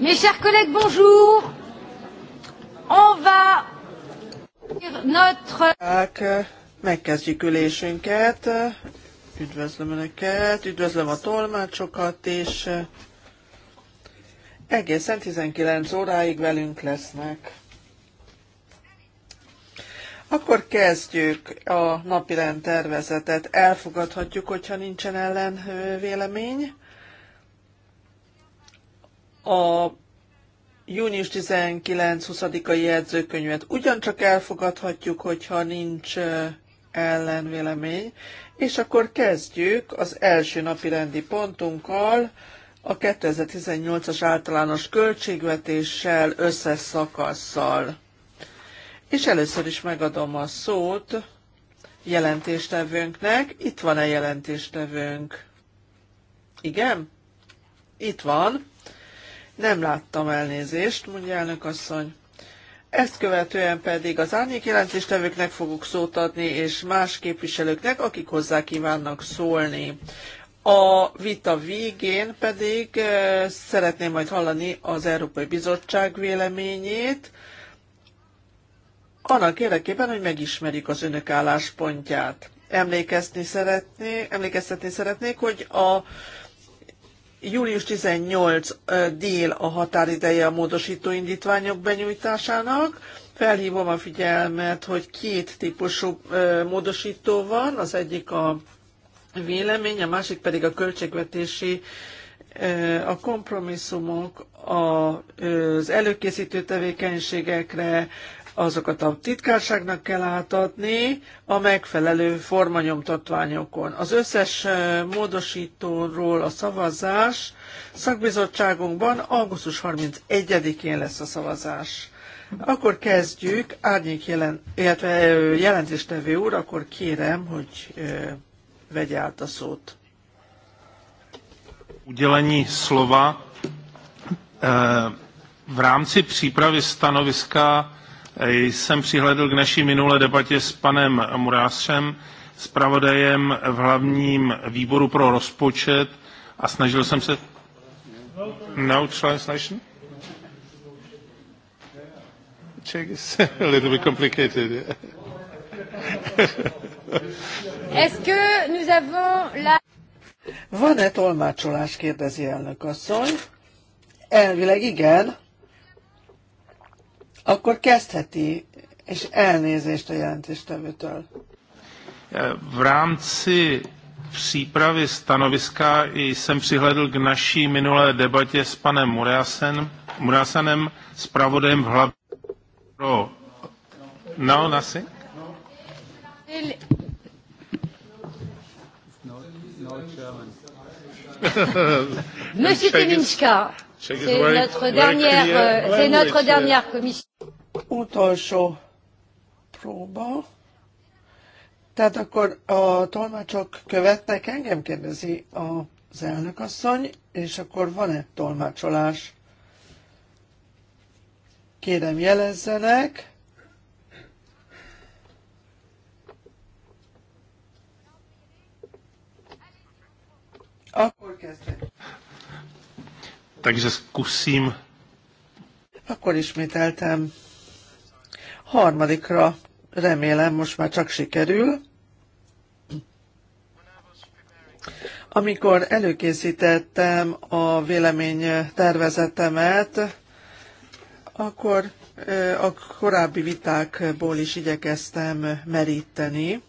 Mes chers collègues, bonjour. On va notre... Megkezdjük ülésünket. Üdvözlöm Önöket, üdvözlöm a tolmácsokat, és eh, egészen 19 óráig velünk lesznek. Akkor kezdjük a napirend tervezetet. Elfogadhatjuk, hogyha nincsen ellen eh, vélemény a június 19-20-ai jegyzőkönyvet ugyancsak elfogadhatjuk, hogyha nincs ellenvélemény, és akkor kezdjük az első napi rendi pontunkkal, a 2018-as általános költségvetéssel összes szakasszal. És először is megadom a szót jelentéstevőnknek. Itt van-e jelentéstevőnk? Igen? Itt van. Nem láttam elnézést, mondja elnök asszony. Ezt követően pedig az árnyék jelentéstevőknek fogok szót adni, és más képviselőknek, akik hozzá kívánnak szólni. A vita végén pedig eh, szeretném majd hallani az Európai Bizottság véleményét, annak érdekében, hogy megismerjük az önök álláspontját. Emlékezni szeretné, emlékeztetni szeretnék, hogy a Július 18 dél a határideje a módosító indítványok benyújtásának. Felhívom a figyelmet, hogy két típusú módosító van, az egyik a vélemény, a másik pedig a költségvetési a kompromisszumok az előkészítő tevékenységekre, azokat a titkárságnak kell átadni a megfelelő formanyomtatványokon. Az összes módosítóról a szavazás szakbizottságunkban augusztus 31-én lesz a szavazás. Akkor kezdjük, árnyék jelen, illetve jelentéstevő úr, akkor kérem, hogy vegye át a szót. Udělení slova v rámci přípravy stanoviska Jsem přihledl k naší minulé debatě s panem Murásem, zpravodajem v hlavním výboru pro rozpočet a snažil jsem se... No translation? Czech is a little bit complicated. Est-ce que nous avons la... Van-e tolmácsolás, kérdezi elnök asszony. Elvileg igen akkor kezdheti, és elnézést a jelentéstevőtől. Eh, v rámci přípravy stanoviska jsem přihledl k naší minulé debatě s panem Muriasen, s pravodem v hlavě pro... No, nothing? Monsieur Teminska, euh, c'est notre dernière, c'est notre dernière commission utolsó próba. Tehát akkor a tolmácsok követnek engem, kérdezi az elnökasszony, és akkor van-e tolmácsolás? Kérem jelezzenek. Akkor kezdjük. Takže zkusím. Akkor ismételtem harmadikra remélem most már csak sikerül. Amikor előkészítettem a vélemény tervezetemet, akkor a korábbi vitákból is igyekeztem meríteni.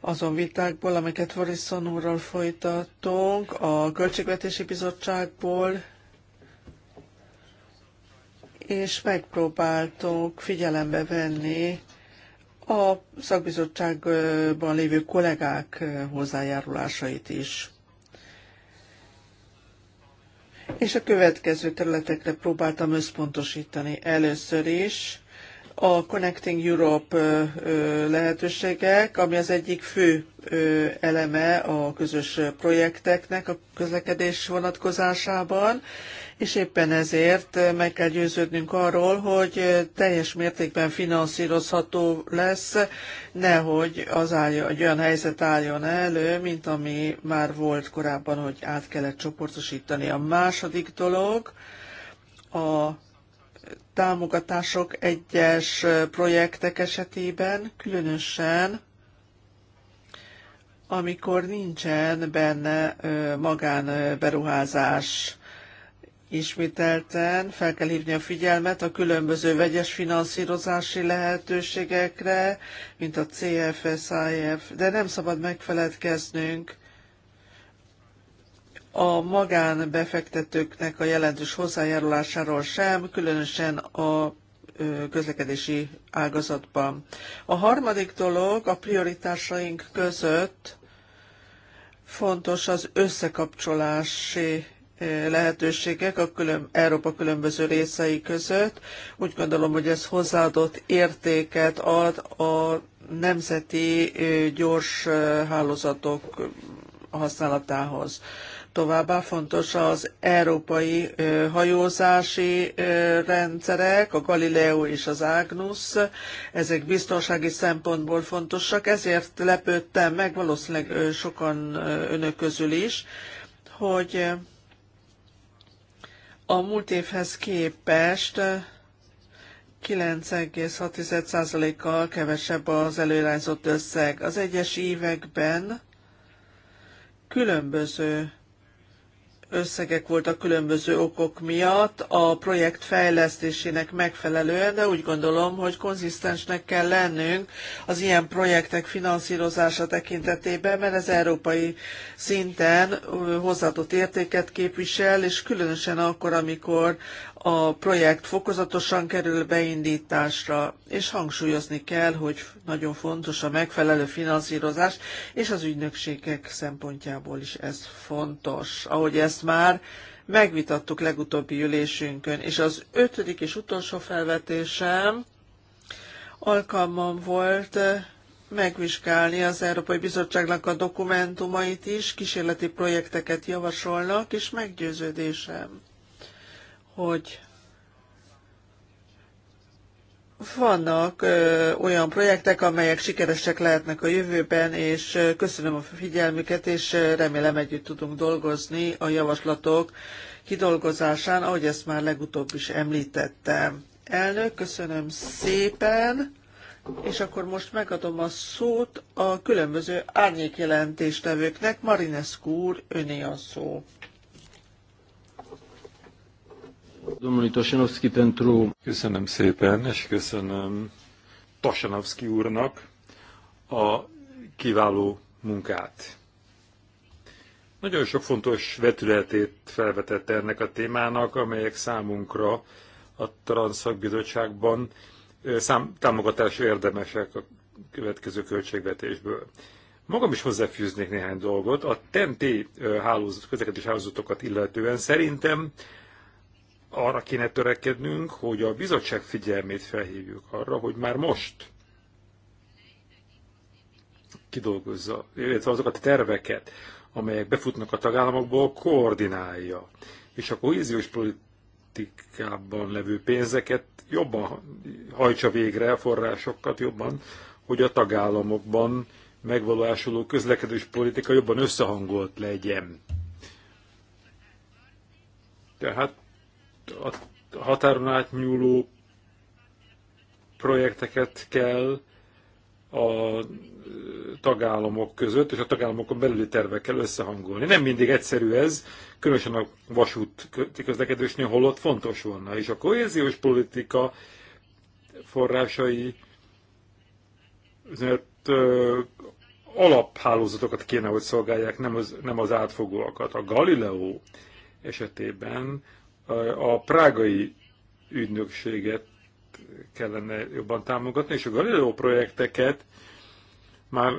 azon vitákból, amiket Morrison úrral folytattunk, a Költségvetési Bizottságból és megpróbáltunk figyelembe venni a szakbizottságban lévő kollégák hozzájárulásait is. És a következő területekre próbáltam összpontosítani először is a Connecting Europe lehetőségek, ami az egyik fő eleme a közös projekteknek a közlekedés vonatkozásában, és éppen ezért meg kell győződnünk arról, hogy teljes mértékben finanszírozható lesz, nehogy az állja, egy olyan helyzet álljon elő, mint ami már volt korábban, hogy át kellett csoportosítani. A második dolog, a támogatások egyes projektek esetében, különösen amikor nincsen benne magánberuházás. Ismételten fel kell hívni a figyelmet a különböző vegyes finanszírozási lehetőségekre, mint a CFSIF, de nem szabad megfeledkeznünk a magánbefektetőknek a jelentős hozzájárulásáról sem, különösen a közlekedési ágazatban. A harmadik dolog a prioritásaink között fontos az összekapcsolási lehetőségek a külön, Európa különböző részei között. Úgy gondolom, hogy ez hozzáadott értéket ad a nemzeti gyors hálózatok használatához. Továbbá fontos az európai hajózási rendszerek, a Galileo és az Agnus. Ezek biztonsági szempontból fontosak, ezért lepődtem meg, valószínűleg sokan önök közül is, hogy a múlt évhez képest 9,6%-kal kevesebb az előirányzott összeg. Az egyes években különböző összegek voltak különböző okok miatt a projekt fejlesztésének megfelelően, de úgy gondolom, hogy konzisztensnek kell lennünk az ilyen projektek finanszírozása tekintetében, mert ez európai szinten hozzáadott értéket képvisel, és különösen akkor, amikor a projekt fokozatosan kerül beindításra, és hangsúlyozni kell, hogy nagyon fontos a megfelelő finanszírozás, és az ügynökségek szempontjából is ez fontos. Ahogy ezt már megvitattuk legutóbbi ülésünkön, és az ötödik és utolsó felvetésem alkalmam volt megvizsgálni az Európai Bizottságnak a dokumentumait is, kísérleti projekteket javasolnak, és meggyőződésem hogy vannak ö, olyan projektek, amelyek sikeresek lehetnek a jövőben, és köszönöm a figyelmüket, és remélem együtt tudunk dolgozni a javaslatok kidolgozásán, ahogy ezt már legutóbb is említettem. Elnök, köszönöm szépen, és akkor most megadom a szót a különböző árnyékjelentéstevőknek. Marinescu úr, öné a szó. Domnului pentru... Köszönöm szépen, és köszönöm Tosenovski úrnak a kiváló munkát. Nagyon sok fontos vetületét felvetette ennek a témának, amelyek számunkra a Transzakbizottságban szám, támogatásra érdemesek a következő költségvetésből. Magam is hozzáfűznék néhány dolgot. A TNT e hálózat, közlekedés hálózatokat illetően szerintem arra kéne törekednünk, hogy a bizottság figyelmét felhívjuk arra, hogy már most kidolgozza, illetve azokat a terveket, amelyek befutnak a tagállamokból, koordinálja. És a kohéziós politikában levő pénzeket jobban hajtsa végre a forrásokat, jobban, hogy a tagállamokban megvalósuló közlekedős politika jobban összehangolt legyen. Tehát a határon átnyúló projekteket kell a tagállamok között és a tagállamokon belüli tervekkel összehangolni. Nem mindig egyszerű ez, különösen a vasút közlekedésnél holott fontos volna, és a kohéziós politika forrásai mert ö, alaphálózatokat kéne, hogy szolgálják, nem az, nem az átfogóakat. A Galileo esetében a prágai ügynökséget kellene jobban támogatni, és a Galileo projekteket már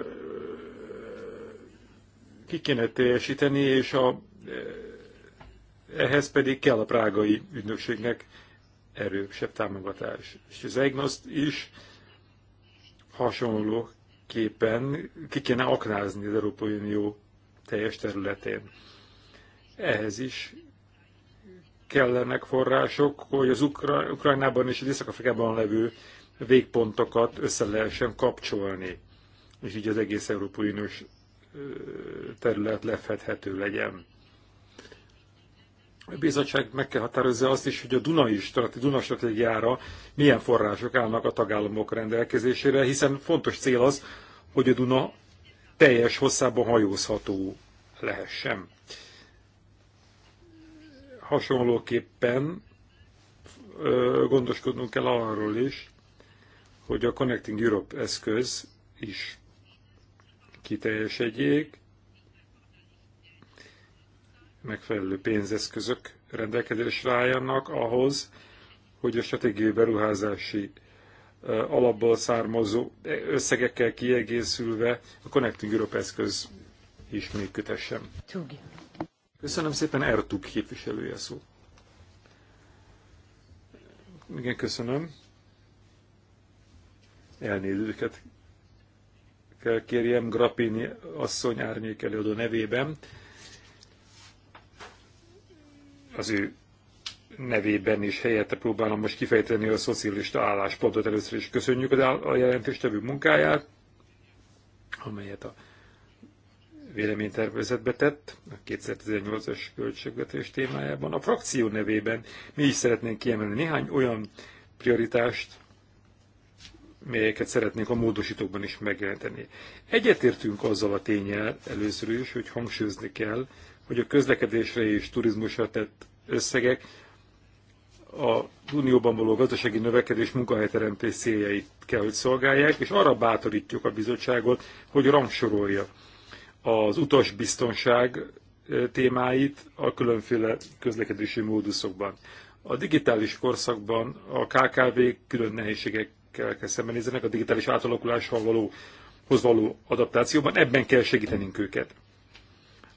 ki kéne teljesíteni, és a, ehhez pedig kell a prágai ügynökségnek erősebb támogatás. És az EGNOST is hasonlóképpen ki kéne aknázni az Európai Unió teljes területén. Ehhez is kellenek források, hogy az Ukra- Ukrajnában és az Észak-Afrikában levő végpontokat össze lehessen kapcsolni, és így az egész Európai Uniós terület lefedhető legyen. A bizottság meg kell határozza azt is, hogy a Dunai strate, Duna stratégiára milyen források állnak a tagállamok rendelkezésére, hiszen fontos cél az, hogy a Duna teljes hosszában hajózható lehessen hasonlóképpen gondoskodnunk kell arról is, hogy a Connecting Europe eszköz is kiteljesedjék, megfelelő pénzeszközök rendelkezésre álljanak ahhoz, hogy a stratégiai beruházási alapból származó összegekkel kiegészülve a Connecting Europe eszköz is működhessen. Tudjuk. Köszönöm szépen, Ertug képviselője szó. Igen, köszönöm. Elnézőket kell kérjem Grappini asszony árnyék előadó nevében. Az ő nevében is helyette próbálom most kifejteni a szocialista álláspontot. Először is köszönjük a jelentéstevő munkáját, amelyet a véleménytervezetbe tett a 2018-as költségvetés témájában. A frakció nevében mi is szeretnénk kiemelni néhány olyan prioritást, melyeket szeretnénk a módosítókban is megjelenteni. Egyetértünk azzal a tényel először is, hogy hangsúlyozni kell, hogy a közlekedésre és turizmusra tett összegek a Unióban való gazdasági növekedés munkahelyteremtés céljait kell, hogy szolgálják, és arra bátorítjuk a bizottságot, hogy rangsorolja az biztonság témáit a különféle közlekedési móduszokban. A digitális korszakban a KKV külön nehézségekkel kell szembenézzenek a digitális átalakuláshoz való, hoz való adaptációban, ebben kell segítenünk őket.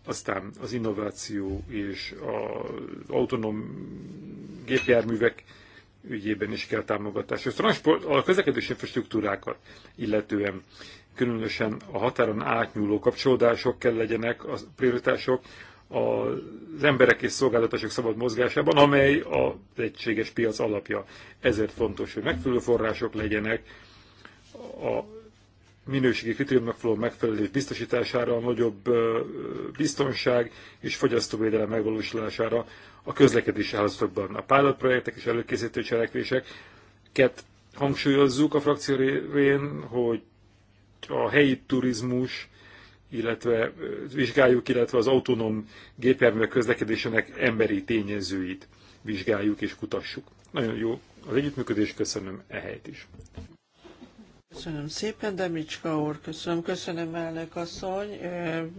Aztán az innováció és az autonóm gépjárművek ügyében is kell támogatás. A, transport, a közlekedési infrastruktúrákat illetően különösen a határon átnyúló kapcsolódások kell legyenek a prioritások az emberek és szolgáltatások szabad mozgásában, amely a egységes piac alapja. Ezért fontos, hogy megfelelő források legyenek a minőségi kritériumnak való megfelelés biztosítására, a nagyobb biztonság és fogyasztóvédelem megvalósulására a közlekedési hálózatokban. A pilotprojektek és előkészítő cselekvéseket hangsúlyozzuk a frakció révén, hogy a helyi turizmus, illetve vizsgáljuk, illetve az autonóm gépjárművek közlekedésének emberi tényezőit vizsgáljuk és kutassuk. Nagyon jó az együttműködés, köszönöm ehelyt is. Köszönöm szépen, Demicska úr, köszönöm, köszönöm elnök asszony,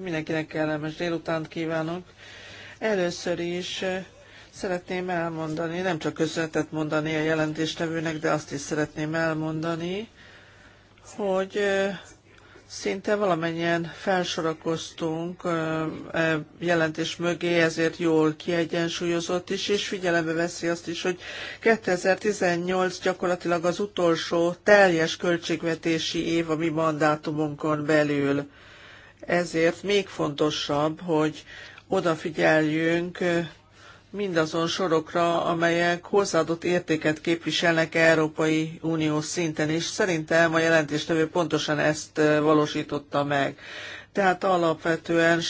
mindenkinek kellemes délutánt kívánok. Először is szeretném elmondani, nem csak köszönetet mondani a jelentéstevőnek, de azt is szeretném elmondani, hogy szinte valamennyien felsorakoztunk e jelentés mögé, ezért jól kiegyensúlyozott is, és figyelembe veszi azt is, hogy 2018 gyakorlatilag az utolsó teljes költségvetési év a mi mandátumunkon belül. Ezért még fontosabb, hogy odafigyeljünk mindazon sorokra, amelyek hozzáadott értéket képviselnek Európai Unió szinten, és szerintem a jelentéstevő pontosan ezt valósította meg. Tehát alapvetően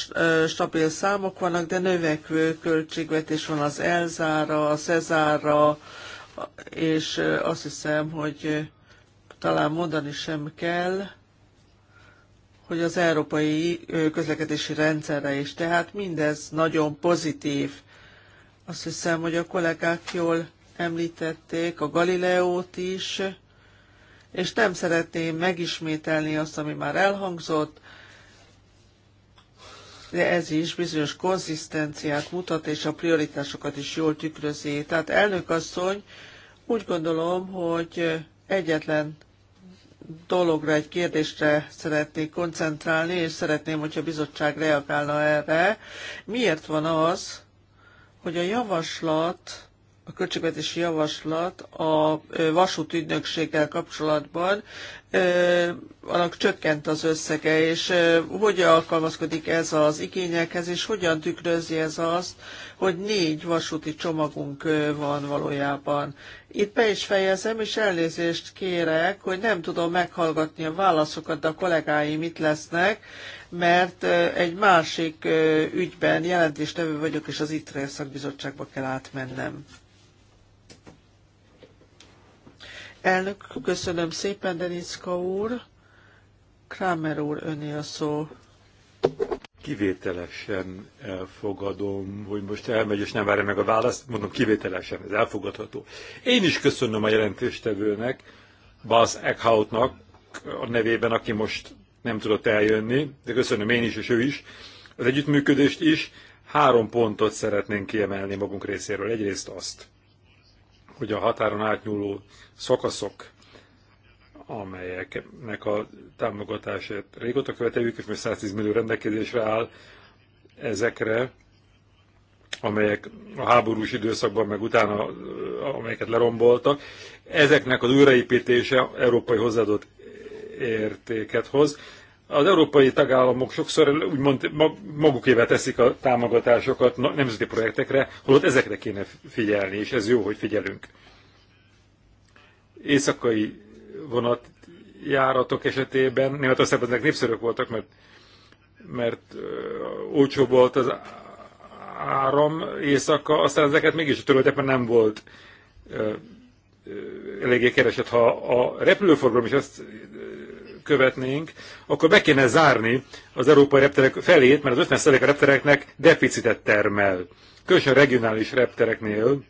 stabil számok vannak, de növekvő költségvetés van az Elzára, a Cezára, és azt hiszem, hogy talán mondani sem kell, hogy az európai közlekedési rendszerre is. Tehát mindez nagyon pozitív. Azt hiszem, hogy a kollégák jól említették a Galileót is, és nem szeretném megismételni azt, ami már elhangzott, de ez is bizonyos konzisztenciát mutat, és a prioritásokat is jól tükrözi. Tehát elnök asszony, úgy gondolom, hogy egyetlen dologra, egy kérdésre szeretnék koncentrálni, és szeretném, hogyha a bizottság reagálna erre. Miért van az, hogy a javaslat, a költségvetési javaslat a vasútügynökséggel kapcsolatban annak csökkent az összege, és hogy alkalmazkodik ez az igényekhez, és hogyan tükrözi ez azt, hogy négy vasúti csomagunk van valójában. Itt be is fejezem, és elnézést kérek, hogy nem tudom meghallgatni a válaszokat, de a kollégáim itt lesznek, mert egy másik ügyben jelentéstevő vagyok, és az itt szakbizottságba kell átmennem. Elnök, köszönöm szépen, Denicka úr. Kramer úr, öné a szó. Kivételesen elfogadom, hogy most elmegy és nem várja meg a választ, mondom kivételesen, ez elfogadható. Én is köszönöm a jelentéstevőnek, Bas Eckhoutnak a nevében, aki most nem tudott eljönni, de köszönöm én is és ő is, az együttműködést is. Három pontot szeretnénk kiemelni magunk részéről. Egyrészt azt, hogy a határon átnyúló szakaszok, amelyeknek a támogatását régóta követeljük, és most 110 millió rendelkezésre áll, ezekre, amelyek a háborús időszakban, meg utána, amelyeket leromboltak, ezeknek az újraépítése európai hozzáadott értéket hoz, az európai tagállamok sokszor úgymond magukével teszik a támogatásokat nemzeti projektekre, holott ezekre kéne figyelni, és ez jó, hogy figyelünk. Éjszakai vonatjáratok esetében Németországban ezek népszerűek voltak, mert, mert olcsó volt az áram éjszaka, aztán ezeket mégis a töröltekben nem volt eléggé keresett. Ha a repülőforgalom is azt követnénk, akkor be kéne zárni az európai repterek felét, mert az 50% a reptereknek deficitet termel. Különösen regionális reptereknél.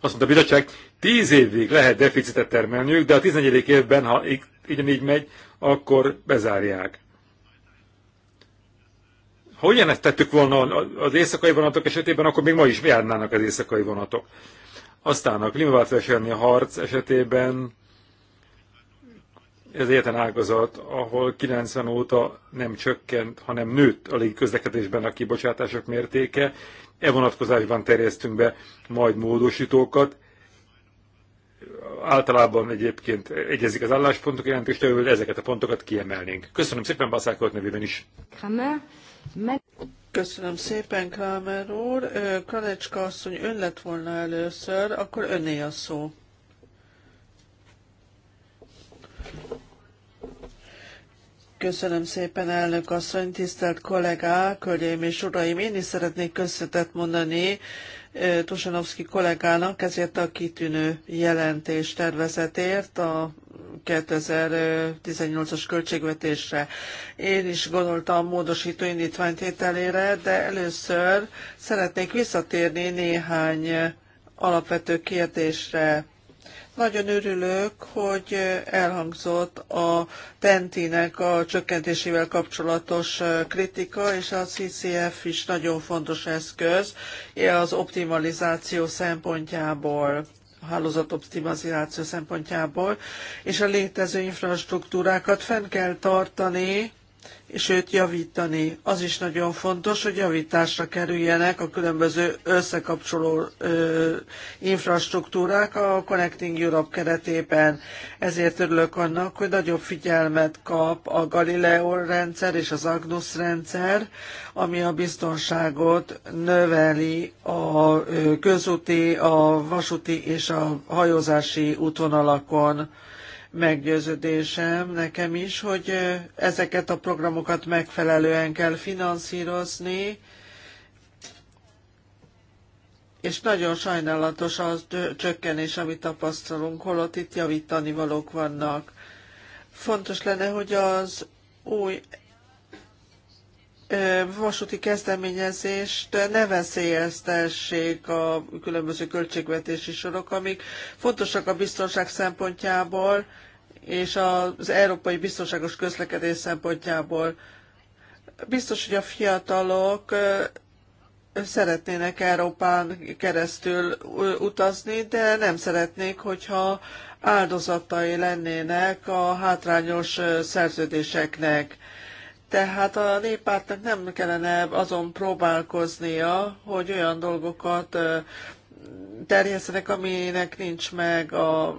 Azt mondta a bizottság, 10 évig lehet deficitet termelniük, de a 14. évben, ha így, így, megy, akkor bezárják. Ha ugyanezt tettük volna az éjszakai vonatok esetében, akkor még ma is járnának az éjszakai vonatok. Aztán a klímaváltozás elleni harc esetében ez egyetlen ágazat, ahol 90 óta nem csökkent, hanem nőtt a légiközlekedésben a kibocsátások mértéke. E vonatkozásban terjesztünk be majd módosítókat. Általában egyébként egyezik az álláspontok jelentéstevővel, ezeket a pontokat kiemelnénk. Köszönöm szépen Baszákolt nevében is. meg... Köszönöm szépen, Kramer úr. Kanecska asszony, ön lett volna először, akkor öné a szó. Köszönöm szépen, elnök asszony, tisztelt kollégák, hölgyeim és uraim! Én is szeretnék köszönetet mondani Tusanovszki kollégának ezért a kitűnő jelentés tervezetért a 2018-as költségvetésre. Én is gondoltam módosító indítvány tételére, de először szeretnék visszatérni néhány alapvető kérdésre nagyon örülök, hogy elhangzott a pentinek a csökkentésével kapcsolatos kritika, és a CCF is nagyon fontos eszköz az optimalizáció szempontjából a hálózat optimalizáció szempontjából, és a létező infrastruktúrákat fenn kell tartani, őt javítani. Az is nagyon fontos, hogy javításra kerüljenek a különböző összekapcsoló ö, infrastruktúrák a Connecting Europe keretében. Ezért örülök annak, hogy nagyobb figyelmet kap a Galileo rendszer és az Agnus rendszer, ami a biztonságot növeli a közúti, a vasúti és a hajózási útvonalakon meggyőződésem nekem is, hogy ezeket a programokat megfelelően kell finanszírozni, és nagyon sajnálatos az csökkenés, amit tapasztalunk, holott itt javítani valók vannak. Fontos lenne, hogy az új vasúti kezdeményezést ne veszélyeztessék a különböző költségvetési sorok, amik fontosak a biztonság szempontjából, és az európai biztonságos közlekedés szempontjából. Biztos, hogy a fiatalok szeretnének Európán keresztül utazni, de nem szeretnék, hogyha áldozatai lennének a hátrányos szerződéseknek. Tehát a néppártnak nem kellene azon próbálkoznia, hogy olyan dolgokat terjesztenek, aminek nincs meg a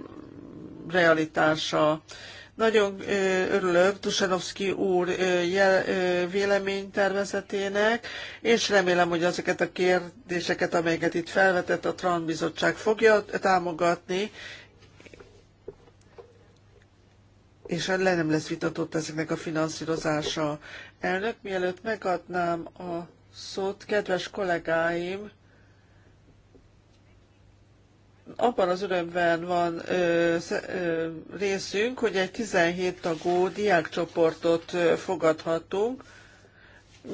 realitása. Nagyon örülök Tusanovszki úr véleménytervezetének, és remélem, hogy ezeket a kérdéseket, amelyeket itt felvetett, a Tran Bizottság fogja támogatni, és hát le nem lesz vitatott ezeknek a finanszírozása. Elnök, mielőtt megadnám a szót, kedves kollégáim, abban az örömben van ö, ö, részünk, hogy egy 17 tagú diákcsoportot fogadhatunk.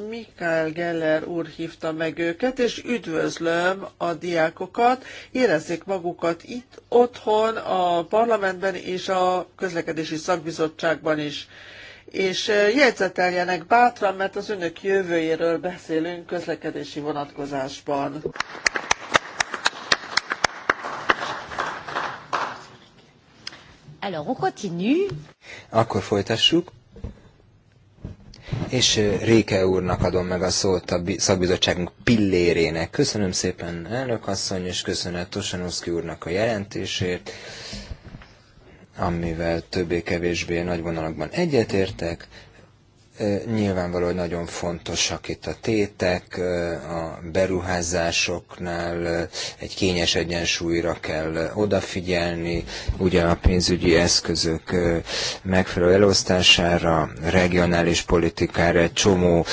Mikael Geller úr hívta meg őket, és üdvözlöm a diákokat. Érezzék magukat itt, otthon, a parlamentben és a közlekedési szakbizottságban is és jegyzeteljenek bátran, mert az önök jövőjéről beszélünk közlekedési vonatkozásban. Alors, on continue. Akkor folytassuk. És Réke úrnak adom meg a szót a szakbizottságunk pillérének. Köszönöm szépen elnök asszony, és köszönet Tosanuszki úrnak a jelentését, amivel többé-kevésbé nagy vonalakban egyetértek. Nyilvánvaló, hogy nagyon fontosak itt a tétek, a beruházásoknál egy kényes egyensúlyra kell odafigyelni, ugye a pénzügyi eszközök megfelelő elosztására, regionális politikára, egy csomó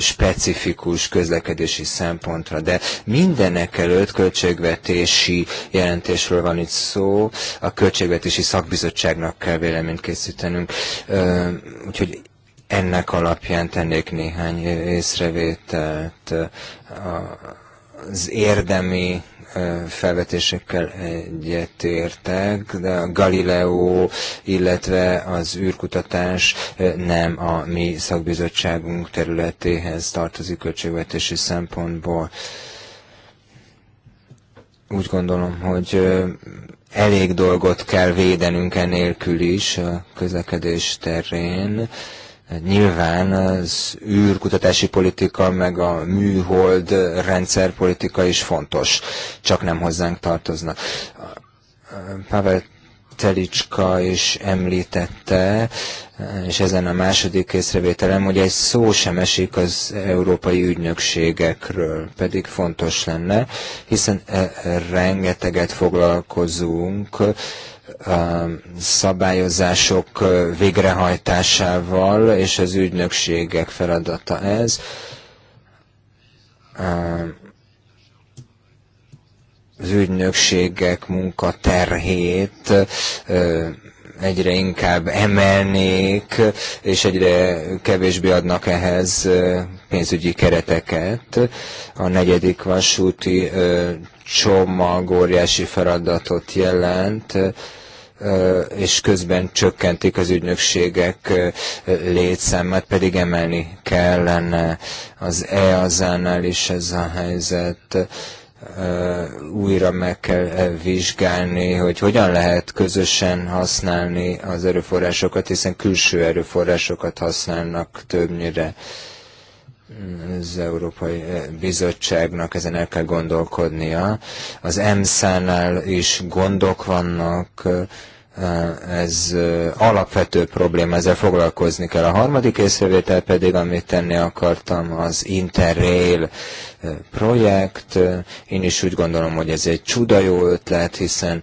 specifikus közlekedési szempontra, de mindenek előtt költségvetési jelentésről van itt szó, a költségvetési szakbizottságnak kell véleményt készítenünk, úgyhogy ennek alapján tennék néhány észrevételt az érdemi felvetésekkel egyetértek, de a Galileo, illetve az űrkutatás nem a mi szakbizottságunk területéhez tartozik költségvetési szempontból. Úgy gondolom, hogy elég dolgot kell védenünk enélkül is a közlekedés terén Nyilván az űrkutatási politika, meg a műhold rendszerpolitika is fontos, csak nem hozzánk tartoznak. Pavel Telicska is említette, és ezen a második észrevételem, hogy egy szó sem esik az európai ügynökségekről, pedig fontos lenne, hiszen e- rengeteget foglalkozunk szabályozások végrehajtásával, és az ügynökségek feladata ez. Az ügynökségek munkaterhét egyre inkább emelnék, és egyre kevésbé adnak ehhez pénzügyi kereteket. A negyedik vasúti csomag óriási feladatot jelent, és közben csökkentik az ügynökségek létszámát, pedig emelni kellene. Az eaz nál is ez a helyzet újra meg kell vizsgálni, hogy hogyan lehet közösen használni az erőforrásokat, hiszen külső erőforrásokat használnak többnyire. Uh, az Európai Bizottságnak ezen el kell gondolkodnia. Az EMSZ-nál is gondok vannak, ez alapvető probléma, ezzel foglalkozni kell. A harmadik észrevétel pedig, amit tenni akartam, az Interrail projekt. Én is úgy gondolom, hogy ez egy csuda jó ötlet, hiszen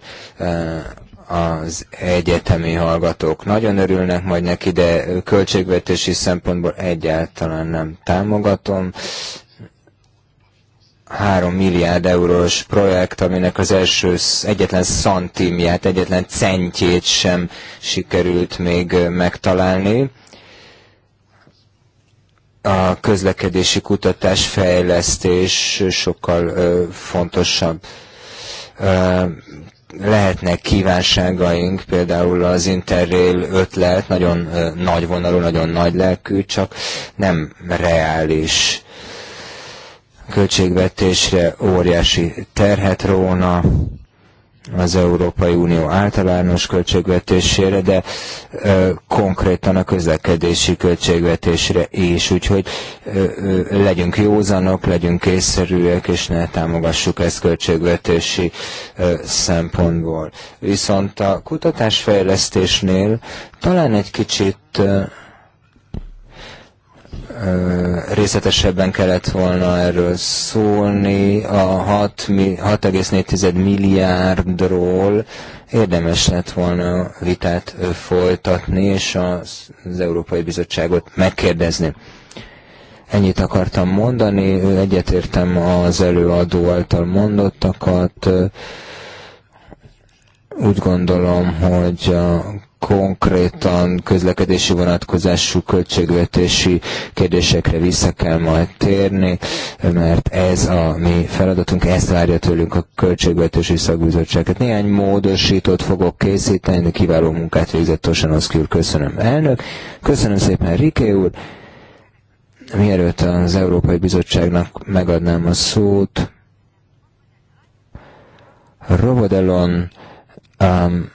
az egyetemi hallgatók nagyon örülnek majd neki, de költségvetési szempontból egyáltalán nem támogatom. 3 milliárd eurós projekt, aminek az első egyetlen szantímját, egyetlen centjét sem sikerült még megtalálni. A közlekedési kutatás fejlesztés sokkal ö, fontosabb. Ö, lehetnek kívánságaink, például az Interrail ötlet nagyon nagy vonalú, nagyon nagy lelkű, csak nem reális költségvetésre óriási terhet róna, az Európai Unió általános költségvetésére, de ö, konkrétan a közlekedési költségvetésre is. Úgyhogy ö, ö, legyünk józanok, legyünk készszerűek, és ne támogassuk ezt költségvetési ö, szempontból. Viszont a kutatásfejlesztésnél talán egy kicsit ö, részletesebben kellett volna erről szólni. A 6,4 milliárdról érdemes lett volna vitát folytatni, és az Európai Bizottságot megkérdezni. Ennyit akartam mondani, egyetértem az előadó által mondottakat. Úgy gondolom, hogy a konkrétan közlekedési vonatkozású költségvetési kérdésekre vissza kell majd térni, mert ez a mi feladatunk, ezt várja tőlünk a költségvetési Hát Néhány módosítót fogok készíteni, kiváló munkát végzett Tosanoszki úr, köszönöm elnök, köszönöm szépen Riké úr, mielőtt az Európai Bizottságnak megadnám a szót, Robodelon um,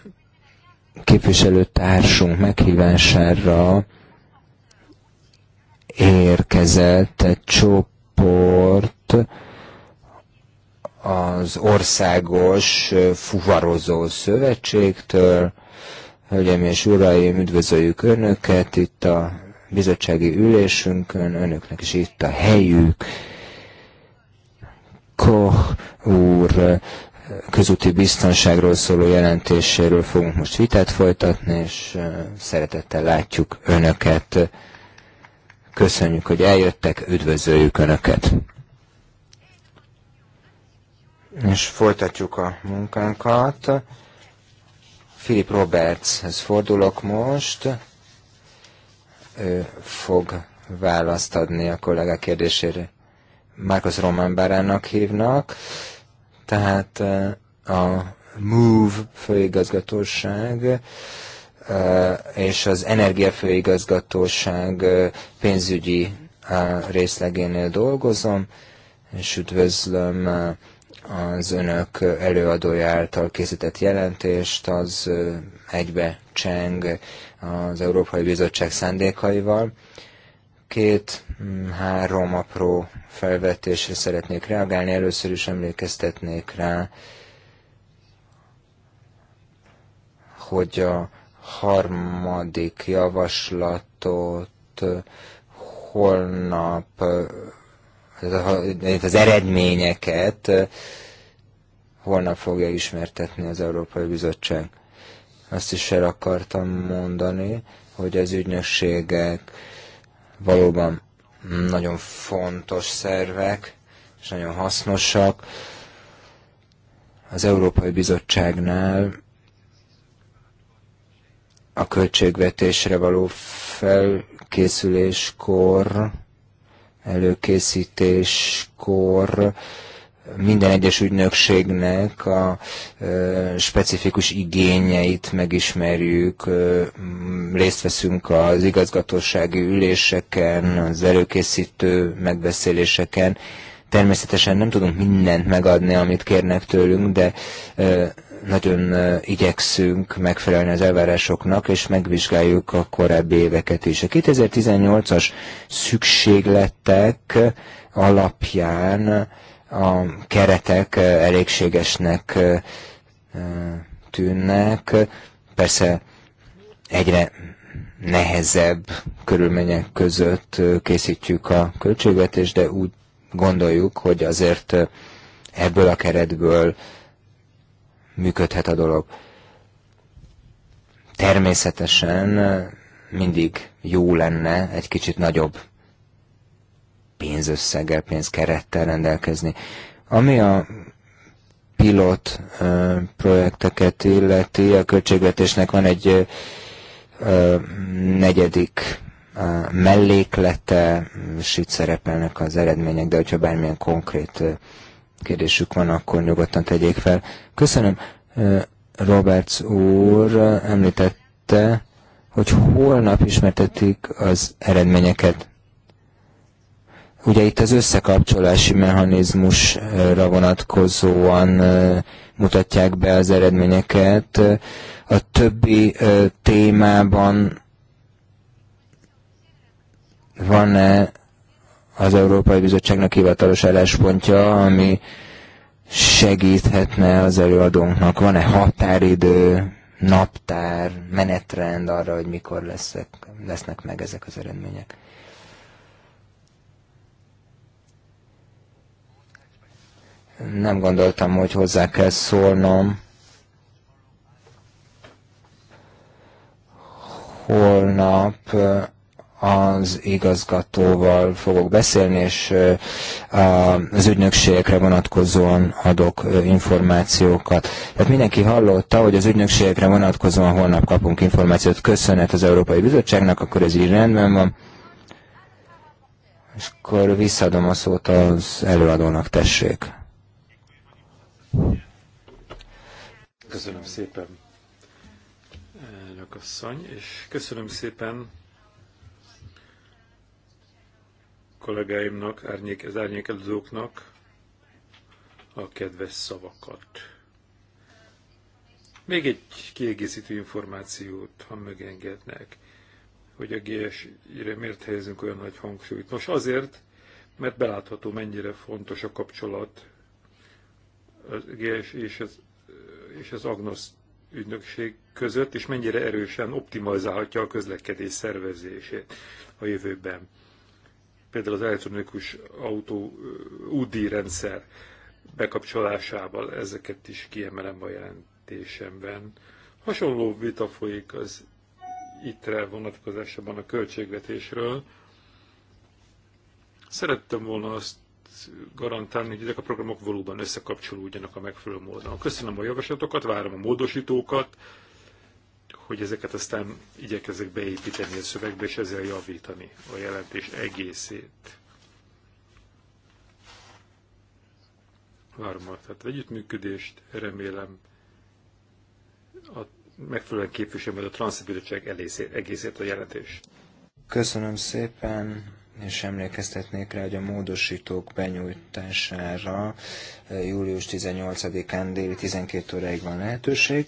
képviselőtársunk meghívására érkezett egy csoport az Országos Fuvarozó Szövetségtől. Hölgyeim és Uraim, üdvözöljük Önöket itt a bizottsági ülésünkön, Önöknek is itt a helyük. Koch úr közúti biztonságról szóló jelentéséről fogunk most vitát folytatni, és szeretettel látjuk Önöket. Köszönjük, hogy eljöttek, üdvözöljük Önöket! És folytatjuk a munkánkat. Philip Robertshez fordulok most. Ő fog választ adni a kollégák kérdésére. Márkusz Román Báránnak hívnak. Tehát a MOVE főigazgatóság és az energiafőigazgatóság pénzügyi részlegénél dolgozom, és üdvözlöm az önök előadója által készített jelentést, az egybe cseng az Európai Bizottság szándékaival. Két-három mm, apró felvetésre szeretnék reagálni. Először is emlékeztetnék rá, hogy a harmadik javaslatot eh, holnap eh, az eredményeket eh, holnap fogja ismertetni az Európai Bizottság. Azt is el akartam mondani, hogy az ügynökségek valóban nagyon fontos szervek, és nagyon hasznosak. Az Európai Bizottságnál a költségvetésre való felkészüléskor, előkészítéskor minden egyes ügynökségnek a specifikus igényeit megismerjük, részt veszünk az igazgatósági üléseken, az előkészítő megbeszéléseken. Természetesen nem tudunk mindent megadni, amit kérnek tőlünk, de nagyon igyekszünk megfelelni az elvárásoknak, és megvizsgáljuk a korábbi éveket is. A 2018-as szükségletek alapján a keretek elégségesnek tűnnek. Persze egyre nehezebb körülmények között készítjük a költségvetést, de úgy gondoljuk, hogy azért ebből a keretből működhet a dolog. Természetesen mindig jó lenne egy kicsit nagyobb pénzösszeggel, pénzkerettel rendelkezni. Ami a pilot projekteket illeti, a költségvetésnek van egy negyedik melléklete, és itt szerepelnek az eredmények, de hogyha bármilyen konkrét kérdésük van, akkor nyugodtan tegyék fel. Köszönöm. Roberts úr említette, hogy holnap ismertetik az eredményeket. Ugye itt az összekapcsolási mechanizmusra vonatkozóan mutatják be az eredményeket. A többi témában van-e az Európai Bizottságnak hivatalos álláspontja, ami segíthetne az előadónknak? Van-e határidő, naptár, menetrend arra, hogy mikor leszek, lesznek meg ezek az eredmények? Nem gondoltam, hogy hozzá kell szólnom. Holnap az igazgatóval fogok beszélni, és az ügynökségekre vonatkozóan adok információkat. Tehát mindenki hallotta, hogy az ügynökségekre vonatkozóan holnap kapunk információt. Köszönet az Európai Bizottságnak, akkor ez így rendben van. És akkor visszadom a szót az előadónak, tessék. Köszönöm szépen, elnök és köszönöm szépen kollégáimnak, árnyék, az árnyékelőzőknak a kedves szavakat. Még egy kiegészítő információt, ha megengednek, hogy a GS-re miért helyezünk olyan nagy hangsúlyt. Nos azért, mert belátható, mennyire fontos a kapcsolat az GS és az, és az Agnosz ügynökség között, és mennyire erősen optimalizálhatja a közlekedés szervezését a jövőben. Például az elektronikus autó UDI rendszer bekapcsolásával ezeket is kiemelem a jelentésemben. Hasonló vita folyik az ITRE vonatkozásában a költségvetésről. Szerettem volna azt garantálni, hogy ezek a programok valóban összekapcsolódjanak a megfelelő módon. Köszönöm a javaslatokat, várom a módosítókat, hogy ezeket aztán igyekezek beépíteni a szövegbe, és ezzel javítani a jelentés egészét. Várom a tehát együttműködést, remélem a megfelelően képviselni a Transzbizottság egészét a jelentés. Köszönöm szépen! és emlékeztetnék rá, hogy a módosítók benyújtására július 18-án déli 12 óráig van lehetőség.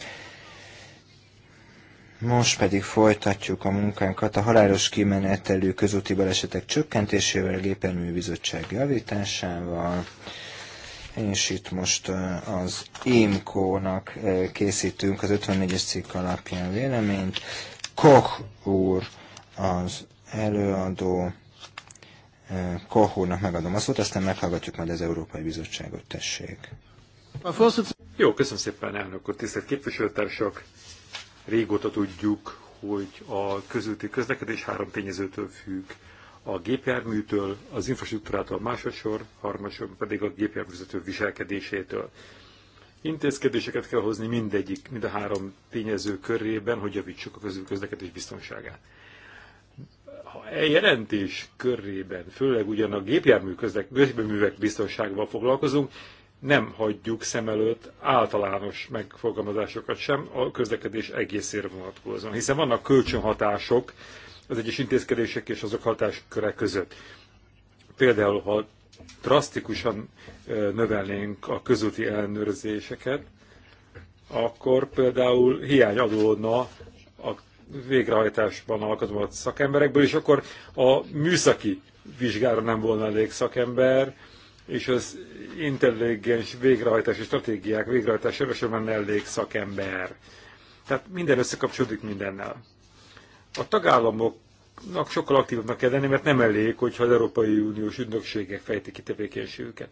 Most pedig folytatjuk a munkánkat a halálos kimenetelű közúti balesetek csökkentésével, a géperműbizottság javításával, és itt most az IMCO-nak készítünk az 54-es cikk alapján véleményt. Koch úr az előadó Kohónak megadom a szót, aztán meghallgatjuk majd az Európai Bizottságot, tessék. Jó, köszönöm szépen, elnök úr, tisztelt képviselőtársak! Régóta tudjuk, hogy a közúti közlekedés három tényezőtől függ. A gépjárműtől, az infrastruktúrától másodszor, harmadszor pedig a gépjárművezető viselkedésétől. Intézkedéseket kell hozni mindegyik, mind a három tényező körében, hogy javítsuk a közül közlekedés biztonságát a jelentés körében, főleg ugyan a gépjármű gépjárművek biztonságával foglalkozunk, nem hagyjuk szem előtt általános megfogalmazásokat sem a közlekedés egészére vonatkozóan, hiszen vannak kölcsönhatások az egyes intézkedések és azok hatásköre között. Például, ha drasztikusan növelnénk a közúti ellenőrzéseket, akkor például hiány adódna végrehajtásban alkalmazott szakemberekből, és akkor a műszaki vizsgára nem volna elég szakember, és az intelligens végrehajtási stratégiák végrehajtására sem lenne elég szakember. Tehát minden összekapcsolódik mindennel. A tagállamoknak sokkal aktívabbnak kell lenni, mert nem elég, hogyha az Európai Uniós ügynökségek fejtik ki tevékenységüket.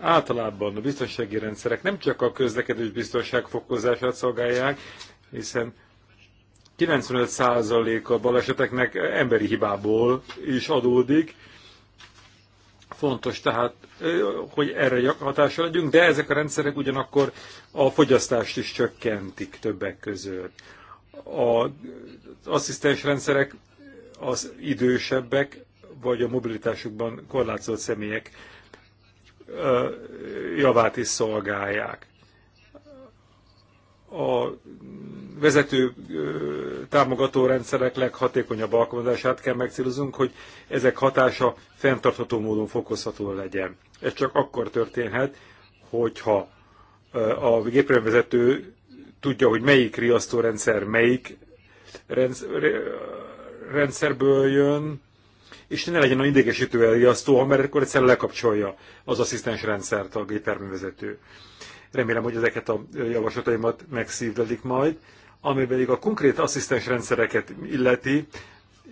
Általában a biztonsági rendszerek nem csak a közlekedés biztonság fokozását szolgálják, hiszen 95% a baleseteknek emberi hibából is adódik. Fontos tehát, hogy erre hatással legyünk, de ezek a rendszerek ugyanakkor a fogyasztást is csökkentik többek között. Az asszisztens rendszerek az idősebbek, vagy a mobilitásukban korlátozott személyek javát is szolgálják a vezető támogató rendszerek leghatékonyabb alkalmazását kell megcélozunk, hogy ezek hatása fenntartható módon fokozható legyen. Ez csak akkor történhet, hogyha a gépjárművezető tudja, hogy melyik riasztórendszer melyik rendszerből jön, és ne legyen olyan idegesítő elriasztó, mert akkor egyszerűen lekapcsolja az asszisztens rendszert a gépjárművezető. Remélem, hogy ezeket a javaslataimat megszívvelik majd. Ami pedig a konkrét asszisztens rendszereket illeti,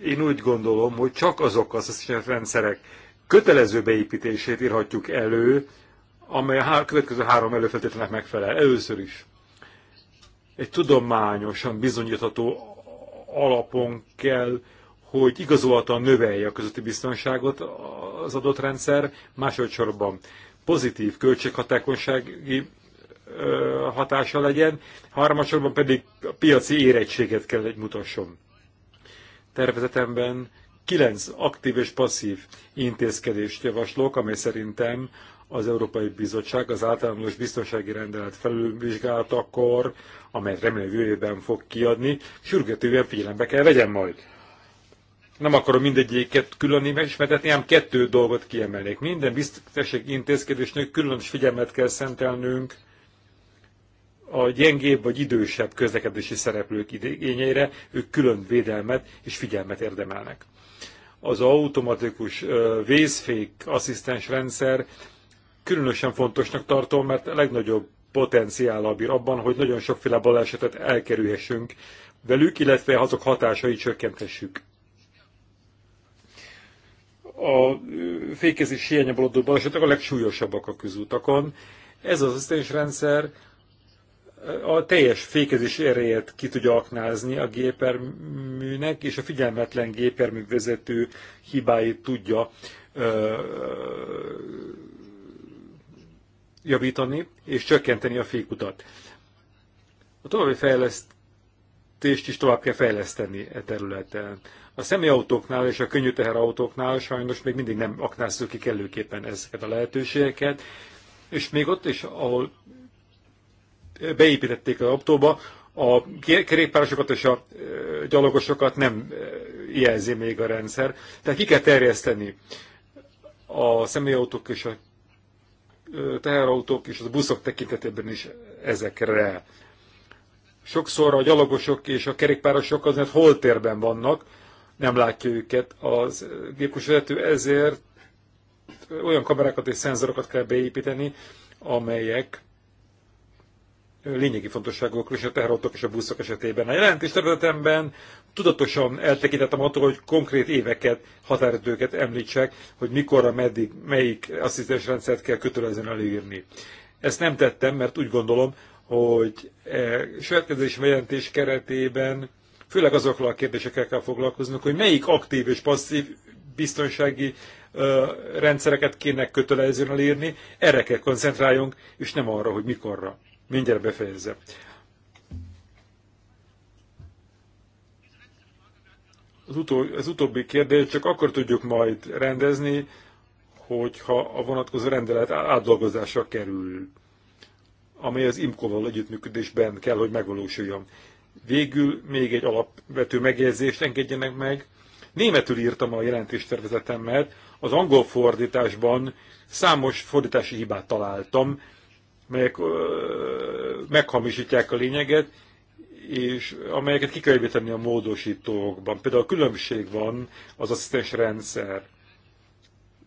én úgy gondolom, hogy csak azok az asszisztens rendszerek kötelező beépítését írhatjuk elő, amely a következő három előfeltételnek megfelel. Először is egy tudományosan bizonyítható alapon kell, hogy igazoltan növelje a közötti biztonságot az adott rendszer, másodszorban pozitív költséghatékonysági hatása legyen, harmadsorban pedig a piaci érettséget kell, hogy mutasson. Tervezetemben kilenc aktív és passzív intézkedést javaslok, amely szerintem az Európai Bizottság az általános biztonsági rendelet felülvizsgálatakor, amely remélem jövőben fog kiadni, sürgetően figyelembe kell vegyen majd. Nem akarom mindegyiket külön megismertetni, ám kettő dolgot kiemelnék. Minden biztonsági intézkedésnek különös figyelmet kell szentelnünk a gyengébb vagy idősebb közlekedési szereplők igényeire ők külön védelmet és figyelmet érdemelnek. Az automatikus vészfék asszisztens rendszer különösen fontosnak tartom, mert a legnagyobb potenciállal bír abban, hogy nagyon sokféle balesetet elkerülhessünk velük, illetve azok hatásait csökkentessük. A fékezés hiányából adott balesetek a legsúlyosabbak a közútakon. Ez az asszisztens rendszer a teljes fékezés erejét ki tudja aknázni a géperműnek, és a figyelmetlen gépermű vezető hibáit tudja ö, javítani és csökkenteni a fékutat. A további fejlesztést is tovább kell fejleszteni e területen. A személyautóknál és a könnyű teherautóknál sajnos még mindig nem aknázzuk ki kellőképpen ezeket a lehetőségeket, és még ott is, ahol beépítették a autóba, a kerékpárosokat és a gyalogosokat nem jelzi még a rendszer. Tehát ki kell terjeszteni a személyautók és a teherautók és a buszok tekintetében is ezekre. Sokszor a gyalogosok és a kerékpárosok azért holtérben vannak, nem látja őket az vezető, ezért olyan kamerákat és szenzorokat kell beépíteni, amelyek lényegi fontosságú, és a teherautók és a buszok esetében. A jelentés területemben tudatosan eltekintettem attól, hogy konkrét éveket, határidőket említsek, hogy mikorra, meddig, melyik asszisztensrendszert kell kötelezően elírni. Ezt nem tettem, mert úgy gondolom, hogy e, következés jelentés keretében főleg azokkal a kérdésekkel kell foglalkoznunk, hogy melyik aktív és passzív biztonsági ö, rendszereket kéne kötelezően elírni, erre kell koncentráljunk, és nem arra, hogy mikorra. Mindjárt befejezem. Az, utol, az utóbbi kérdést csak akkor tudjuk majd rendezni, hogyha a vonatkozó rendelet átdolgozásra kerül, amely az IMCO-val együttműködésben kell, hogy megvalósuljon. Végül még egy alapvető megjegyzést engedjenek meg. Németül írtam a jelentéstervezetemet, az angol fordításban számos fordítási hibát találtam, melyek meghamisítják a lényeget, és amelyeket ki kell tenni a módosítókban. Például a különbség van az asszisztens rendszer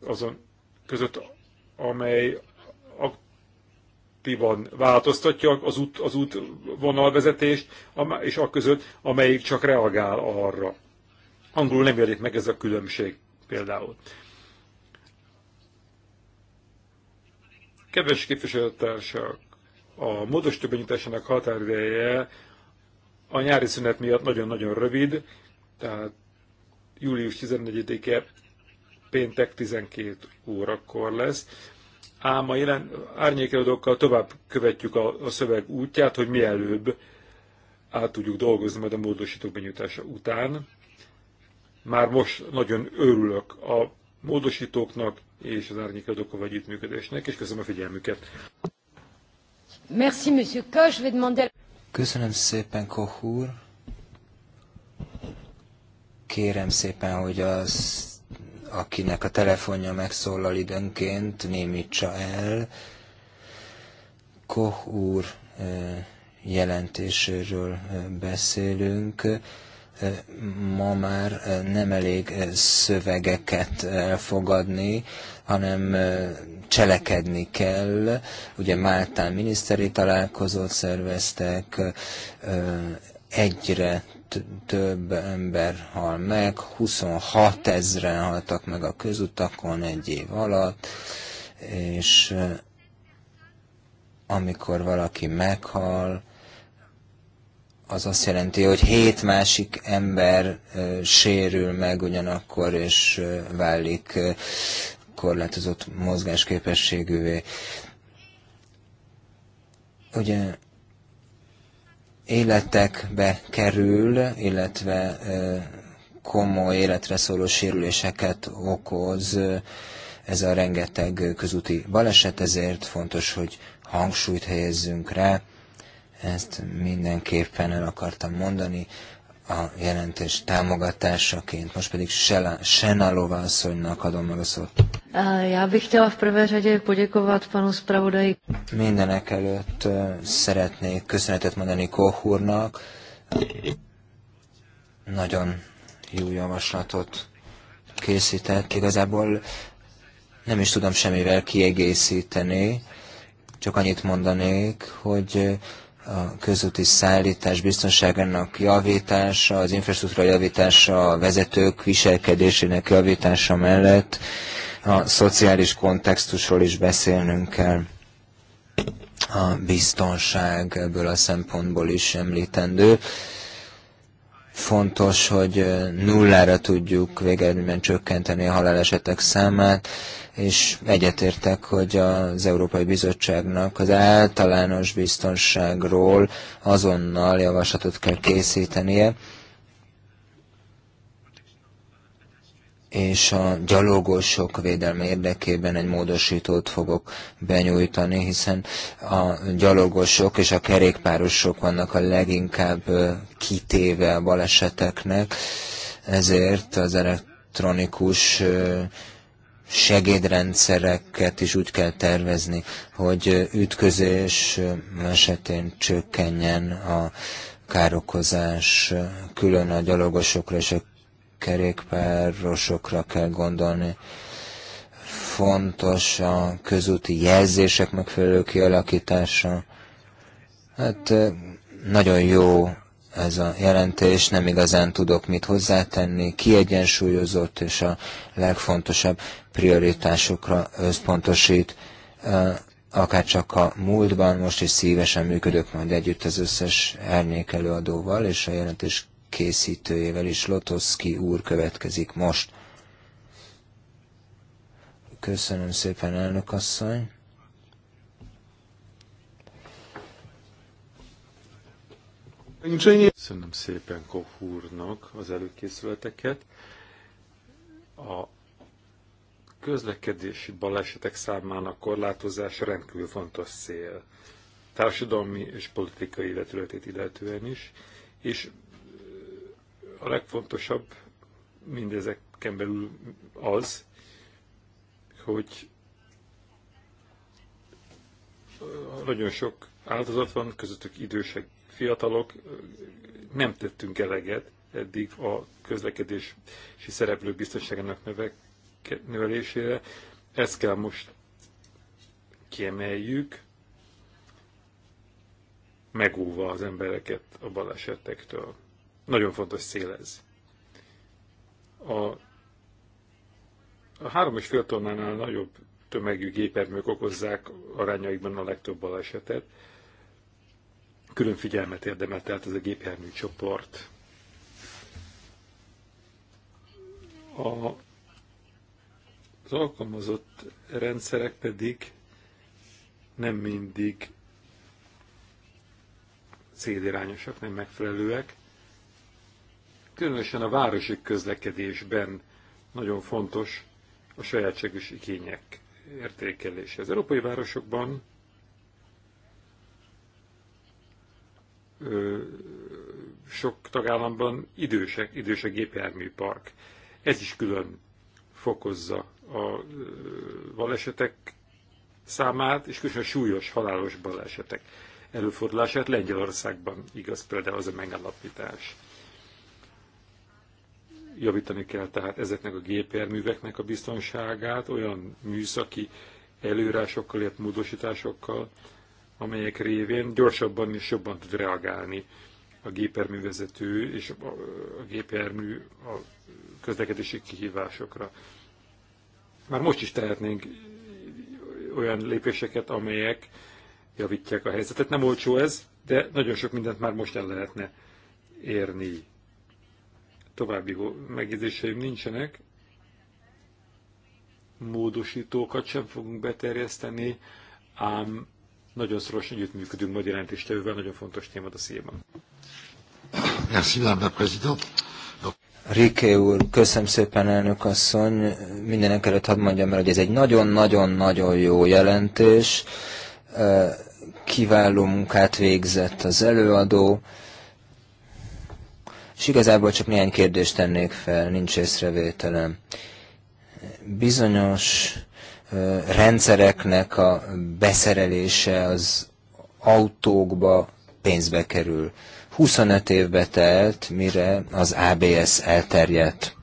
azon között, amely aktívan változtatja az, út, az útvonalvezetést, és a között, amelyik csak reagál arra. Angolul nem jelenik meg ez a különbség például. Kedves képviselőtársak, a módos benyújtásának határideje a nyári szünet miatt nagyon-nagyon rövid, tehát július 14-e péntek 12 órakor lesz. Ám a jelen árnyékelődókkal tovább követjük a, a szöveg útját, hogy mielőbb át tudjuk dolgozni majd a módosítók benyújtása után. Már most nagyon örülök a módosítóknak és az árnyékadókkal együttműködésnek, és köszönöm a figyelmüket. Merci, monsieur Koch. Je vais Köszönöm szépen, Koch úr. Kérem szépen, hogy az, akinek a telefonja megszólal időnként, némítsa el. Koch úr jelentéséről beszélünk ma már nem elég szövegeket elfogadni, hanem cselekedni kell. Ugye Máltán miniszteri találkozót szerveztek, egyre több ember hal meg, 26 ezeren haltak meg a közutakon egy év alatt, és amikor valaki meghal, az azt jelenti, hogy hét másik ember sérül meg ugyanakkor, és válik korlátozott mozgásképességűvé. Ugye életekbe kerül, illetve komoly életre szóló sérüléseket okoz ez a rengeteg közúti baleset, ezért fontos, hogy hangsúlyt helyezzünk rá, ezt mindenképpen el akartam mondani a jelentés támogatásaként. Most pedig Senalova asszonynak adom meg a szót. Já bych chtěla v prvé řadě poděkovat panu zpravodaji. Mindenek előtt szeretnék köszönetet mondani Kohurnak. Nagyon jó javaslatot készített. Igazából nem is tudom semmivel kiegészíteni, csak annyit mondanék, hogy a közúti szállítás biztonságának javítása, az infrastruktúra javítása, a vezetők viselkedésének javítása mellett a szociális kontextusról is beszélnünk kell. A biztonság ebből a szempontból is említendő. Fontos, hogy nullára tudjuk végeredményben csökkenteni a halálesetek számát, és egyetértek, hogy az Európai Bizottságnak az általános biztonságról azonnal javaslatot kell készítenie, és a gyalogosok védelme érdekében egy módosítót fogok benyújtani, hiszen a gyalogosok és a kerékpárosok vannak a leginkább kitéve a baleseteknek, ezért az elektronikus segédrendszereket is úgy kell tervezni, hogy ütközés esetén csökkenjen a károkozás külön a gyalogosokra és a kerékpárosokra kell gondolni. Fontos a közúti jelzések megfelelő kialakítása. Hát nagyon jó ez a jelentés, nem igazán tudok mit hozzátenni, kiegyensúlyozott és a legfontosabb prioritásokra összpontosít, akár csak a múltban, most is szívesen működök majd együtt az összes árnyék előadóval és a jelentés készítőjével is Lotoszki úr következik most. Köszönöm szépen, elnök asszony. Köszönöm szépen Koch úrnak az előkészületeket. A közlekedési balesetek számának korlátozása rendkívül fontos cél. Társadalmi és politikai illetőletét illetően is, és a legfontosabb mindezeken belül az, hogy nagyon sok áldozat van, közöttük idősek, fiatalok, nem tettünk eleget eddig a közlekedési szereplők biztonságának növelésére. Ezt kell most kiemeljük, megóva az embereket a balesetektől. Nagyon fontos cél ez. A, a három és fél tonnánál nagyobb tömegű gépermők okozzák arányaikban a legtöbb balesetet. Külön figyelmet érdemelt tehát ez a gépjármű csoport. A, az alkalmazott rendszerek pedig nem mindig célirányosak, nem megfelelőek különösen a városi közlekedésben nagyon fontos a sajátságos igények értékelése. Az európai városokban sok tagállamban idősek, idős a gépjárműpark. Ez is külön fokozza a balesetek számát, és különösen súlyos, halálos balesetek előfordulását. Lengyelországban igaz például az a megállapítás. Javítani kell tehát ezeknek a gépjárműveknek a biztonságát, olyan műszaki előrásokkal, illetve módosításokkal, amelyek révén gyorsabban és jobban tud reagálni a gépjárművezető és a gépjármű a közlekedési kihívásokra. Már most is tehetnénk olyan lépéseket, amelyek javítják a helyzetet. Nem olcsó ez, de nagyon sok mindent már most el lehetne érni. További megjegyzéseim nincsenek. Módosítókat sem fogunk beterjeszteni, ám nagyon szorosan együttműködünk majd jelentéstevővel, nagyon fontos témát a szélben. Riké úr, köszönöm szépen elnök asszony. Mindenek előtt hadd mondjam el, hogy ez egy nagyon-nagyon-nagyon jó jelentés. Kiváló munkát végzett az előadó és igazából csak néhány kérdést tennék fel, nincs észrevételem. Bizonyos rendszereknek a beszerelése az autókba pénzbe kerül. 25 évbe telt, mire az ABS elterjedt.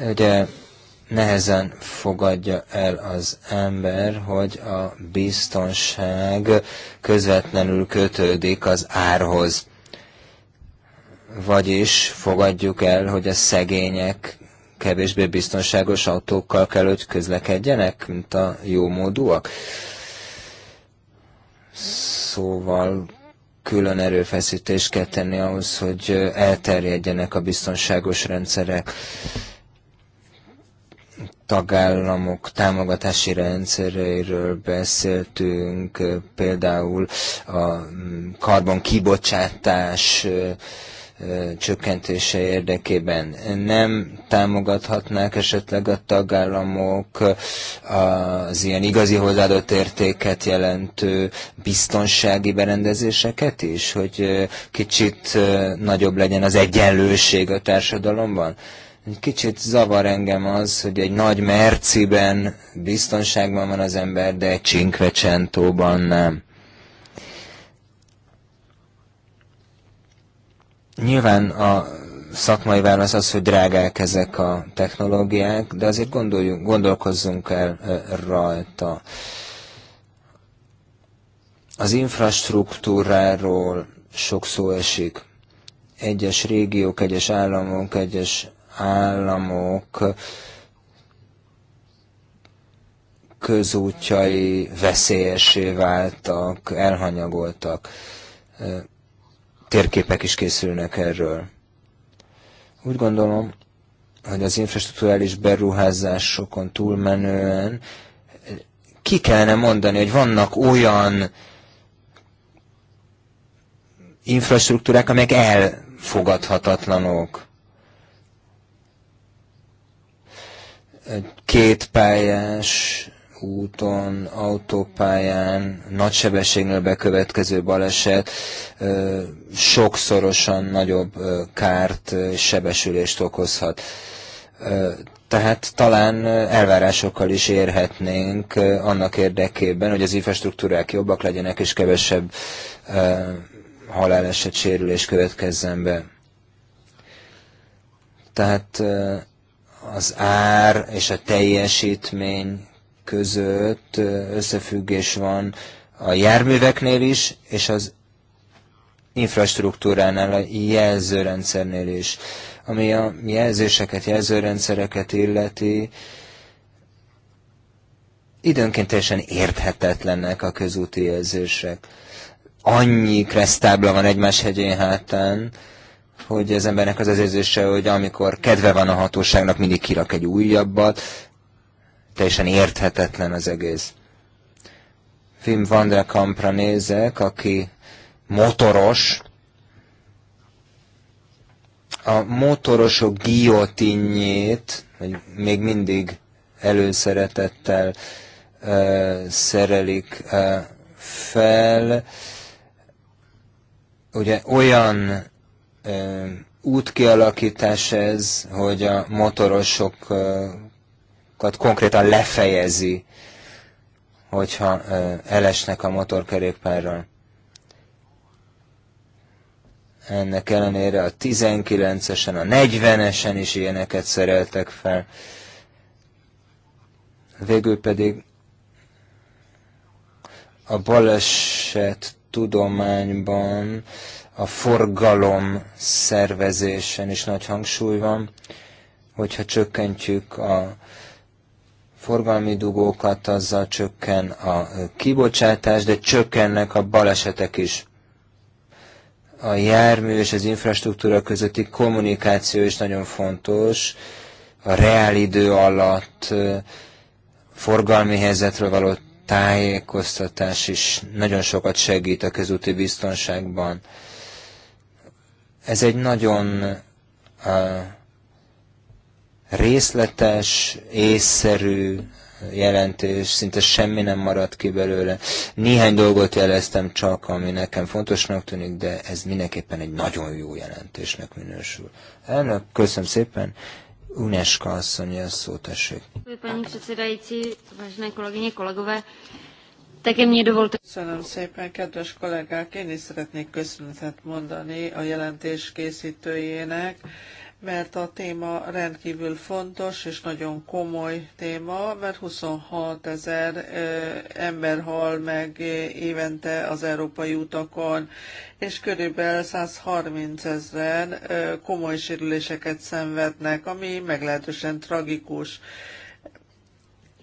Ugye nehezen fogadja el az ember, hogy a biztonság közvetlenül kötődik az árhoz. Vagyis fogadjuk el, hogy a szegények kevésbé biztonságos autókkal kell, hogy közlekedjenek, mint a jó módúak. Szóval külön erőfeszítést kell tenni ahhoz, hogy elterjedjenek a biztonságos rendszerek tagállamok támogatási rendszereiről beszéltünk, például a mm, karbon kibocsátás csökkentése érdekében nem támogathatnák esetleg a tagállamok az ilyen igazi hozzáadott értéket jelentő biztonsági berendezéseket is, hogy kicsit nagyobb legyen az egyenlőség a társadalomban? Kicsit zavar engem az, hogy egy nagy merciben biztonságban van az ember, de egy csinkvecsentóban nem. Nyilván a szakmai válasz az, hogy drágák ezek a technológiák, de azért gondoljunk, gondolkozzunk el rajta. Az infrastruktúráról sok szó esik. Egyes régiók, egyes államok, egyes államok közútjai veszélyessé váltak, elhanyagoltak. Térképek is készülnek erről. Úgy gondolom, hogy az infrastruktúrális beruházásokon túlmenően ki kellene mondani, hogy vannak olyan infrastruktúrák, amelyek elfogadhatatlanok. kétpályás úton, autópályán, nagy sebességnél bekövetkező baleset sokszorosan nagyobb kárt, sebesülést okozhat. Tehát talán elvárásokkal is érhetnénk annak érdekében, hogy az infrastruktúrák jobbak legyenek, és kevesebb haláleset sérülés következzen be. Tehát az ár és a teljesítmény között összefüggés van a járműveknél is, és az infrastruktúránál, a jelzőrendszernél is. Ami a jelzéseket, jelzőrendszereket illeti, időnként teljesen érthetetlenek a közúti jelzések. Annyi kresztábla van egymás hegyén hátán, hogy az embernek az az érzése, hogy amikor kedve van a hatóságnak, mindig kirak egy újabbat, teljesen érthetetlen az egész. Wim van der Kampra nézek, aki motoros, a motorosok giotinjét, hogy még mindig előszeretettel ö, szerelik ö, fel, ugye olyan útkialakítás ez, hogy a motorosokat konkrétan lefejezi, hogyha elesnek a motorkerékpárral. Ennek ellenére a 19-esen, a 40-esen is ilyeneket szereltek fel. Végül pedig a baleset tudományban a forgalom szervezésen is nagy hangsúly van, hogyha csökkentjük a forgalmi dugókat, azzal csökken a kibocsátás, de csökkennek a balesetek is. A jármű és az infrastruktúra közötti kommunikáció is nagyon fontos. A reál idő alatt forgalmi helyzetről való tájékoztatás is nagyon sokat segít a közúti biztonságban. Ez egy nagyon részletes, észszerű jelentés, szinte semmi nem maradt ki belőle. Néhány dolgot jeleztem csak, ami nekem fontosnak tűnik, de ez mindenképpen egy nagyon jó jelentésnek minősül. Elnök, köszönöm szépen. Uneska asszony, a szó tessék. Köszönöm, také mě dovolte. Köszönöm szépen, kedves kollégák! Én is szeretnék köszönetet mondani a jelentés készítőjének, mert a téma rendkívül fontos és nagyon komoly téma, mert 26 ezer ember hal meg évente az európai utakon, és körülbelül 130 ezeren komoly sérüléseket szenvednek, ami meglehetősen tragikus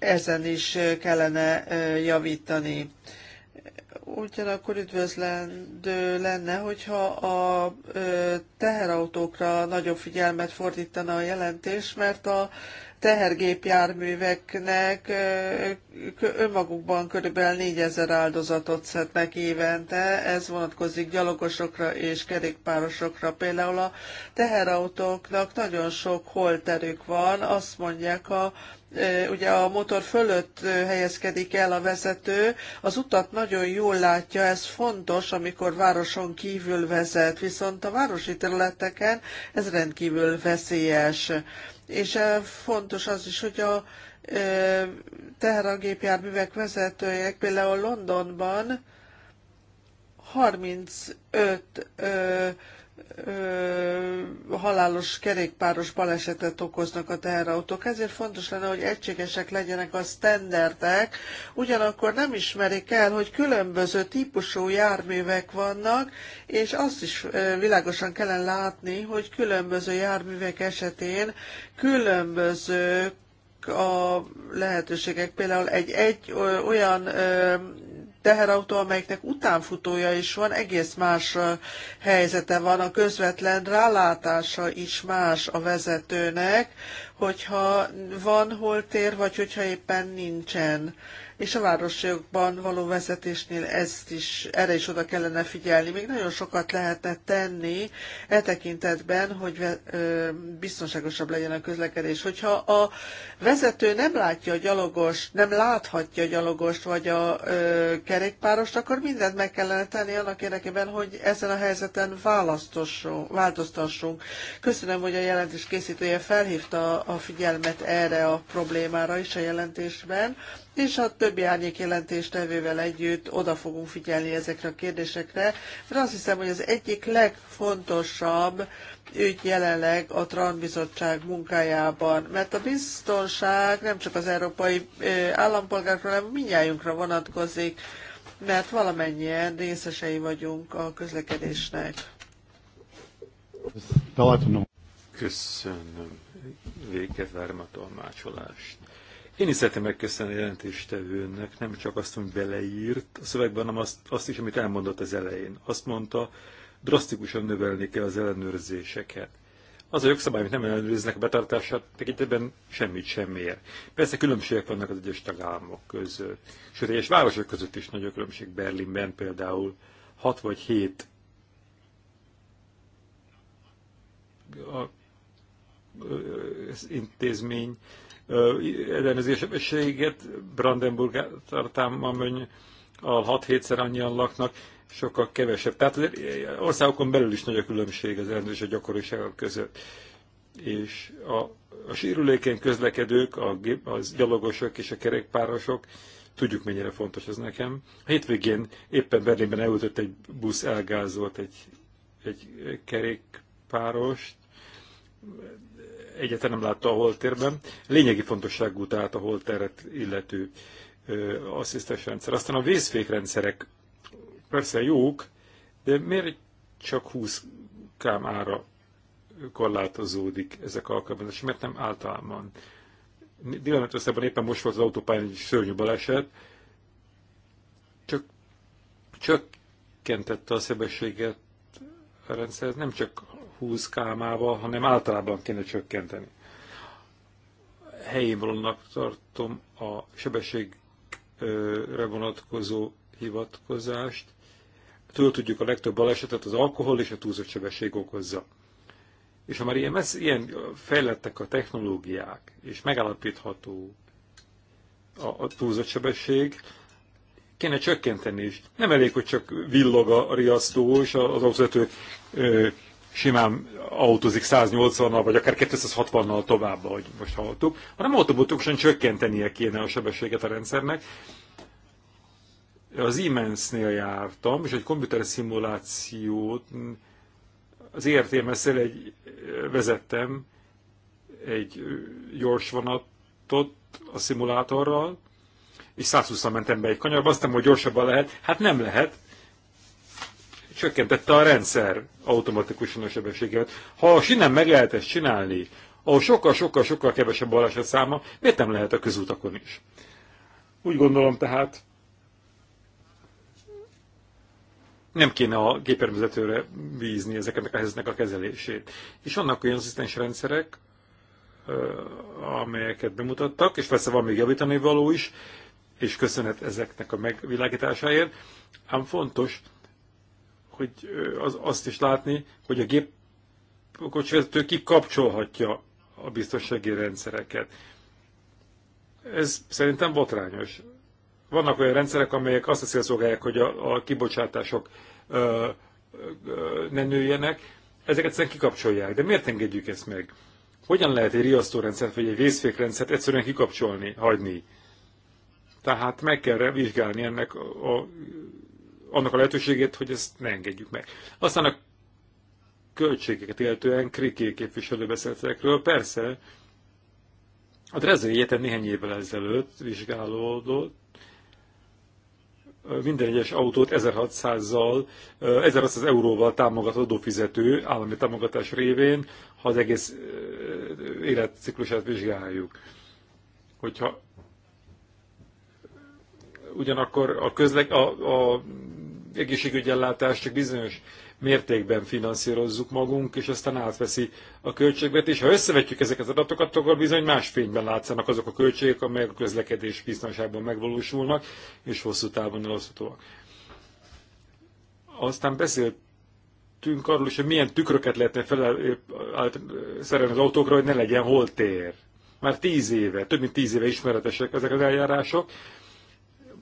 ezen is kellene javítani. Ugyanakkor üdvözlendő lenne, hogyha a teherautókra nagyobb figyelmet fordítana a jelentés, mert a tehergépjárműveknek önmagukban körülbelül 4000 áldozatot szednek évente, ez vonatkozik gyalogosokra és kerékpárosokra. Például a teherautóknak nagyon sok holterük van, azt mondják a ugye a motor fölött helyezkedik el a vezető, az utat nagyon jól látja, ez fontos, amikor városon kívül vezet, viszont a városi területeken ez rendkívül veszélyes. És fontos az is, hogy a teherangépjárművek vezetőjek például Londonban 35 ö, ö, halálos kerékpáros balesetet okoznak a teherautók. Ezért fontos lenne, hogy egységesek legyenek a standardek, ugyanakkor nem ismerik el, hogy különböző típusú járművek vannak, és azt is ö, világosan kellene látni, hogy különböző járművek esetén különböző a lehetőségek. Például egy, egy olyan ö, teherautó, amelyiknek utánfutója is van, egész más helyzete van, a közvetlen rálátása is más a vezetőnek, hogyha van hol tér, vagy hogyha éppen nincsen és a városokban való vezetésnél ezt is, erre is oda kellene figyelni. Még nagyon sokat lehetne tenni e tekintetben, hogy biztonságosabb legyen a közlekedés. Hogyha a vezető nem látja a gyalogos, nem láthatja a gyalogost vagy a kerékpárost, akkor mindent meg kellene tenni annak érdekében, hogy ezen a helyzeten változtassunk. Köszönöm, hogy a jelentés készítője felhívta a figyelmet erre a problémára is a jelentésben és a többi árnyék jelentéstevővel együtt oda fogunk figyelni ezekre a kérdésekre, mert azt hiszem, hogy az egyik legfontosabb ügy jelenleg a transbizottság bizottság munkájában, mert a biztonság nem csak az európai állampolgárokra, hanem minnyájunkra vonatkozik, mert valamennyien részesei vagyunk a közlekedésnek. Köszönöm. Véget várom a tolmácsolást. Én is szeretném megköszönni a jelentéstevőnek, nem csak azt, amit beleírt a szövegben, hanem azt, azt is, amit elmondott az elején. Azt mondta, drasztikusan növelni kell az ellenőrzéseket. Az a jogszabály, amit nem ellenőriznek a betartását, tekintetben semmit sem ér. Persze különbségek vannak az egyes tagállamok között, sőt egyes városok között is nagy a különbség. Berlinben például 6 vagy 7 a intézmény ellenőrzéseséget, Brandenburg tartalmamön a 6-7-szer annyian laknak, sokkal kevesebb. Tehát országokon belül is nagy a különbség az ellenőrzés a gyakoriságok között. És a, a sérülékeny közlekedők, a, az gyalogosok és a kerékpárosok, tudjuk mennyire fontos ez nekem. A hétvégén éppen Berlinben elültött egy busz, elgázolt egy, egy kerékpárost, egyetlen nem látta a holtérben. Lényegi fontosságú tehát a holteret illető asszisztens rendszer. Aztán a vészfékrendszerek persze jók, de miért csak 20 km ára korlátozódik ezek alkalmazás, mert nem általában. Dilemetőszerben éppen most volt az autópályán egy szörnyű baleset, csak csökkentette a sebességet a rendszer, nem csak 20 kámával, hanem általában kéne csökkenteni. Helyén valónak tartom a sebességre vonatkozó hivatkozást. Től tudjuk a legtöbb balesetet az alkohol és a túlzott sebesség okozza. És ha már ilyen, messz, ilyen fejlettek a technológiák, és megállapítható a, a túlzott sebesség, kéne csökkenteni is. Nem elég, hogy csak villog a riasztó és az autóvezető simán autózik 180-nal, vagy akár 260-nal tovább, ahogy most hallottuk, hanem automatikusan csökkentenie kéne a sebességet a rendszernek. Az imensnél jártam, és egy komputer szimulációt az értémeszel e egy vezettem egy gyors vonatot a szimulátorral, és 120 mentem be egy kanyarba, azt hogy gyorsabban lehet. Hát nem lehet, csökkentette a rendszer automatikusan a sebességet. Ha a sinem meg lehet ezt csinálni, ahol sokkal-sokkal-sokkal kevesebb baleset száma, miért nem lehet a közutakon is? Úgy gondolom tehát, nem kéne a gépervezetőre bízni ezeknek a helyzetnek a kezelését. És vannak olyan asszisztens rendszerek, amelyeket bemutattak, és persze van még javítani való is, és köszönet ezeknek a megvilágításáért, ám fontos, hogy az, azt is látni, hogy a gép kocsvezető kikapcsolhatja a biztonsági rendszereket. Ez szerintem botrányos. Vannak olyan rendszerek, amelyek azt a szolgálják, hogy a, a kibocsátások ö, ö, ne nőjenek, ezeket egyszerűen kikapcsolják. De miért engedjük ezt meg? Hogyan lehet egy riasztórendszert vagy egy vészfékrendszert egyszerűen kikapcsolni, hagyni? Tehát meg kell vizsgálni ennek a, a annak a lehetőségét, hogy ezt ne engedjük meg. Aztán a költségeket illetően Kriké képviselő beszélt ezekről. Persze, a Dresdai Egyetem néhány évvel ezelőtt vizsgálódott, minden egyes autót 1600-zal, 1600 euróval támogató adófizető állami támogatás révén, ha az egész életciklusát vizsgáljuk. Hogyha ugyanakkor a, közleg a, a egészségügyellátást csak bizonyos mértékben finanszírozzuk magunk, és aztán átveszi a és Ha összevetjük ezeket az adatokat, akkor bizony más fényben látszanak azok a költségek, amelyek a közlekedés biztonságban megvalósulnak, és hosszú távon eloszthatóak. Aztán beszéltünk arról is, hogy milyen tükröket lehetne szerelni az autókra, hogy ne legyen holtér. Már tíz éve, több mint tíz éve ismeretesek ezek az eljárások,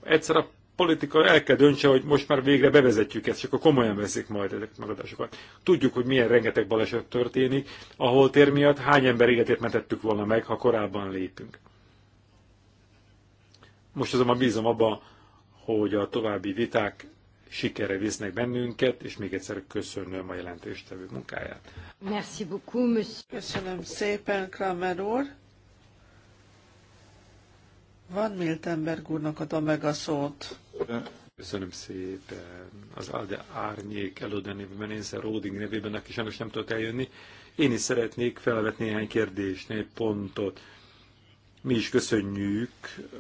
egyszer a politika el kell döntse, hogy most már végre bevezetjük ezt, és akkor komolyan veszik majd ezeket a megadásokat. Tudjuk, hogy milyen rengeteg baleset történik, ahol tér miatt hány ember életét mentettük volna meg, ha korábban lépünk. Most azonban bízom abba, hogy a további viták sikere visznek bennünket, és még egyszer köszönöm a jelentéstevő munkáját. Merci beaucoup, monsieur. Köszönöm szépen, Kramer úr. Van Miltenberg úrnak a meg a szót. Köszönöm szépen. Az Alde Árnyék nevében, én Róding nevében, aki sajnos nem tudok eljönni. Én is szeretnék felvetni néhány kérdést, néhány pontot. Mi is köszönjük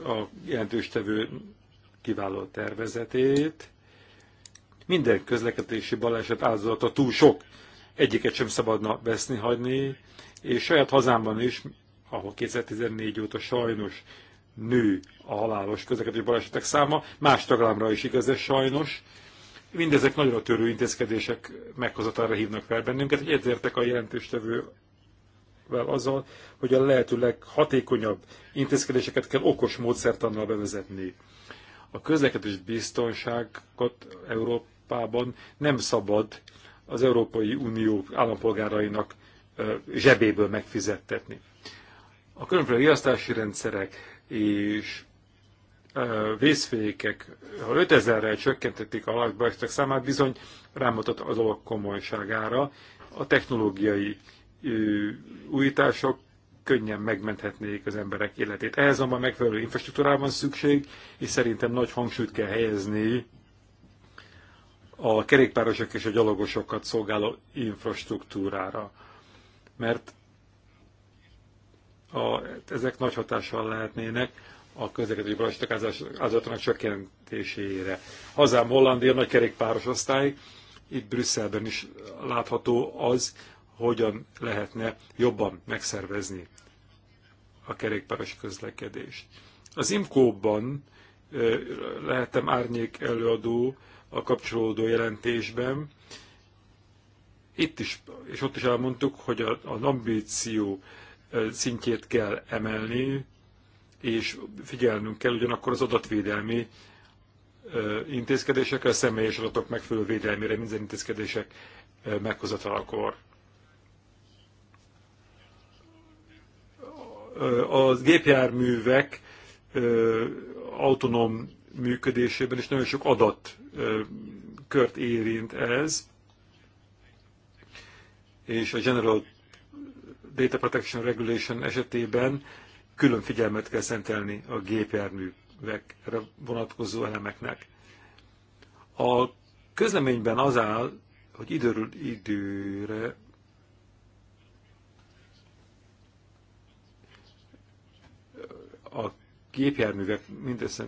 a jelentős tevő kiváló tervezetét. Minden közlekedési baleset áldozata túl sok. Egyiket sem szabadna veszni hagyni, és saját hazámban is, ahol 2014 óta sajnos nő a halálos közlekedési balesetek száma, más tagállamra is igaz ez sajnos. Mindezek nagyra törő intézkedések meghozatára hívnak fel bennünket, hogy egyetértek a jelentéstevő azzal, hogy a lehető leghatékonyabb intézkedéseket kell okos módszertannal bevezetni. A közlekedés biztonságot Európában nem szabad az Európai Unió állampolgárainak zsebéből megfizettetni. A különböző riasztási rendszerek, és vészfékek, ha 5000 re csökkentették a lakbajtak számát, bizony rámutat az dolog komolyságára. A technológiai újítások könnyen megmenthetnék az emberek életét. Ehhez a megfelelő infrastruktúrában szükség, és szerintem nagy hangsúlyt kell helyezni a kerékpárosok és a gyalogosokat szolgáló infrastruktúrára. Mert a, ezek nagy hatással lehetnének a közlekedési balesetek áldozatának csökkentésére. Hazám Hollandia nagy kerékpáros osztály, itt Brüsszelben is látható az, hogyan lehetne jobban megszervezni a kerékpáros közlekedést. Az IMCO-ban lehetem árnyék előadó a kapcsolódó jelentésben. Itt is, és ott is elmondtuk, hogy a, ambíció szintjét kell emelni, és figyelnünk kell ugyanakkor az adatvédelmi intézkedésekre, a személyes adatok megfelelő védelmére minden intézkedések meghozatalakor. A gépjárművek autonóm működésében is nagyon sok adatkört érint ez, és a General Data Protection Regulation esetében külön figyelmet kell szentelni a gépjárművekre vonatkozó elemeknek. A közleményben az áll, hogy időről időre a gépjárművek mindössze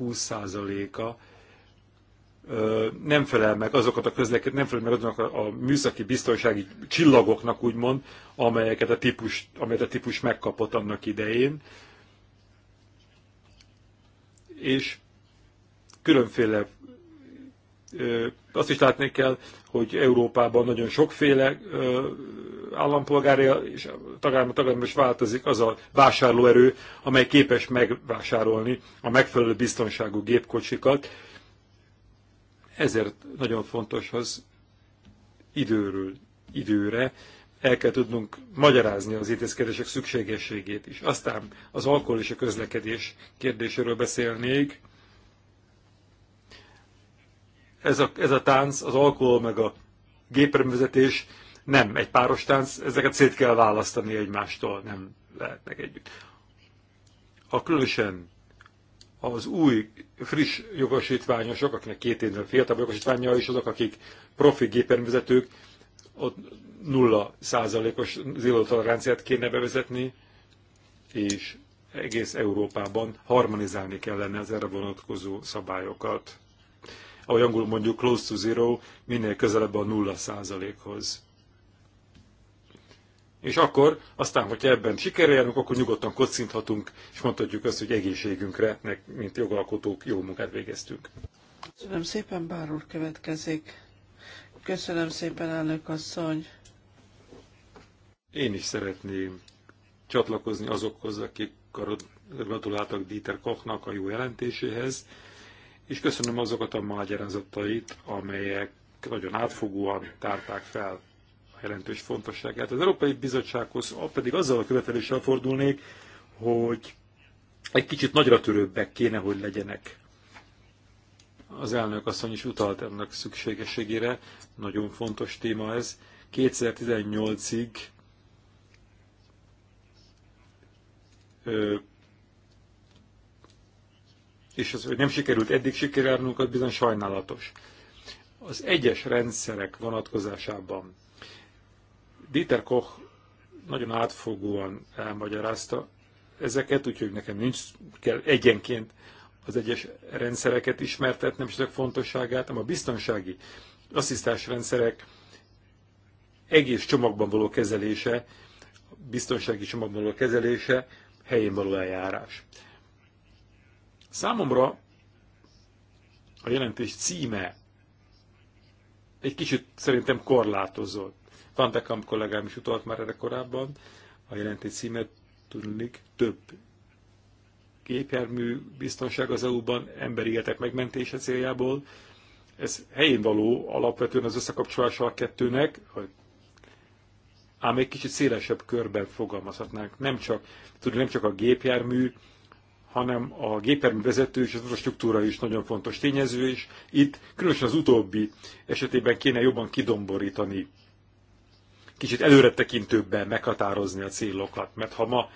20%-a nem felel meg azokat a közleket, nem felel meg azoknak a, a műszaki biztonsági csillagoknak, úgymond, amelyeket a típus, amelyet a típus megkapott annak idején. És különféle azt is látni kell, hogy Európában nagyon sokféle állampolgárja és tagállam tagállam is változik az a vásárlóerő, amely képes megvásárolni a megfelelő biztonságú gépkocsikat, ezért nagyon fontos az időről időre el kell tudnunk magyarázni az intézkedések szükségességét is. Aztán az alkohol és a közlekedés kérdéséről beszélnék. Ez a, ez a tánc, az alkohol meg a géprenvezetés nem egy páros tánc, ezeket szét kell választani egymástól, nem lehetnek együtt. A különösen az új, friss jogosítványosok, akinek két évnél fiatalabb jogosítványa is azok, akik profi gépjárművezetők, ott nulla százalékos zillótoleranciát kéne bevezetni, és egész Európában harmonizálni kellene az erre vonatkozó szabályokat. Ahogy angolul mondjuk, close to zero, minél közelebb a nulla százalékhoz. És akkor, aztán, hogyha ebben sikerüljenek, akkor nyugodtan kocinthatunk, és mondhatjuk azt, hogy egészségünkre, mint jogalkotók jó munkát végeztünk. Köszönöm szépen, Bár úr következik. Köszönöm szépen, elnök asszony. Én is szeretném csatlakozni azokhoz, akik gratuláltak Dieter Kochnak a jó jelentéséhez, és köszönöm azokat a magyarázatait, amelyek nagyon átfogóan tárták fel jelentős fontosságát. Az Európai Bizottsághoz pedig azzal a követeléssel fordulnék, hogy egy kicsit nagyra törőbbek kéne, hogy legyenek. Az elnök asszony is utalt ennek szükségességére, nagyon fontos téma ez. 2018-ig és az, hogy nem sikerült eddig sikerülnünk, az bizony sajnálatos. Az egyes rendszerek vonatkozásában Dieter Koch nagyon átfogóan elmagyarázta ezeket, úgyhogy nekem nincs, kell egyenként az egyes rendszereket ismertetnem, és ezek fontosságát, hanem a biztonsági asszisztás rendszerek egész csomagban való kezelése, biztonsági csomagban való kezelése, helyén való eljárás. Számomra a jelentés címe egy kicsit szerintem korlátozott. Van Beckham kollégám is utalt már erre korábban, a jelentés címet tűnik több gépjármű biztonság az EU-ban emberi életek megmentése céljából. Ez helyén való alapvetően az összekapcsolása a kettőnek, hogy ám egy kicsit szélesebb körben fogalmazhatnánk. Nem csak, tudni, nem csak a gépjármű, hanem a gépjármű vezető és az infrastruktúra is nagyon fontos tényező, és itt különösen az utóbbi esetében kéne jobban kidomborítani kicsit előretekintőbben meghatározni a célokat. Mert ha ma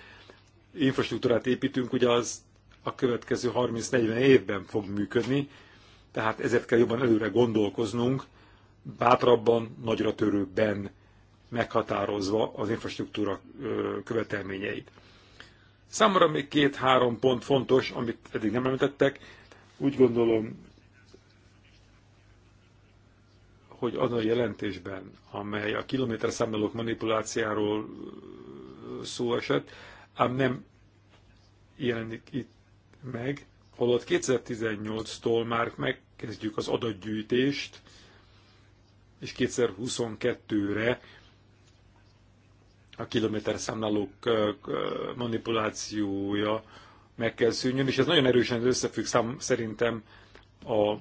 infrastruktúrát építünk, ugye az a következő 30-40 évben fog működni, tehát ezért kell jobban előre gondolkoznunk, bátrabban, nagyra törőbben meghatározva az infrastruktúra követelményeit. Számomra még két-három pont fontos, amit eddig nem említettek. Úgy gondolom, hogy az a jelentésben, amely a kilométerszámlálók manipuláciáról szó esett, ám nem jelenik itt meg, holott 2018-tól már megkezdjük az adatgyűjtést, és 2022-re a számlálók manipulációja meg kell szűnjön, és ez nagyon erősen összefügg szám, szerintem a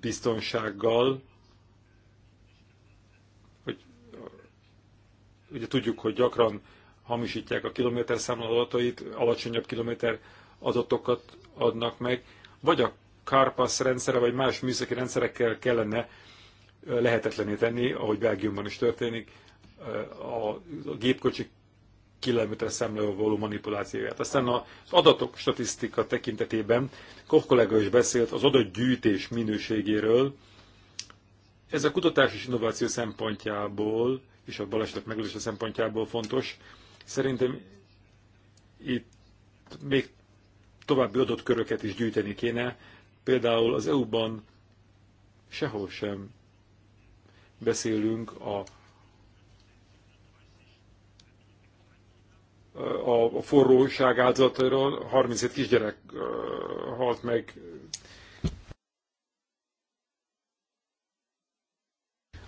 biztonsággal, hogy ugye tudjuk, hogy gyakran hamisítják a kilométerszámla adatait, alacsonyabb kilométer adatokat adnak meg, vagy a Carpass rendszere, vagy más műszaki rendszerekkel kellene lehetetlené tenni, ahogy Belgiumban is történik, a gépkocsik kilométer szemlővel való manipulációját. Aztán az adatok statisztika tekintetében Koch kollega is beszélt az adatgyűjtés minőségéről. Ez a kutatás és innováció szempontjából és a balesetek megelőzése szempontjából fontos. Szerintem itt még további adott köröket is gyűjteni kéne. Például az EU-ban sehol sem beszélünk a a forróság áldozatairól 37 kisgyerek halt meg.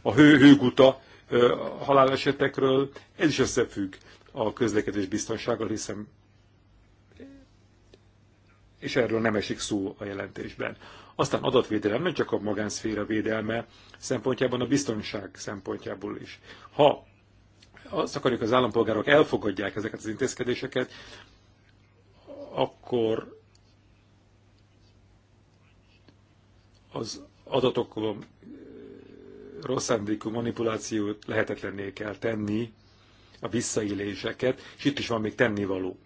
A hő, hőguta halálesetekről, ez is összefügg a közlekedés biztonsággal, hiszen és erről nem esik szó a jelentésben. Aztán adatvédelem nem csak a magánszféra védelme szempontjában, a biztonság szempontjából is. Ha azt akarjuk, az állampolgárok elfogadják ezeket az intézkedéseket, akkor az adatok rossz manipulációt lehetetlenné kell tenni, a visszaéléseket, és itt is van még tennivaló.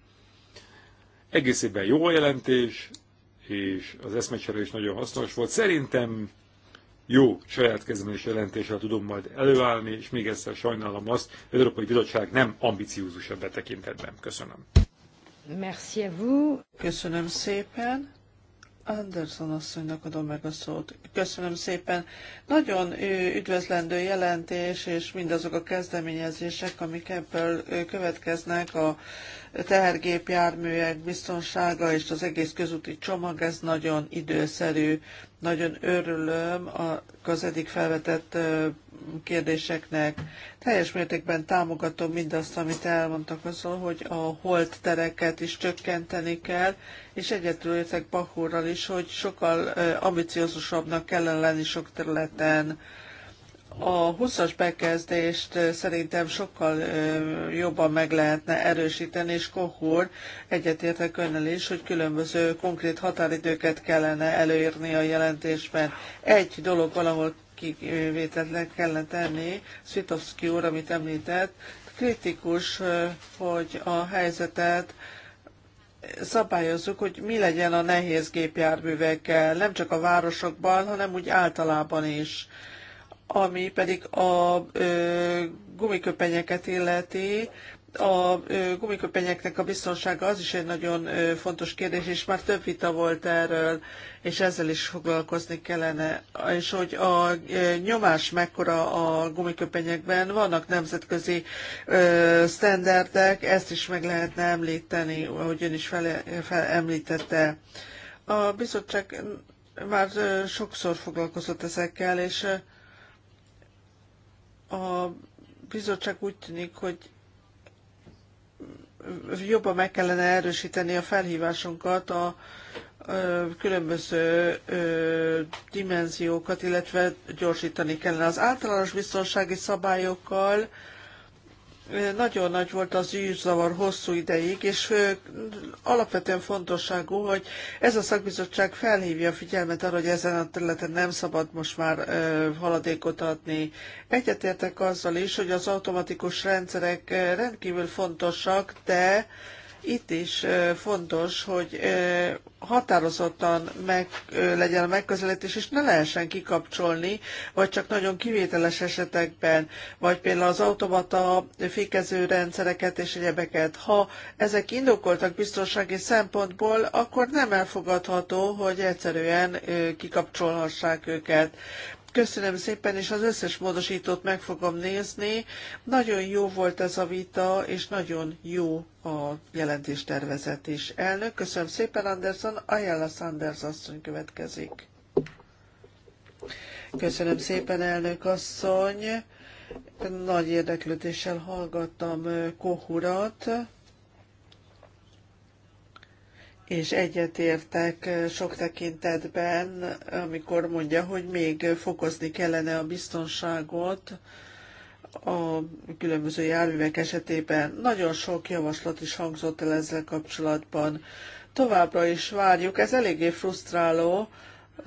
Egészében jó a jelentés, és az eszmecsere is nagyon hasznos volt. Szerintem jó saját kezdeményes jelentéssel tudom majd előállni, és még egyszer sajnálom azt, hogy az Európai Bizottság nem ambiciózusabb a tekintetben. Köszönöm. Merci à vous. Köszönöm szépen. Anderson asszonynak adom meg a szót. Köszönöm szépen. Nagyon üdvözlendő jelentés, és mindazok a kezdeményezések, amik ebből következnek, a tehergépjárműek biztonsága és az egész közúti csomag, ez nagyon időszerű. Nagyon örülöm az eddig felvetett kérdéseknek. Teljes mértékben támogatom mindazt, amit elmondtak azon, hogy a holt tereket is csökkenteni kell, és egyetül értek Bakúrral is, hogy sokkal ambiciózusabbnak kellene lenni sok területen a 20-as bekezdést szerintem sokkal jobban meg lehetne erősíteni, és Kohor egyetértek önnel is, hogy különböző konkrét határidőket kellene előírni a jelentésben. Egy dolog valahol kivétetlen kellene tenni, Svitovski úr, amit említett, kritikus, hogy a helyzetet szabályozzuk, hogy mi legyen a nehéz gépjárművekkel, nem csak a városokban, hanem úgy általában is. Ami pedig a ö, gumiköpenyeket illeti, a gumiköpenyeknek a biztonsága az is egy nagyon fontos kérdés, és már több vita volt erről, és ezzel is foglalkozni kellene. És hogy a nyomás mekkora a gumiköpenyekben, vannak nemzetközi sztenderdek, ezt is meg lehetne említeni, ahogy ön is fel, fel említette. A bizottság már sokszor foglalkozott ezekkel, és a bizottság úgy tűnik, hogy jobban meg kellene erősíteni a felhívásunkat a különböző dimenziókat, illetve gyorsítani kellene. Az általános biztonsági szabályokkal nagyon nagy volt az űrzavar hosszú ideig, és alapvetően fontosságú, hogy ez a szakbizottság felhívja a figyelmet arra, hogy ezen a területen nem szabad most már haladékot adni. Egyetértek azzal is, hogy az automatikus rendszerek rendkívül fontosak, de itt is fontos, hogy határozottan meg, legyen a megközelítés, és ne lehessen kikapcsolni, vagy csak nagyon kivételes esetekben, vagy például az automata fékező rendszereket és egyebeket. Ha ezek indokoltak biztonsági szempontból, akkor nem elfogadható, hogy egyszerűen kikapcsolhassák őket. Köszönöm szépen, és az összes módosítót meg fogom nézni. Nagyon jó volt ez a vita, és nagyon jó a jelentéstervezet is. Elnök, köszönöm szépen, Anderson. Ajánla Sanders asszony következik. Köszönöm szépen, elnök asszony. Nagy érdeklődéssel hallgattam eh, Kohurat és egyetértek sok tekintetben, amikor mondja, hogy még fokozni kellene a biztonságot a különböző járművek esetében. Nagyon sok javaslat is hangzott el ezzel kapcsolatban. Továbbra is várjuk, ez eléggé frusztráló,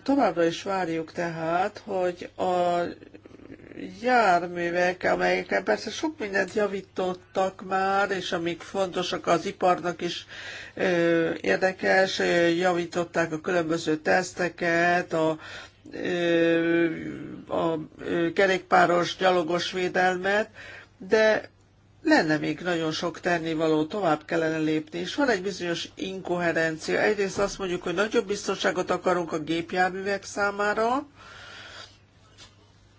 továbbra is várjuk tehát, hogy a járművek, amelyekkel persze sok mindent javítottak már, és amik fontosak az iparnak is ö, érdekes, ö, javították a különböző teszteket, a, ö, a ö, kerékpáros, gyalogos védelmet, de lenne még nagyon sok tennivaló, tovább kellene lépni, és van egy bizonyos inkoherencia. Egyrészt azt mondjuk, hogy nagyobb biztonságot akarunk a gépjárművek számára,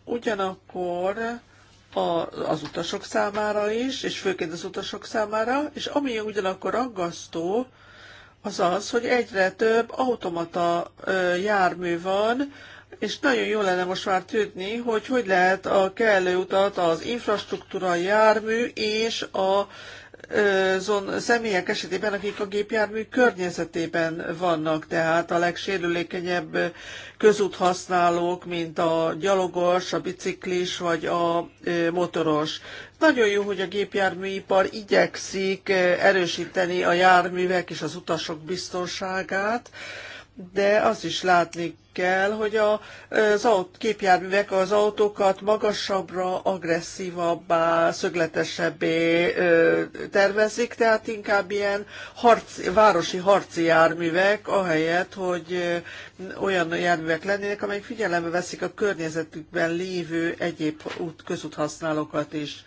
ugyanakkor a, az utasok számára is, és főként az utasok számára, és ami ugyanakkor aggasztó, az az, hogy egyre több automata jármű van, és nagyon jó lenne most már tudni, hogy hogy lehet a kellő utat az infrastruktúra jármű és a azon személyek esetében, akik a gépjármű környezetében vannak, tehát a legsérülékenyebb közúthasználók, mint a gyalogos, a biciklis vagy a motoros. Nagyon jó, hogy a gépjárműipar igyekszik erősíteni a járművek és az utasok biztonságát, de azt is látni kell, hogy a, az aut, képjárművek az autókat magasabbra, agresszívabbá, szögletesebbé ö, tervezik, tehát inkább ilyen harci, városi harci járművek, ahelyett, hogy ö, olyan járművek lennének, amelyek figyelembe veszik a környezetükben lévő egyéb út, közúthasználókat is.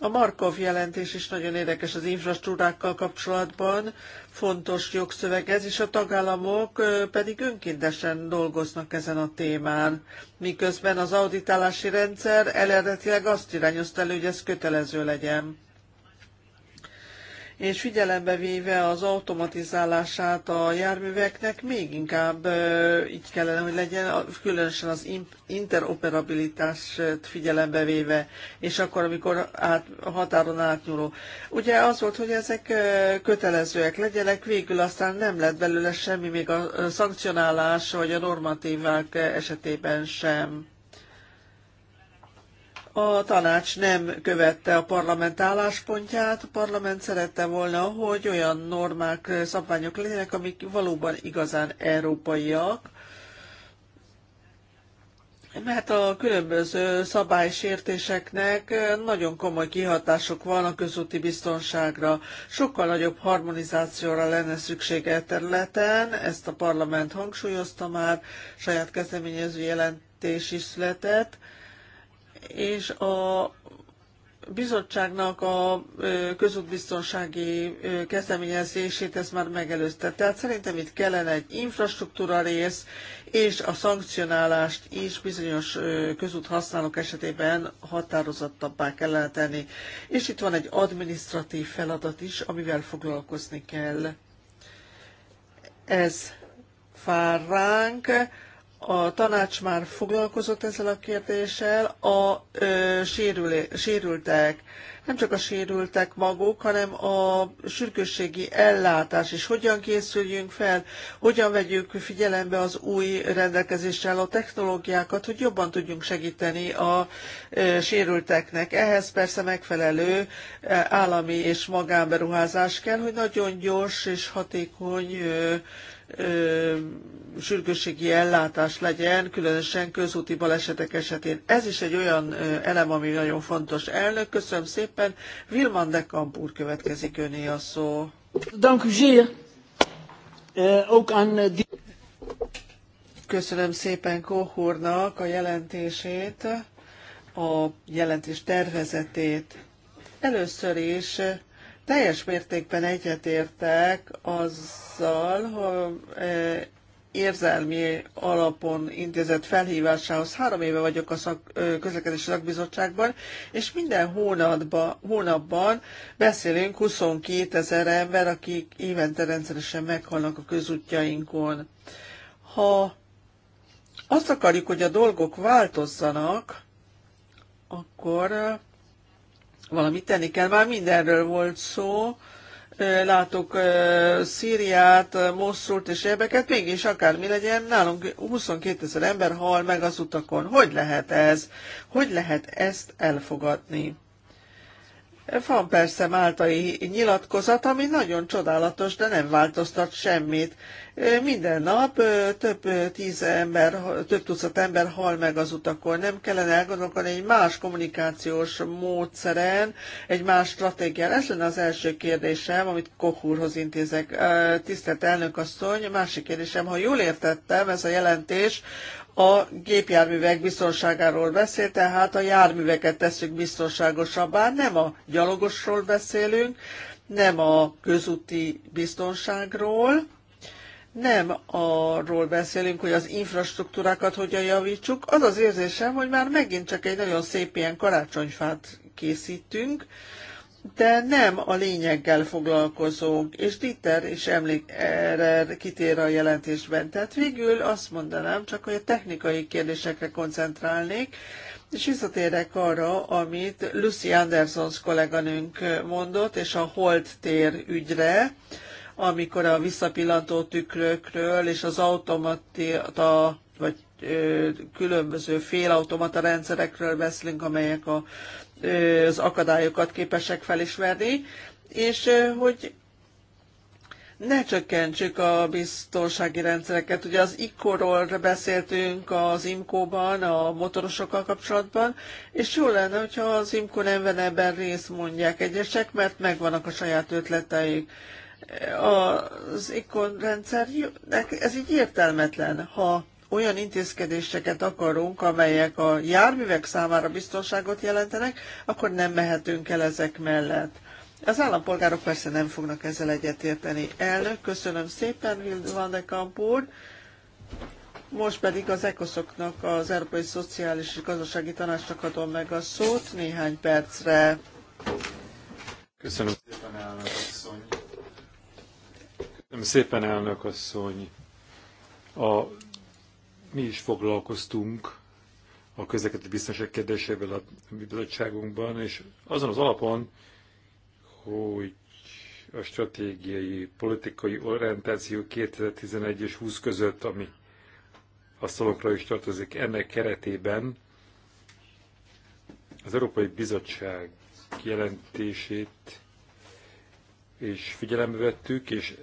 A Markov jelentés is nagyon érdekes az infrastruktúrákkal kapcsolatban, fontos jogszöveg ez, és a tagállamok pedig önkéntesen dolgoznak ezen a témán, miközben az auditálási rendszer eredetileg azt irányozta elő, hogy ez kötelező legyen és figyelembe véve az automatizálását a járműveknek, még inkább így kellene, hogy legyen, különösen az interoperabilitást figyelembe véve, és akkor, amikor át, határon átnyúló. Ugye az volt, hogy ezek kötelezőek legyenek, végül aztán nem lett belőle semmi, még a szankcionálás vagy a normatívák esetében sem. A tanács nem követte a parlament álláspontját, a parlament szerette volna, hogy olyan normák, szabványok legyenek, amik valóban igazán európaiak, mert a különböző szabálysértéseknek nagyon komoly kihatások van a közúti biztonságra. Sokkal nagyobb harmonizációra lenne szüksége a területen, ezt a parlament hangsúlyozta már, saját kezdeményező jelentés is született, és a bizottságnak a közútbiztonsági kezdeményezését ez már megelőzte. Tehát szerintem itt kellene egy infrastruktúra rész, és a szankcionálást is bizonyos közút használók esetében határozottabbá kellene tenni. És itt van egy administratív feladat is, amivel foglalkozni kell. Ez vár ránk a tanács már foglalkozott ezzel a kérdéssel, a ö, sérülé, sérültek, nem csak a sérültek maguk, hanem a sürgősségi ellátás is. Hogyan készüljünk fel, hogyan vegyük figyelembe az új rendelkezéssel a technológiákat, hogy jobban tudjunk segíteni a ö, sérülteknek. Ehhez persze megfelelő állami és magánberuházás kell, hogy nagyon gyors és hatékony ö, ö, sürgősségi ellátás legyen, különösen közúti balesetek esetén. Ez is egy olyan elem, ami nagyon fontos. Elnök, köszönöm szépen. Vilman de Kampúr következik öné a szó. Eh, eh, köszönöm szépen Kohornak a jelentését, a jelentés tervezetét. Először is eh, teljes mértékben egyetértek az azzal, ha e, érzelmi alapon intézett felhívásához. Három éve vagyok a szak, közlekedési szakbizottságban, és minden hónapba, hónapban beszélünk 22 ezer ember, akik évente rendszeresen meghalnak a közútjainkon. Ha azt akarjuk, hogy a dolgok változzanak, akkor valamit tenni kell. Már mindenről volt szó, látok Szíriát, Moszult és ebeket, mégis akármi legyen, nálunk 22 ezer ember hal meg az utakon. Hogy lehet ez? Hogy lehet ezt elfogadni? Van persze máltai nyilatkozat, ami nagyon csodálatos, de nem változtat semmit. Minden nap több tíz ember, több tucat ember hal meg az utakon. Nem kellene elgondolkodni egy más kommunikációs módszeren, egy más stratégián. Ez lenne az első kérdésem, amit Kohúrhoz intézek. Tisztelt elnök asszony, másik kérdésem, ha jól értettem, ez a jelentés a gépjárművek biztonságáról beszél, tehát a járműveket tesszük biztonságosabbá, nem a gyalogosról beszélünk, nem a közúti biztonságról, nem arról beszélünk, hogy az infrastruktúrákat hogyan javítsuk. Az az érzésem, hogy már megint csak egy nagyon szép ilyen karácsonyfát készítünk, de nem a lényeggel foglalkozunk, és Dieter is emlék, erre kitér a jelentésben. Tehát végül azt mondanám, csak hogy a technikai kérdésekre koncentrálnék, és visszatérek arra, amit Lucy Andersons kolléganőnk mondott, és a Holt tér ügyre, amikor a visszapillantó tükrökről és az automata, vagy ö, különböző félautomata rendszerekről beszélünk, amelyek a az akadályokat képesek felismerni, és hogy ne csökkentsük a biztonsági rendszereket. Ugye az ICO-ról beszéltünk az IMCO-ban, a motorosokkal kapcsolatban, és jó lenne, hogyha az IMCO nem venne ebben részt, mondják egyesek, mert megvannak a saját ötleteik. Az ICO rendszer, ez így értelmetlen, ha olyan intézkedéseket akarunk, amelyek a járművek számára biztonságot jelentenek, akkor nem mehetünk el ezek mellett. Az állampolgárok persze nem fognak ezzel egyetérteni. Elnök, köszönöm szépen, Van úr. Most pedig az ECOSZoknak, az Európai Szociális és Gazdasági Tanácsnak adom meg a szót néhány percre. Köszönöm szépen, elnök asszony. Köszönöm szépen, elnök asszony. A mi is foglalkoztunk a közlekedési biztonság kérdésével a bizottságunkban, és azon az alapon, hogy a stratégiai, politikai orientáció 2011 és 20 között, ami a szalonkra is tartozik, ennek keretében az Európai Bizottság jelentését és figyelembe vettük, és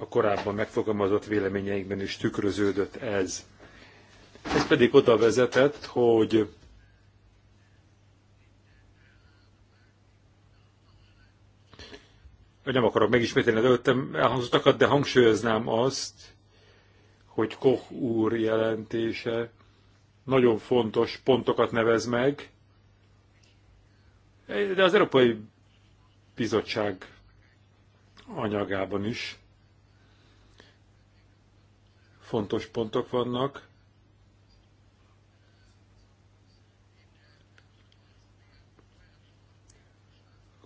a korábban megfogalmazott véleményeinkben is tükröződött ez. Ez pedig oda vezetett, hogy nem akarok megismételni az előttem elhangzottakat, de hangsúlyoznám azt, hogy Koch úr jelentése nagyon fontos pontokat nevez meg, de az Európai Bizottság anyagában is fontos pontok vannak.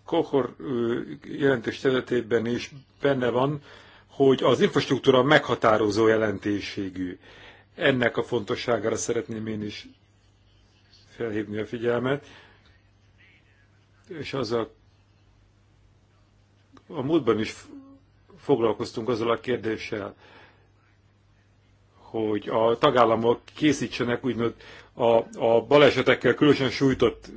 Kohor jelentés területében is benne van, hogy az infrastruktúra meghatározó jelentőségű. Ennek a fontosságára szeretném én is felhívni a figyelmet. És az a, a múltban is foglalkoztunk azzal a kérdéssel, hogy a tagállamok készítsenek úgymond a, a balesetekkel különösen sújtott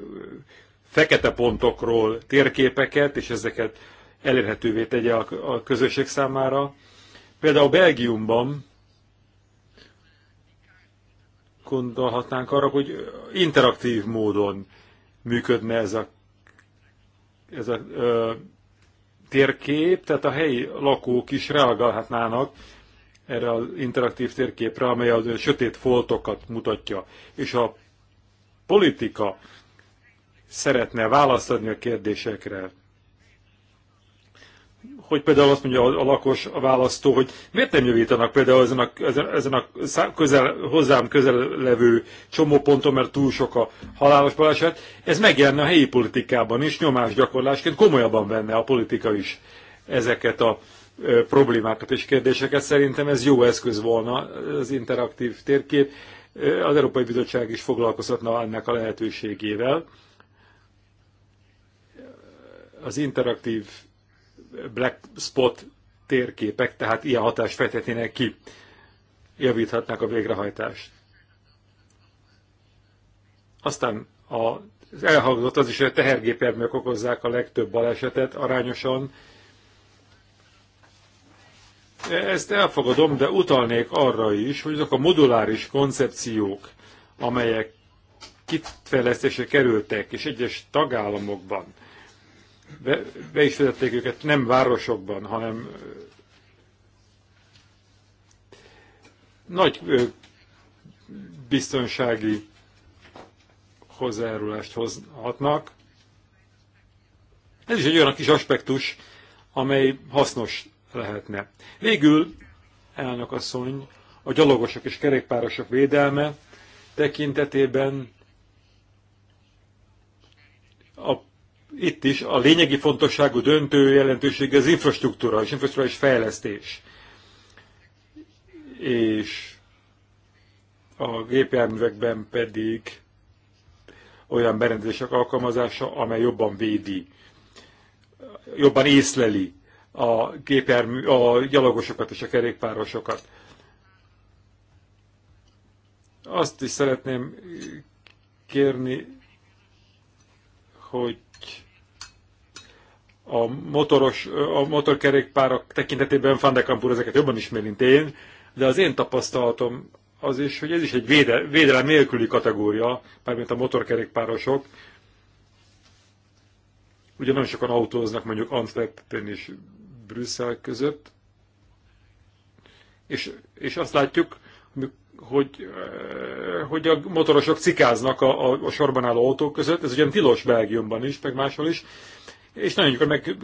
fekete pontokról térképeket, és ezeket elérhetővé tegye a, a közösség számára. Például Belgiumban gondolhatnánk arra, hogy interaktív módon működne ez a, ez a ö, térkép, tehát a helyi lakók is reagálhatnának erre az interaktív térképre, amely a sötét foltokat mutatja. És a politika szeretne választ adni a kérdésekre, hogy például azt mondja a lakos, a választó, hogy miért nem javítanak például ezen a, ezen a közel, hozzám közel levő csomóponton, mert túl sok a halálos baleset. Ez megjelenne a helyi politikában is, nyomásgyakorlásként, komolyabban venne a politika is ezeket a problémákat és kérdéseket. Szerintem ez jó eszköz volna, az interaktív térkép. Az Európai Bizottság is foglalkozhatna ennek a lehetőségével. Az interaktív black spot térképek, tehát ilyen hatást fejthetnének ki, javíthatnák a végrehajtást. Aztán az elhangzott az is, hogy a tehergépjárműek okozzák a legtöbb balesetet arányosan, ezt elfogadom, de utalnék arra is, hogy azok a moduláris koncepciók, amelyek kitfejlesztésre kerültek, és egyes tagállamokban be, be is vezették őket nem városokban, hanem nagy biztonsági hozzájárulást hozhatnak. Ez is egy olyan kis aspektus, amely hasznos lehetne. Végül, elnök asszony, a gyalogosok és kerékpárosok védelme tekintetében a, itt is a lényegi fontosságú döntő jelentőség az infrastruktúra, és infrastruktúrális fejlesztés. És a gépjárművekben pedig olyan berendezések alkalmazása, amely jobban védi, jobban észleli a, gépjármű, a gyalogosokat és a kerékpárosokat. Azt is szeretném kérni, hogy a motoros, a motorkerékpárok tekintetében de Kampur ezeket jobban ismer, mint én, de az én tapasztalatom az is, hogy ez is egy véde, védelem nélküli kategória, mármint a motorkerékpárosok. Ugye nagyon sokan autóznak mondjuk Antwerpen is. Brüsszel között, és, és azt látjuk, hogy, eh, hogy a motorosok cikáznak a, a, a sorban álló autók között, ez ugyan tilos Belgiumban is, meg máshol is, és nagyon gyakran meg eh,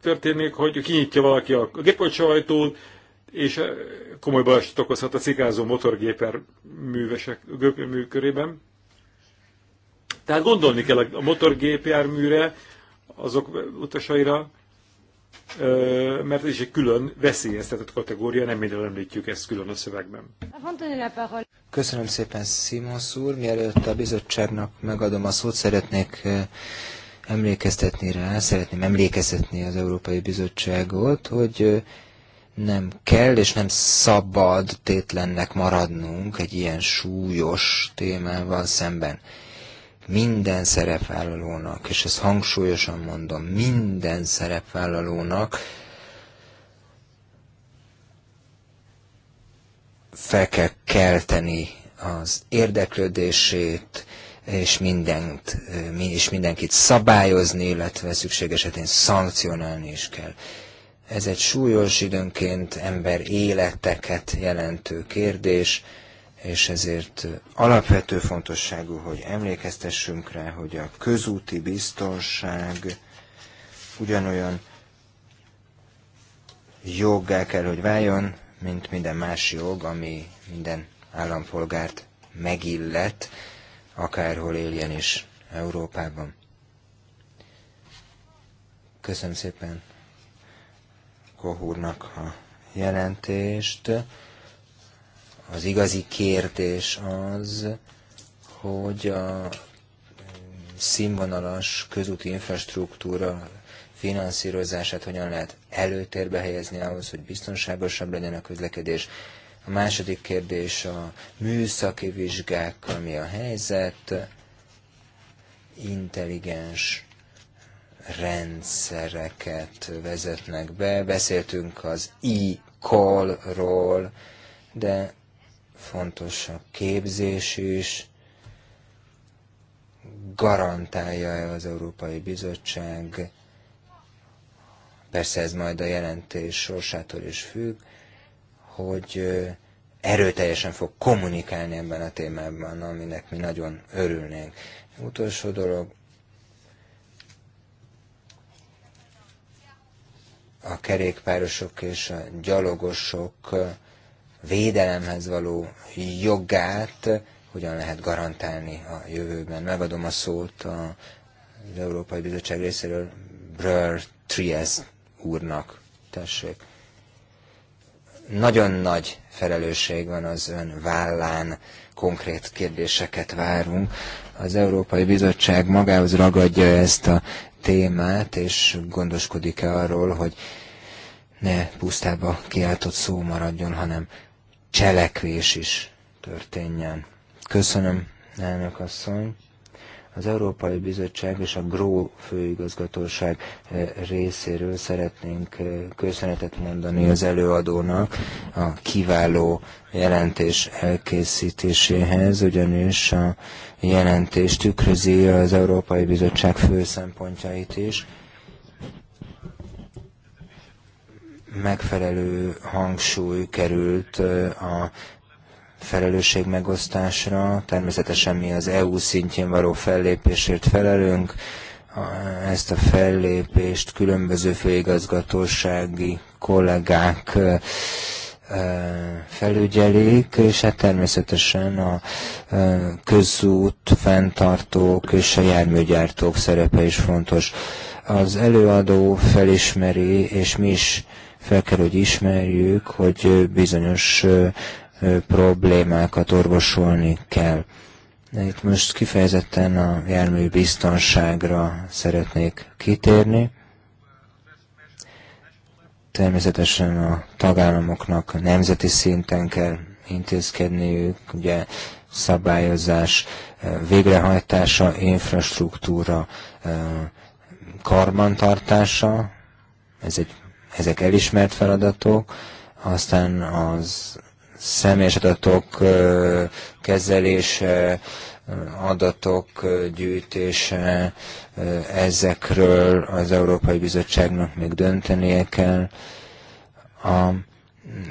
történik, hogy kinyitja valaki a gépkocsajtót, és eh, komoly balesetet okozhat a cikázó motorgéper művesek, gépjármű Tehát gondolni kell a motorgépjárműre, azok utasaira, mert ez is egy külön veszélyeztetett kategória, nem minden említjük ezt külön a szövegben. Köszönöm szépen, Simons úr. Mielőtt a bizottságnak megadom a szót, szeretnék emlékeztetni rá, szeretném emlékeztetni az Európai Bizottságot, hogy nem kell és nem szabad tétlennek maradnunk egy ilyen súlyos témával szemben minden szerepvállalónak, és ezt hangsúlyosan mondom, minden szerepvállalónak fel kell kelteni az érdeklődését, és, mindent, és mindenkit szabályozni, illetve szükség esetén szankcionálni is kell. Ez egy súlyos időnként ember életeket jelentő kérdés, és ezért alapvető fontosságú, hogy emlékeztessünk rá, hogy a közúti biztonság ugyanolyan joggá kell, hogy váljon, mint minden más jog, ami minden állampolgárt megillet, akárhol éljen is Európában. Köszönöm szépen Kohúrnak a jelentést. Az igazi kérdés az, hogy a mm, színvonalas közúti infrastruktúra finanszírozását hogyan lehet előtérbe helyezni ahhoz, hogy biztonságosabb legyen a közlekedés. A második kérdés a műszaki vizsgák, ami a helyzet, intelligens rendszereket vezetnek be. Beszéltünk az e-call-ról, de fontos a képzés is, garantálja-e az Európai Bizottság, persze ez majd a jelentés sorsától is függ, hogy erőteljesen fog kommunikálni ebben a témában, aminek mi nagyon örülnénk. Utolsó dolog, a kerékpárosok és a gyalogosok védelemhez való jogát hogyan lehet garantálni a jövőben. Megadom a szót a, az Európai Bizottság részéről Brör Triesz úrnak. Tessék. Nagyon nagy felelősség van az ön vállán, konkrét kérdéseket várunk. Az Európai Bizottság magához ragadja ezt a témát, és gondoskodik-e arról, hogy ne pusztába kiáltott szó maradjon, hanem cselekvés is történjen. Köszönöm, elnök asszony. Az Európai Bizottság és a GRO főigazgatóság eh, részéről szeretnénk eh, köszönetet mondani az előadónak a kiváló jelentés elkészítéséhez, ugyanis a jelentés tükrözi az Európai Bizottság fő szempontjait is megfelelő hangsúly került a felelősség megosztásra, természetesen mi az EU szintjén való fellépésért felelünk, ezt a fellépést különböző főigazgatósági kollégák felügyelik, és hát természetesen a közút, fenntartók és a járműgyártók szerepe is fontos. Az előadó felismeri, és mi is fel kell, hogy ismerjük, hogy bizonyos problémákat orvosolni kell. De itt most kifejezetten a jármű biztonságra szeretnék kitérni. Természetesen a tagállamoknak nemzeti szinten kell intézkedniük, ugye szabályozás, végrehajtása, infrastruktúra, karbantartása, ez egy ezek elismert feladatok, aztán az személyes adatok kezelése, adatok gyűjtése, ezekről az Európai Bizottságnak még döntenie kell. A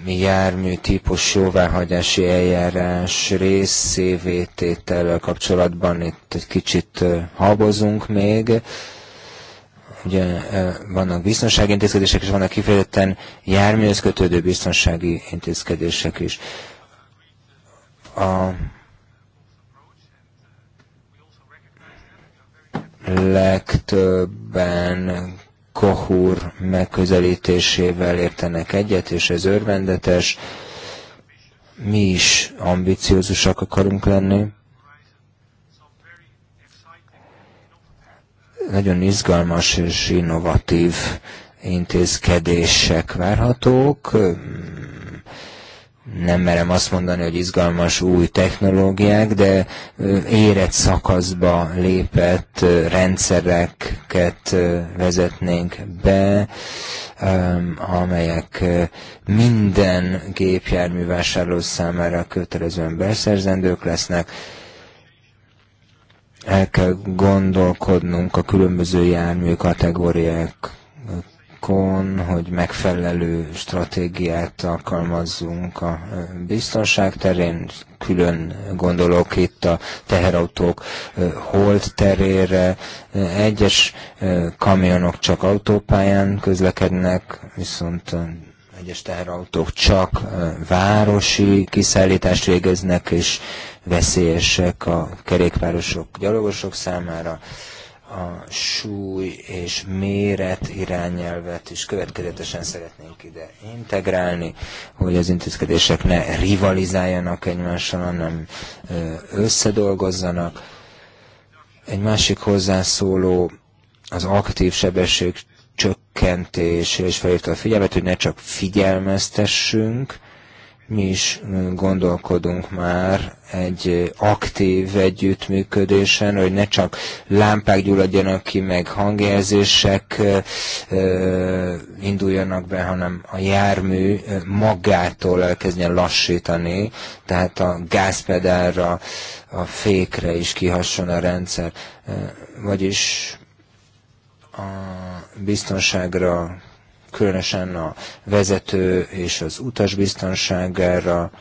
jármű típus jóváhagyási eljárás részévététel kapcsolatban itt egy kicsit habozunk még, Ugye e, vannak biztonsági intézkedések, és vannak kifejezetten járműhöz kötődő biztonsági intézkedések is. A legtöbben kohúr megközelítésével értenek egyet, és ez örvendetes. Mi is ambiciózusak akarunk lenni. nagyon izgalmas és innovatív intézkedések várhatók. Nem merem azt mondani, hogy izgalmas új technológiák, de érett szakaszba lépett rendszereket vezetnénk be, amelyek minden gépjármű vásárló számára kötelezően beszerzendők lesznek el kell gondolkodnunk a különböző jármű kategóriákon, hogy megfelelő stratégiát alkalmazzunk a biztonság terén. Külön gondolok itt a teherautók hold terére. Egyes kamionok csak autópályán közlekednek, viszont egyes teherautók csak városi kiszállítást végeznek, és veszélyesek a kerékpárosok, gyalogosok számára. A súly és méret irányelvet is következetesen szeretnénk ide integrálni, hogy az intézkedések ne rivalizáljanak egymással, hanem összedolgozzanak. Egy másik hozzászóló az aktív sebesség csökkentés, és felhívta a figyelmet, hogy ne csak figyelmeztessünk, mi is gondolkodunk már egy aktív együttműködésen, hogy ne csak lámpák gyulladjanak ki, meg hangjelzések induljanak be, hanem a jármű magától elkezdjen lassítani, tehát a gázpedálra, a fékre is kihasson a rendszer. Vagyis a biztonságra, különösen a vezető és az utas biztonságára,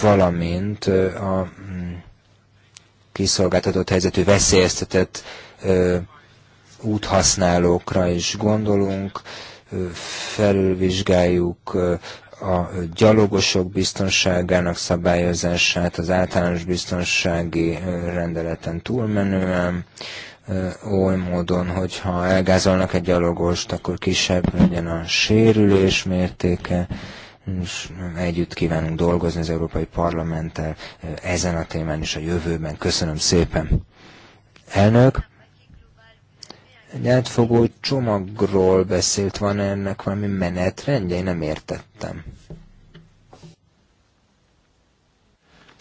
valamint a mm, kiszolgáltatott helyzetű veszélyeztetett úthasználókra is gondolunk, felülvizsgáljuk a gyalogosok biztonságának szabályozását az általános biztonsági rendeleten túlmenően, oly módon, hogyha elgázolnak egy gyalogost, akkor kisebb legyen a sérülés mértéke, és együtt kívánunk dolgozni az Európai Parlamenttel ezen a témán is a jövőben. Köszönöm szépen. Elnök, egy átfogó csomagról beszélt, van ennek valami menetrendje? Én nem értettem.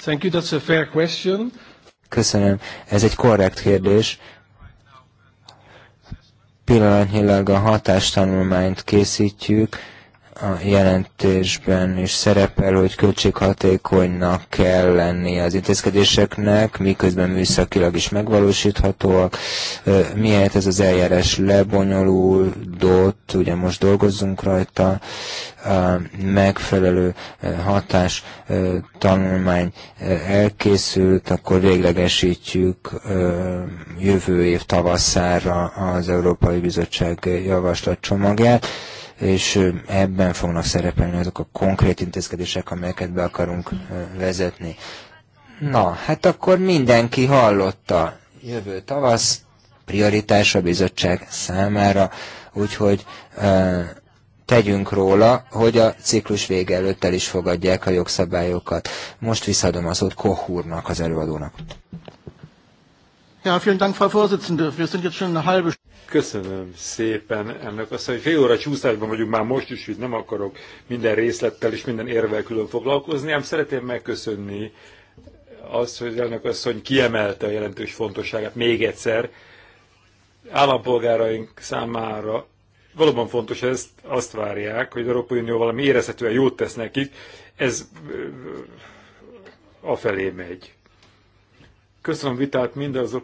Thank you, that's a fair question. Köszönöm. Ez egy korrekt kérdés. Pillanatnyilag a hatástanulmányt készítjük, a jelentésben is szerepel, hogy költséghatékonynak kell lenni az intézkedéseknek, miközben műszakilag is megvalósíthatóak. Miért ez az eljárás lebonyolódott, ugye most dolgozzunk rajta, megfelelő hatás tanulmány elkészült, akkor véglegesítjük jövő év tavaszára az Európai Bizottság javaslat csomagját és ebben fognak szerepelni azok a konkrét intézkedések, amelyeket be akarunk vezetni. Na, hát akkor mindenki hallotta. Jövő tavasz prioritás a bizottság számára, úgyhogy tegyünk róla, hogy a ciklus vége előtt el is fogadják a jogszabályokat. Most visszadom az szót Kohúrnak, az előadónak. Ja, vielen Dank, Frau Vorsitzende. Wir sind jetzt schon eine halbe Köszönöm szépen ennek azt, hogy fél óra csúszásban vagyunk már most is, hogy nem akarok minden részlettel és minden érvel külön foglalkozni, ám szeretném megköszönni azt, hogy azt, hogy kiemelte a jelentős fontosságát még egyszer állampolgáraink számára valóban fontos, ezt azt várják, hogy a Európai Unió valami érezhetően jót tesz nekik, ez afelé megy. Köszönöm vitát mindazok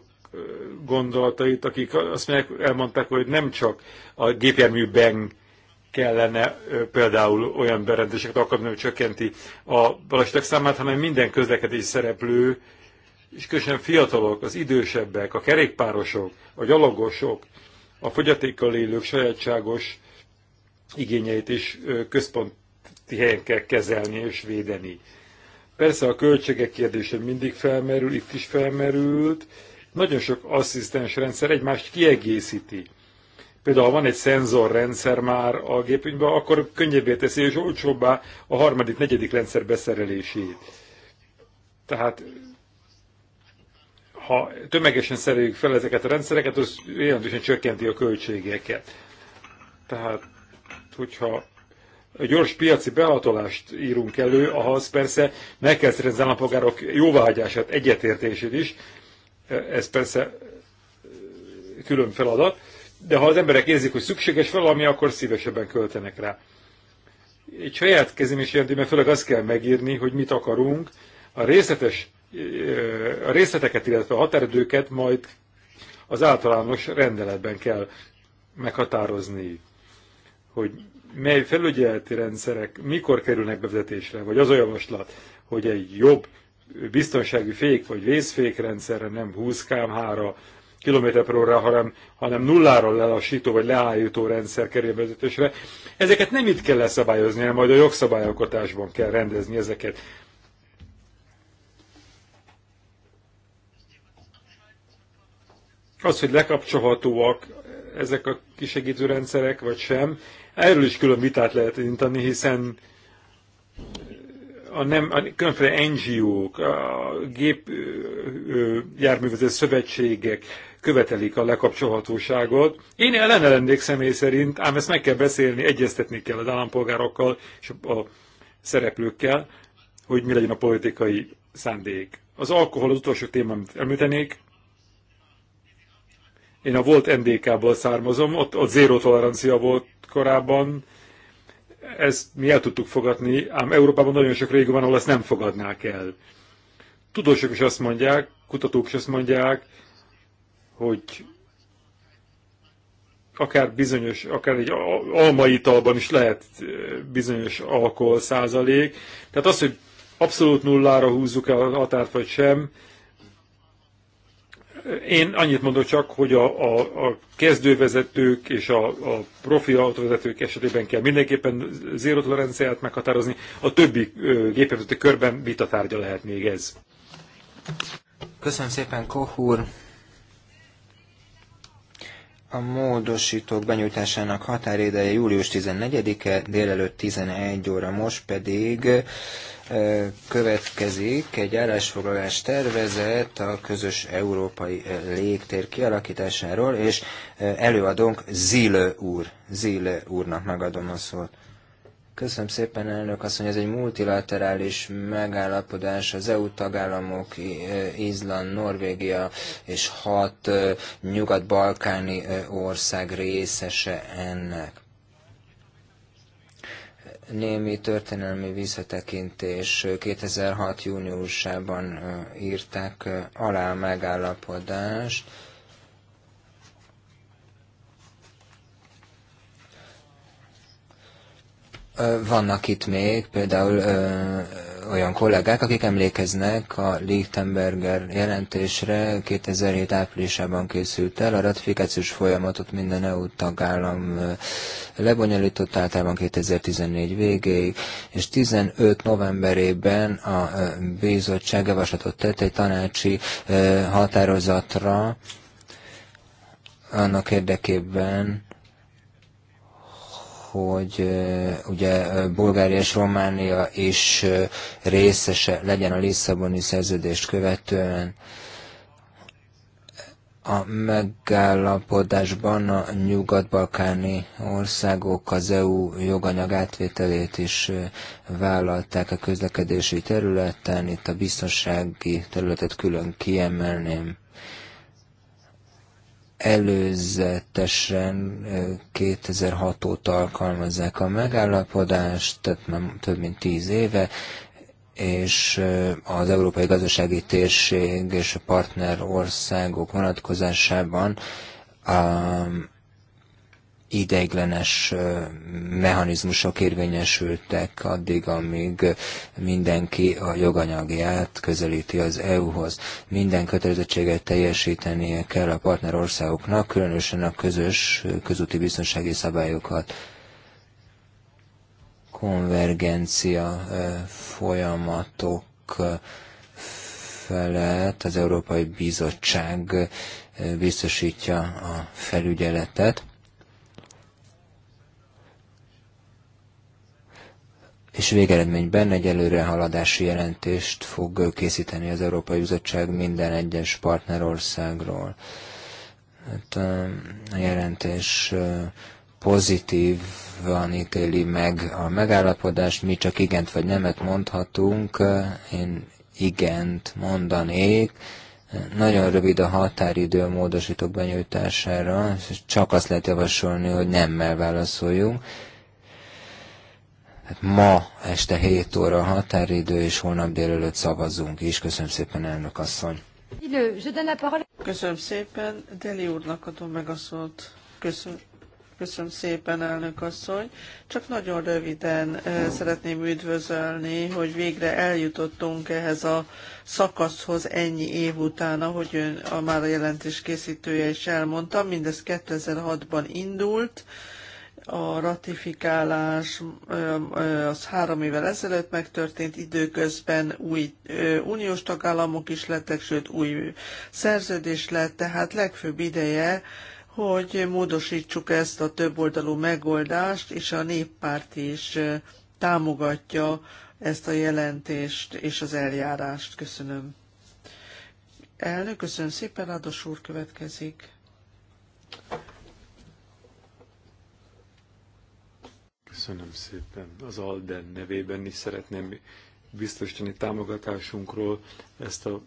gondolatait, akik azt mondják, elmondták, hogy nem csak a gépjárműben kellene például olyan berendezéseket alkalmazni, hogy csökkenti a balesetek számát, hanem minden közlekedés szereplő, és különösen fiatalok, az idősebbek, a kerékpárosok, a gyalogosok, a fogyatékkal élők sajátságos igényeit is központi helyen kell kezelni és védeni. Persze a költségek kérdése mindig felmerül, itt is felmerült, nagyon sok asszisztens rendszer egymást kiegészíti. Például, ha van egy szenzorrendszer már a gépünkben, akkor könnyebbé teszi és olcsóbbá a harmadik, negyedik rendszer beszerelését. Tehát ha tömegesen szereljük fel ezeket a rendszereket, az jelentősen csökkenti a költségeket. Tehát, hogyha a gyors piaci behatolást írunk elő, ahhoz persze meg kell szerezni az állampolgárok jóváhagyását, egyetértését is, ez persze külön feladat, de ha az emberek érzik, hogy szükséges valami, akkor szívesebben költenek rá. Egy saját jelenti, mert főleg azt kell megírni, hogy mit akarunk, a részletes a részleteket, illetve a határidőket majd az általános rendeletben kell meghatározni, hogy mely felügyeleti rendszerek mikor kerülnek bevezetésre, vagy az a javaslat, hogy egy jobb biztonsági fék vagy vészfékrendszerre, nem 20 km/h kilométer per óra, hanem, hanem nullára lelassító vagy leállító rendszer kerül Ezeket nem itt kell leszabályozni, hanem majd a jogszabályalkotásban kell rendezni ezeket. Az, hogy lekapcsolhatóak ezek a kisegítő rendszerek, vagy sem, erről is külön vitát lehet intani, hiszen a, nem, a különféle NGO-k, a gépjárművező szövetségek követelik a lekapcsolhatóságot. Én ellene lennék személy szerint, ám ezt meg kell beszélni, egyeztetni kell az állampolgárokkal és a szereplőkkel, hogy mi legyen a politikai szándék. Az alkohol az utolsó téma, amit említenék. Én a volt NDK-ból származom, ott, ott zéró tolerancia volt korábban, ezt mi el tudtuk fogadni, ám Európában nagyon sok régió van, ahol ezt nem fogadnák el. Tudósok is azt mondják, kutatók is azt mondják, hogy akár bizonyos, akár egy almaitalban is lehet eh, bizonyos alkohol százalék. Tehát az, hogy abszolút nullára húzzuk el a határt, vagy sem, én annyit mondok csak, hogy a, a, a kezdővezetők és a, a profi autóvezetők esetében kell mindenképpen zéró toleranciát meghatározni, a többi gépjárművezető körben vitatárgya lehet még ez. Köszönöm szépen, Kohúr. A módosítók benyújtásának határideje július 14-e, délelőtt 11 óra, most pedig következik egy állásfoglalás tervezet a közös európai légtér kialakításáról, és előadónk Zile úr. Zile úrnak megadom a szót. Köszönöm szépen, elnök asszony, ez egy multilaterális megállapodás az EU tagállamok, eh, Izland, Norvégia és hat eh, nyugat-balkáni eh, ország részese ennek. Némi történelmi visszatekintés 2006. júniusában írták alá a megállapodást, Vannak itt még például olyan kollégák, akik emlékeznek a Lichtenberger jelentésre 2007 áprilisában készült el, a ratifikációs folyamatot minden EU tagállam lebonyolított általában 2014 végéig, és 15 novemberében a bizottság javaslatot tett egy tanácsi határozatra annak érdekében, hogy ugye Bulgária és Románia is részese legyen a Lisszaboni szerződést követően. A megállapodásban a nyugat-balkáni országok az EU joganyag átvételét is vállalták a közlekedési területen, itt a biztonsági területet külön kiemelném előzetesen 2006 óta alkalmazzák a megállapodást, tehát nem több mint 10 éve, és az Európai Gazdasági Térség és a partner országok vonatkozásában ideiglenes mechanizmusok érvényesültek addig, amíg mindenki a joganyagját közelíti az EU-hoz. Minden kötelezettséget teljesítenie kell a partnerországoknak, különösen a közös közúti biztonsági szabályokat konvergencia folyamatok felett az Európai Bizottság biztosítja a felügyeletet. és végeredményben egy előrehaladási jelentést fog készíteni az Európai Bizottság minden egyes partnerországról. Hát eh, a jelentés eh, pozitívan ítéli meg a megállapodást, mi csak igent vagy nemet mondhatunk, eh, én igent mondanék, nagyon rövid a határidő a módosítók benyújtására, és csak azt lehet javasolni, hogy nemmel válaszoljunk, Hát ma este 7 óra a határidő, és holnap délelőtt szavazunk is. Köszönöm szépen, elnök asszony. Köszönöm szépen, Deli úrnak adom meg a szót. Köszönöm. Köszönöm szépen, elnök asszony. Csak nagyon röviden eh, szeretném üdvözölni, hogy végre eljutottunk ehhez a szakaszhoz ennyi év után, ahogy ön a már a jelentés készítője is elmondta. Mindez 2006-ban indult, a ratifikálás az három évvel ezelőtt megtörtént, időközben új uniós tagállamok is lettek, sőt új szerződés lett, tehát legfőbb ideje, hogy módosítsuk ezt a többoldalú megoldást, és a néppárt is támogatja ezt a jelentést és az eljárást. Köszönöm. Elnök, köszönöm szépen, Ádos úr következik. Köszönöm szépen. Az Alden nevében is szeretném biztosítani támogatásunkról ezt a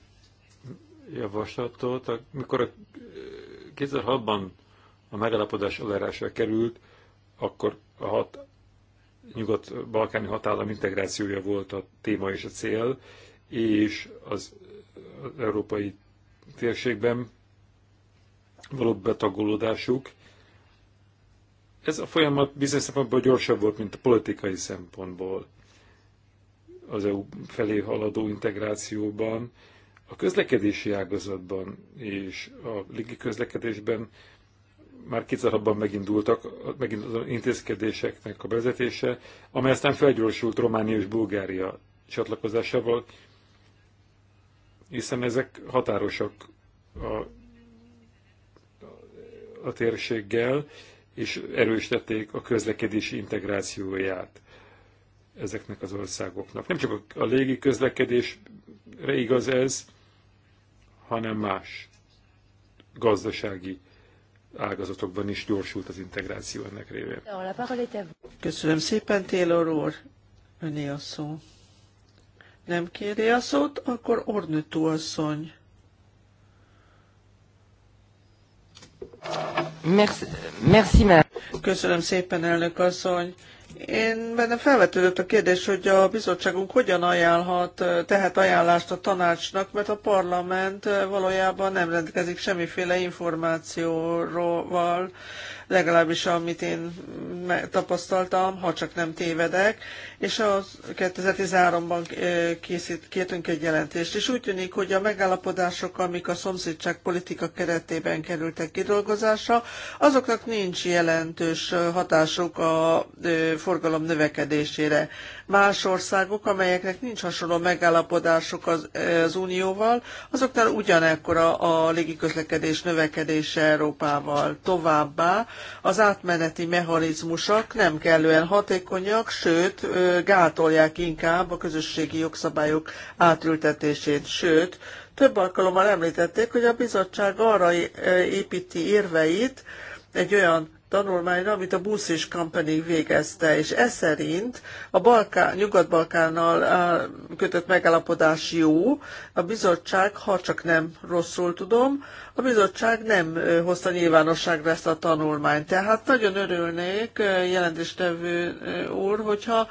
javaslatot. Mikor a 2006-ban a megállapodás alárásra került, akkor a hat nyugat-balkáni hatállam integrációja volt a téma és a cél, és az, az európai térségben való betagolódásuk ez a folyamat bizonyos szempontból gyorsabb volt, mint a politikai szempontból az EU felé haladó integrációban. A közlekedési ágazatban és a légi közlekedésben már kétszer-abban megindultak, megint az intézkedéseknek a vezetése, amely aztán felgyorsult Románia és Bulgária csatlakozásával, hiszen ezek határosak a, a térséggel, és erősítették a közlekedési integrációját ezeknek az országoknak. Nem csak a légi közlekedésre igaz ez, hanem más gazdasági ágazatokban is gyorsult az integráció ennek révén. Köszönöm szépen, Taylor úr. Öné a szó. Nem kéri a szót, akkor Ornitú asszony. Thank Merci, merci Köszönöm szépen, elnök asszony. Én benne felvetődött a kérdés, hogy a bizottságunk hogyan ajánlhat, tehet ajánlást a tanácsnak, mert a parlament valójában nem rendelkezik semmiféle információval, legalábbis amit én tapasztaltam, ha csak nem tévedek, és az 2013-ban készít, kértünk egy jelentést, és úgy tűnik, hogy a megállapodások, amik a szomszédság politika keretében kerültek kidolgozásra, azoknak nincs jelentős hatásuk a forgalom növekedésére. Más országok, amelyeknek nincs hasonló megállapodásuk az, az Unióval, azoknál ugyanekkora a légiközlekedés növekedése Európával. Továbbá az átmeneti mechanizmusok nem kellően hatékonyak, sőt, gátolják inkább a közösségi jogszabályok átültetését, sőt, több alkalommal említették, hogy a bizottság arra építi érveit, egy olyan tanulmányra, amit a Busz és Company végezte, és ez szerint a Balkán, Nyugat-Balkánnal kötött megállapodás jó, a bizottság, ha csak nem rosszul tudom, a bizottság nem hozta nyilvánosságra ezt a tanulmányt, tehát nagyon örülnék, jelentéstevő úr, hogyha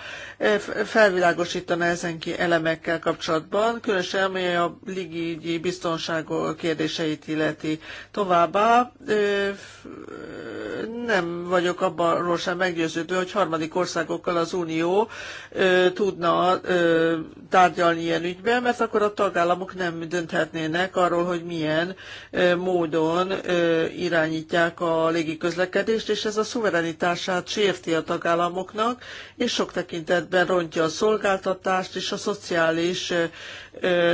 felvilágosítana ezen ki elemekkel kapcsolatban, különösen ami a ligígyi biztonság kérdéseit illeti. Továbbá nem vagyok abban sem meggyőződve, hogy harmadik országokkal az Unió tudna tárgyalni ilyen ügyben, mert akkor a tagállamok nem dönthetnének arról, hogy milyen módon irányítják a légiközlekedést, és ez a szuverenitását sérti a tagállamoknak, és sok tekintetben rontja a szolgáltatást és a szociális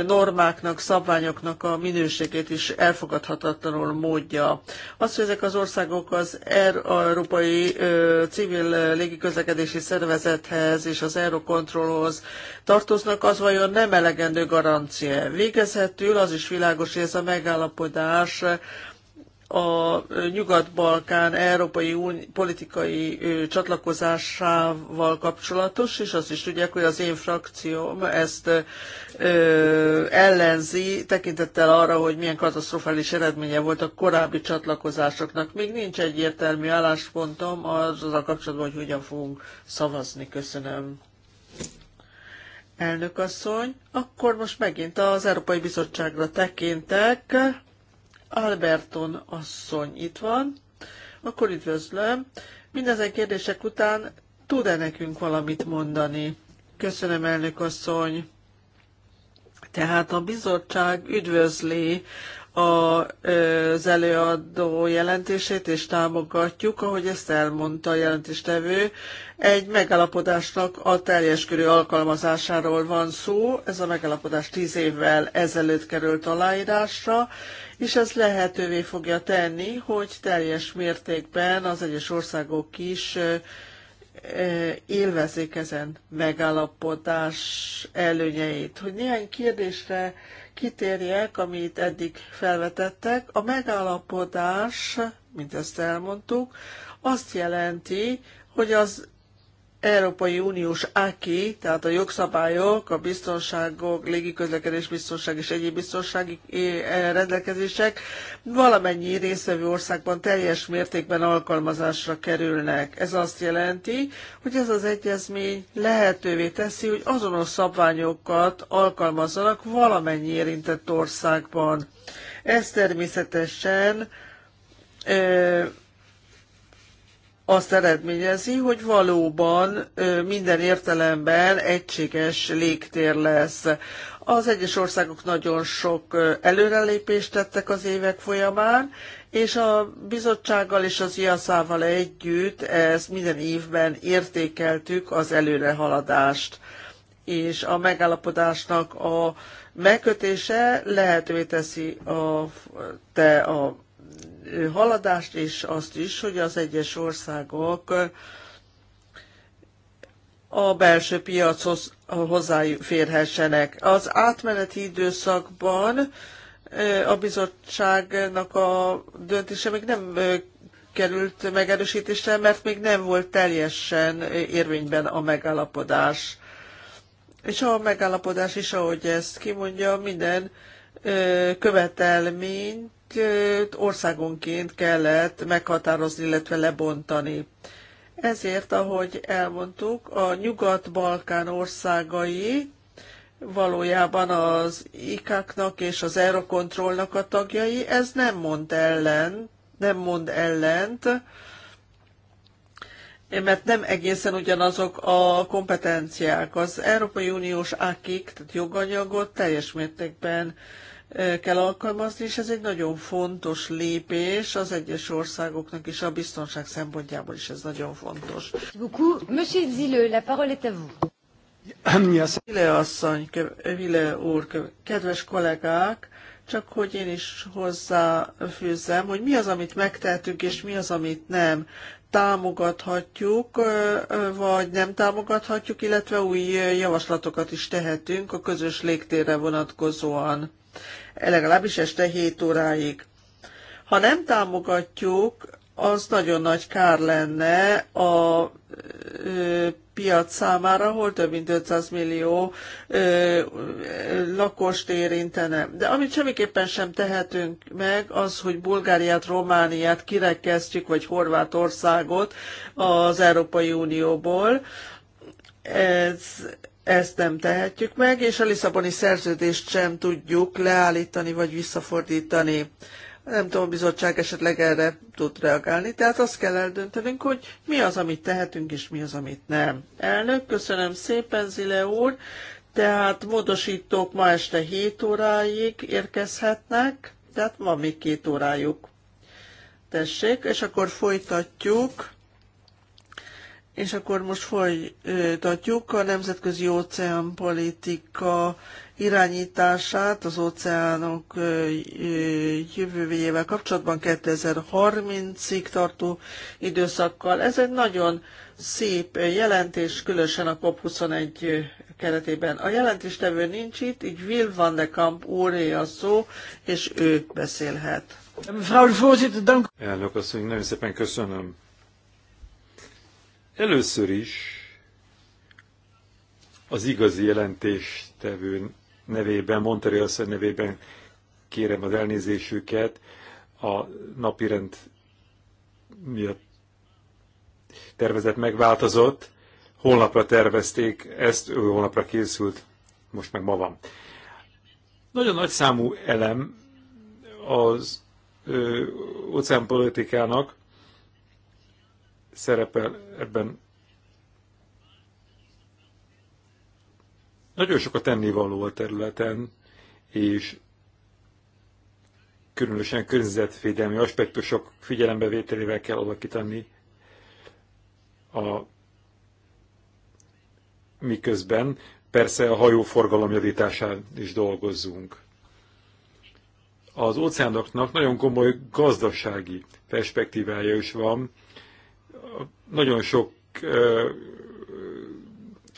normáknak, szabványoknak a minőségét is elfogadhatatlanul módja. Az, hogy ezek az országok az er, Európai Civil Légiközlekedési Szervezethez és az Eurocontrolhoz tartoznak, az vajon nem elegendő garancia. Végezhetül az is világos, hogy ez a megállapodás a Nyugat-Balkán európai politikai csatlakozásával kapcsolatos, és azt is tudják, hogy az én frakcióm ezt ö, ellenzi, tekintettel arra, hogy milyen katasztrofális eredménye volt a korábbi csatlakozásoknak. Még nincs egyértelmű álláspontom a kapcsolatban, hogy hogyan fogunk szavazni. Köszönöm. Elnök asszony, akkor most megint az Európai Bizottságra tekintek. Alberton asszony itt van, akkor üdvözlöm. Mindezen kérdések után tud-e nekünk valamit mondani? Köszönöm, elnök asszony. Tehát a bizottság üdvözli az előadó jelentését, és támogatjuk, ahogy ezt elmondta a jelentéstevő. Egy megállapodásnak a teljes körű alkalmazásáról van szó. Ez a megállapodás tíz évvel ezelőtt került aláírásra, és ez lehetővé fogja tenni, hogy teljes mértékben az egyes országok is élvezék ezen megállapodás előnyeit. Hogy néhány kérdésre kitérjek, amit eddig felvetettek. A megállapodás, mint ezt elmondtuk, azt jelenti, hogy az Európai Uniós AKI, tehát a jogszabályok, a biztonságok, légiközlekedés biztonság és egyéb biztonsági eh, rendelkezések valamennyi részvevő országban teljes mértékben alkalmazásra kerülnek. Ez azt jelenti, hogy ez az egyezmény lehetővé teszi, hogy azonos szabványokat alkalmazzanak valamennyi érintett országban. Ez természetesen eh, azt eredményezi, hogy valóban minden értelemben egységes légtér lesz. Az egyes országok nagyon sok előrelépést tettek az évek folyamán, és a bizottsággal és az IASZ-val együtt ezt minden évben értékeltük az előrehaladást. És a megállapodásnak a megkötése lehetővé teszi a, te a haladást, és azt is, hogy az egyes országok a belső piachoz hozzáférhessenek. Az átmeneti időszakban a bizottságnak a döntése még nem került megerősítésre, mert még nem volt teljesen érvényben a megállapodás. És a megállapodás is, ahogy ezt kimondja, minden követelményt országonként kellett meghatározni, illetve lebontani. Ezért, ahogy elmondtuk, a Nyugat-Balkán országai valójában az ikak nak és az Eurocontrolnak a tagjai, ez nem mond ellen, nem mond ellent, mert nem egészen ugyanazok a kompetenciák. Az Európai Uniós akik, tehát joganyagot teljes mértékben kell alkalmazni, és ez egy nagyon fontos lépés az egyes országoknak is, a biztonság szempontjából is ez nagyon fontos. Monsieur Zilleux, la parole est à vous. Vile asszony, Vile úr, kedves kollégák, csak hogy én is hozzáfűzzem, hogy mi az, amit megtehetünk, és mi az, amit nem támogathatjuk, vagy nem támogathatjuk, illetve új javaslatokat is tehetünk a közös légtérre vonatkozóan legalábbis este 7 óráig. Ha nem támogatjuk, az nagyon nagy kár lenne a ö, piac számára, hol több mint 500 millió ö, lakost érintene. De amit semmiképpen sem tehetünk meg, az, hogy Bulgáriát, Romániát kirekesztjük, vagy Horvátországot az Európai Unióból. Ez ezt nem tehetjük meg, és a Lisszaboni szerződést sem tudjuk leállítani vagy visszafordítani. Nem tudom, a bizottság esetleg erre tud reagálni, tehát azt kell eldöntenünk, hogy mi az, amit tehetünk, és mi az, amit nem. Elnök, köszönöm szépen, Zile úr. Tehát módosítók ma este 7 óráig érkezhetnek, tehát van még két órájuk. Tessék, és akkor folytatjuk és akkor most folytatjuk a nemzetközi óceánpolitika irányítását az óceánok jövőjével kapcsolatban 2030-ig tartó időszakkal. Ez egy nagyon szép jelentés, különösen a COP21 keretében. A jelentéstevő nincs itt, így Will van de Kamp úré a szó, és ő beszélhet. Elnök asszony, nagyon szépen köszönöm. Először is az igazi jelentéstevő nevében, Monteri asszony nevében kérem az elnézésüket a napirend miatt tervezett megváltozott. Holnapra tervezték ezt, ő holnapra készült, most meg ma van. Nagyon nagy számú elem az oceánpolitikának, szerepel ebben. Nagyon sok a tennivaló a területen, és különösen környezetvédelmi aspektusok figyelembevételével kell alakítani a miközben persze a hajóforgalom javításán is dolgozzunk. Az óceánoknak nagyon komoly gazdasági perspektívája is van, nagyon sok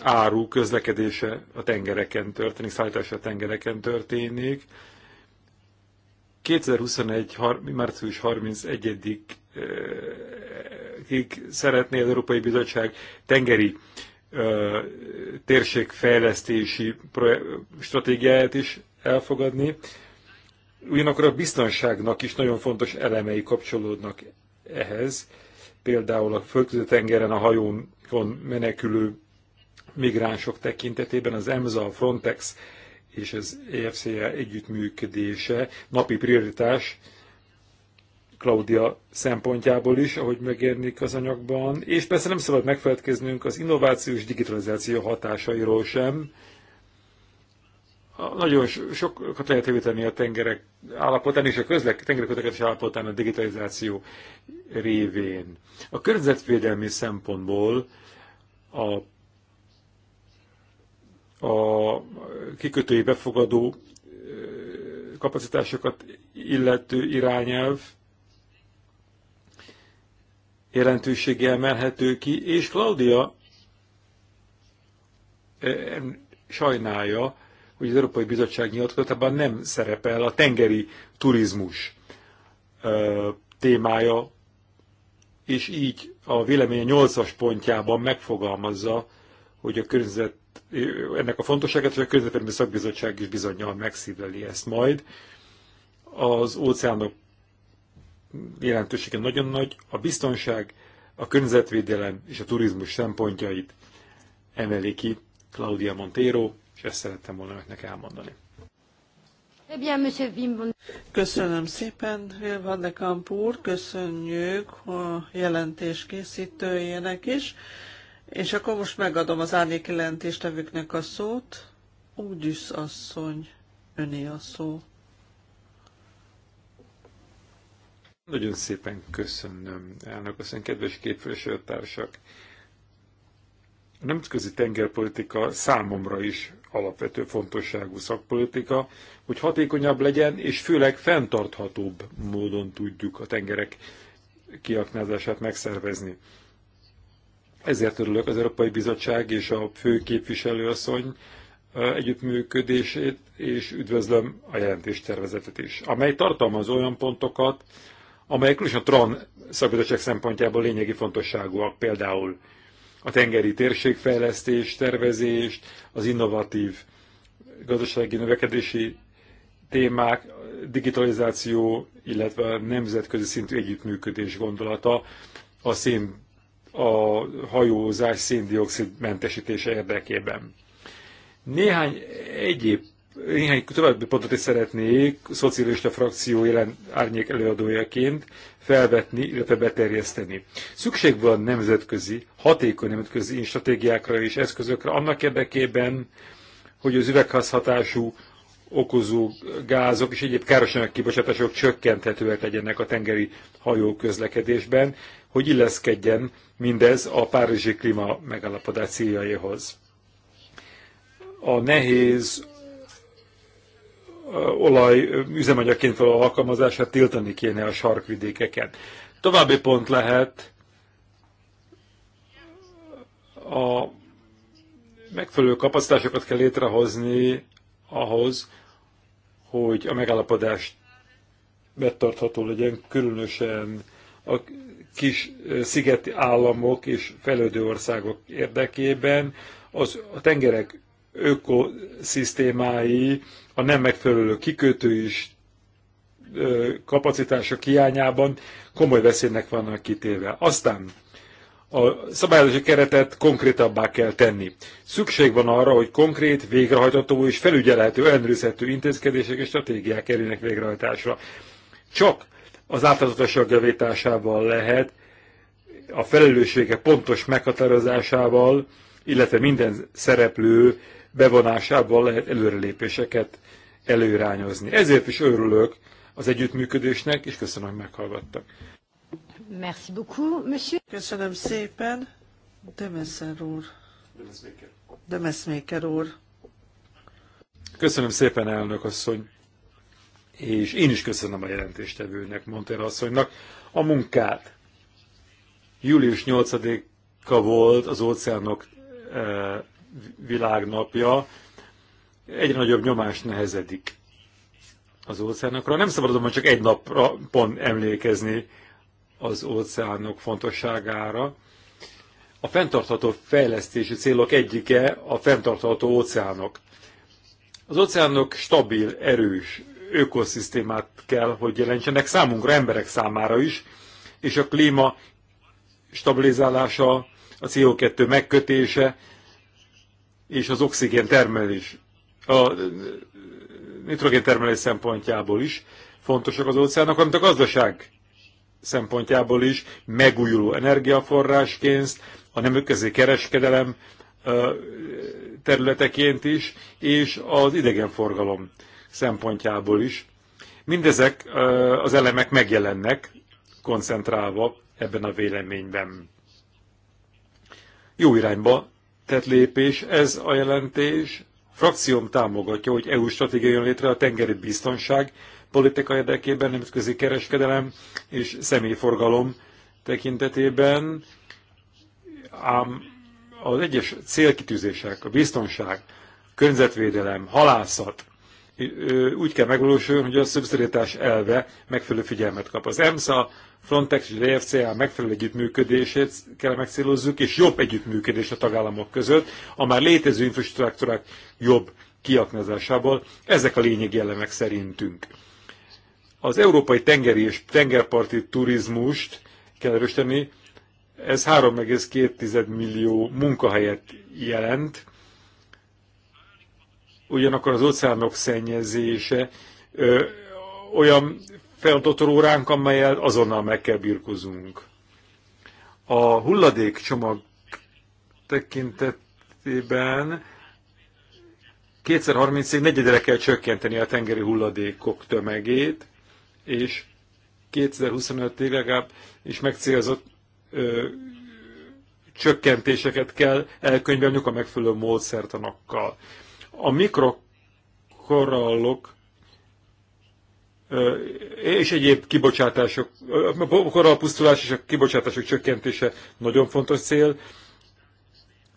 áru közlekedése a tengereken történik, szállítása a tengereken történik. 2021. március 31-ig szeretné az Európai Bizottság tengeri térségfejlesztési stratégiáját is elfogadni. Ugyanakkor a biztonságnak is nagyon fontos elemei kapcsolódnak ehhez például a földközi tengeren a hajókon menekülő migránsok tekintetében az EMSA, a Frontex és az EFCA e együttműködése napi prioritás Claudia szempontjából is, ahogy megérnik az anyagban, és persze nem szabad megfeledkeznünk az innovációs digitalizáció hatásairól sem, nagyon sokat lehet javítani a tengerek állapotán és a közlek, közlekedés állapotán a digitalizáció révén. A környezetvédelmi szempontból a, a kikötői befogadó kapacitásokat illető irányelv jelentősége emelhető ki, és Claudia sajnálja, hogy az Európai Bizottság nyilatkozatában nem szerepel a tengeri turizmus ö, témája, és így a véleménye 8-as pontjában megfogalmazza, hogy a környezet, ennek a fontosságát, hogy a környezetvédelmi szakbizottság is bizonyal megszíveli ezt majd. Az óceánok jelentősége nagyon nagy, a biztonság, a környezetvédelem és a turizmus szempontjait emeli ki Claudia Montero, és ezt szerettem volna önöknek elmondani. Eh köszönöm szépen, Van úr, köszönjük a jelentés készítőjének is, és akkor most megadom az árnyék jelentéstevőknek a szót. Úgyis asszony, öné a szó. Nagyon szépen köszönöm, elnök asszony, kedves képviselőtársak! A nemzetközi tengerpolitika számomra is alapvető fontosságú szakpolitika, hogy hatékonyabb legyen, és főleg fenntarthatóbb módon tudjuk a tengerek kiaknázását megszervezni. Ezért örülök az Európai Bizottság és a fő képviselőasszony együttműködését, és üdvözlöm a jelentéstervezetet is, amely tartalmaz olyan pontokat, amelyek különösen a TRAN szakbizottság szempontjából lényegi fontosságúak, például a tengeri térségfejlesztés, tervezést, az innovatív gazdasági növekedési témák, digitalizáció, illetve a nemzetközi szintű együttműködés gondolata a, szén, a hajózás széndiokszid mentesítése érdekében. Néhány egyéb néhány további pontot is szeretnék szocialista frakció jelen árnyék előadójaként felvetni, illetve beterjeszteni. Szükség van nemzetközi, hatékony nemzetközi stratégiákra és eszközökre annak érdekében, hogy az üvegházhatású okozó gázok és egyéb károsanyag kibocsátások csökkenthetőek legyenek a tengeri hajó közlekedésben, hogy illeszkedjen mindez a Párizsi klíma megállapodás céljaihoz. A nehéz olaj üzemanyagként való alkalmazását tiltani kéne a sarkvidékeken. További pont lehet a megfelelő kapacitásokat kell létrehozni ahhoz, hogy a megállapodás betartható legyen, különösen a kis szigeti államok és fejlődő országok érdekében, az, a tengerek ökoszisztémái a nem megfelelő kikötő is kapacitások hiányában komoly veszélynek vannak kitéve. Aztán a szabályozási keretet konkrétabbá kell tenni. Szükség van arra, hogy konkrét, végrehajtható és felügyelhető, ellenőrizhető intézkedések és stratégiák kerülnek végrehajtásra. Csak az átláthatóság javításával lehet, a felelőssége pontos meghatározásával, illetve minden szereplő bevonásával lehet előrelépéseket előrányozni. Ezért is örülök az együttműködésnek, és köszönöm, hogy meghallgattak. Merci beaucoup, monsieur. Köszönöm szépen, Demeszer úr. Demeszméker úr. Köszönöm szépen, elnök asszony. És én is köszönöm a jelentéstevőnek, Montero asszonynak a munkát. Július 8-a volt az óceánok eh, világnapja, egyre nagyobb nyomás nehezedik az óceánokra. Nem szabad hogy csak egy napra pont emlékezni az óceánok fontosságára. A fenntartható fejlesztési célok egyike a fenntartható óceánok. Az óceánok stabil, erős ökoszisztémát kell, hogy jelentsenek számunkra, emberek számára is, és a klíma stabilizálása, a CO2 megkötése és az oxigén termelés, a nitrogén termelés szempontjából is fontosak az óceánok, amit a gazdaság szempontjából is megújuló energiaforrásként, a nemükközi kereskedelem területeként is, és az idegenforgalom szempontjából is. Mindezek az elemek megjelennek, koncentrálva ebben a véleményben. Jó irányba tett lépés, ez a jelentés frakcióm támogatja, hogy EU stratégia jön létre a tengeri biztonság politika érdekében, nemzetközi kereskedelem és személyforgalom tekintetében, ám az egyes célkitűzések, a biztonság, környezetvédelem, halászat, úgy kell megvalósuljon, hogy a szubszidiaritás elve megfelelő figyelmet kap. Az EMSA, Frontex és az EFCA megfelelő együttműködését kell megszélozzuk, és jobb együttműködés a tagállamok között, a már létező infrastruktúrák jobb kiaknázásából. Ezek a lényegi elemek szerintünk. Az európai tengeri és tengerparti turizmust kell erősíteni, ez 3,2 millió munkahelyet jelent, Ugyanakkor az óceánok szennyezése ö, olyan feladatoóránk, amelyel azonnal meg kell birkozunk. A hulladékcsomag tekintetében 2030-ig negyedre kell csökkenteni a tengeri hulladékok tömegét, és 2025-ig legalább is megcélzott ö, csökkentéseket kell elkönyvelnünk a megfelelő módszertanokkal. A mikrokorallok és egyéb kibocsátások, a korallpusztulás és a kibocsátások csökkentése nagyon fontos cél.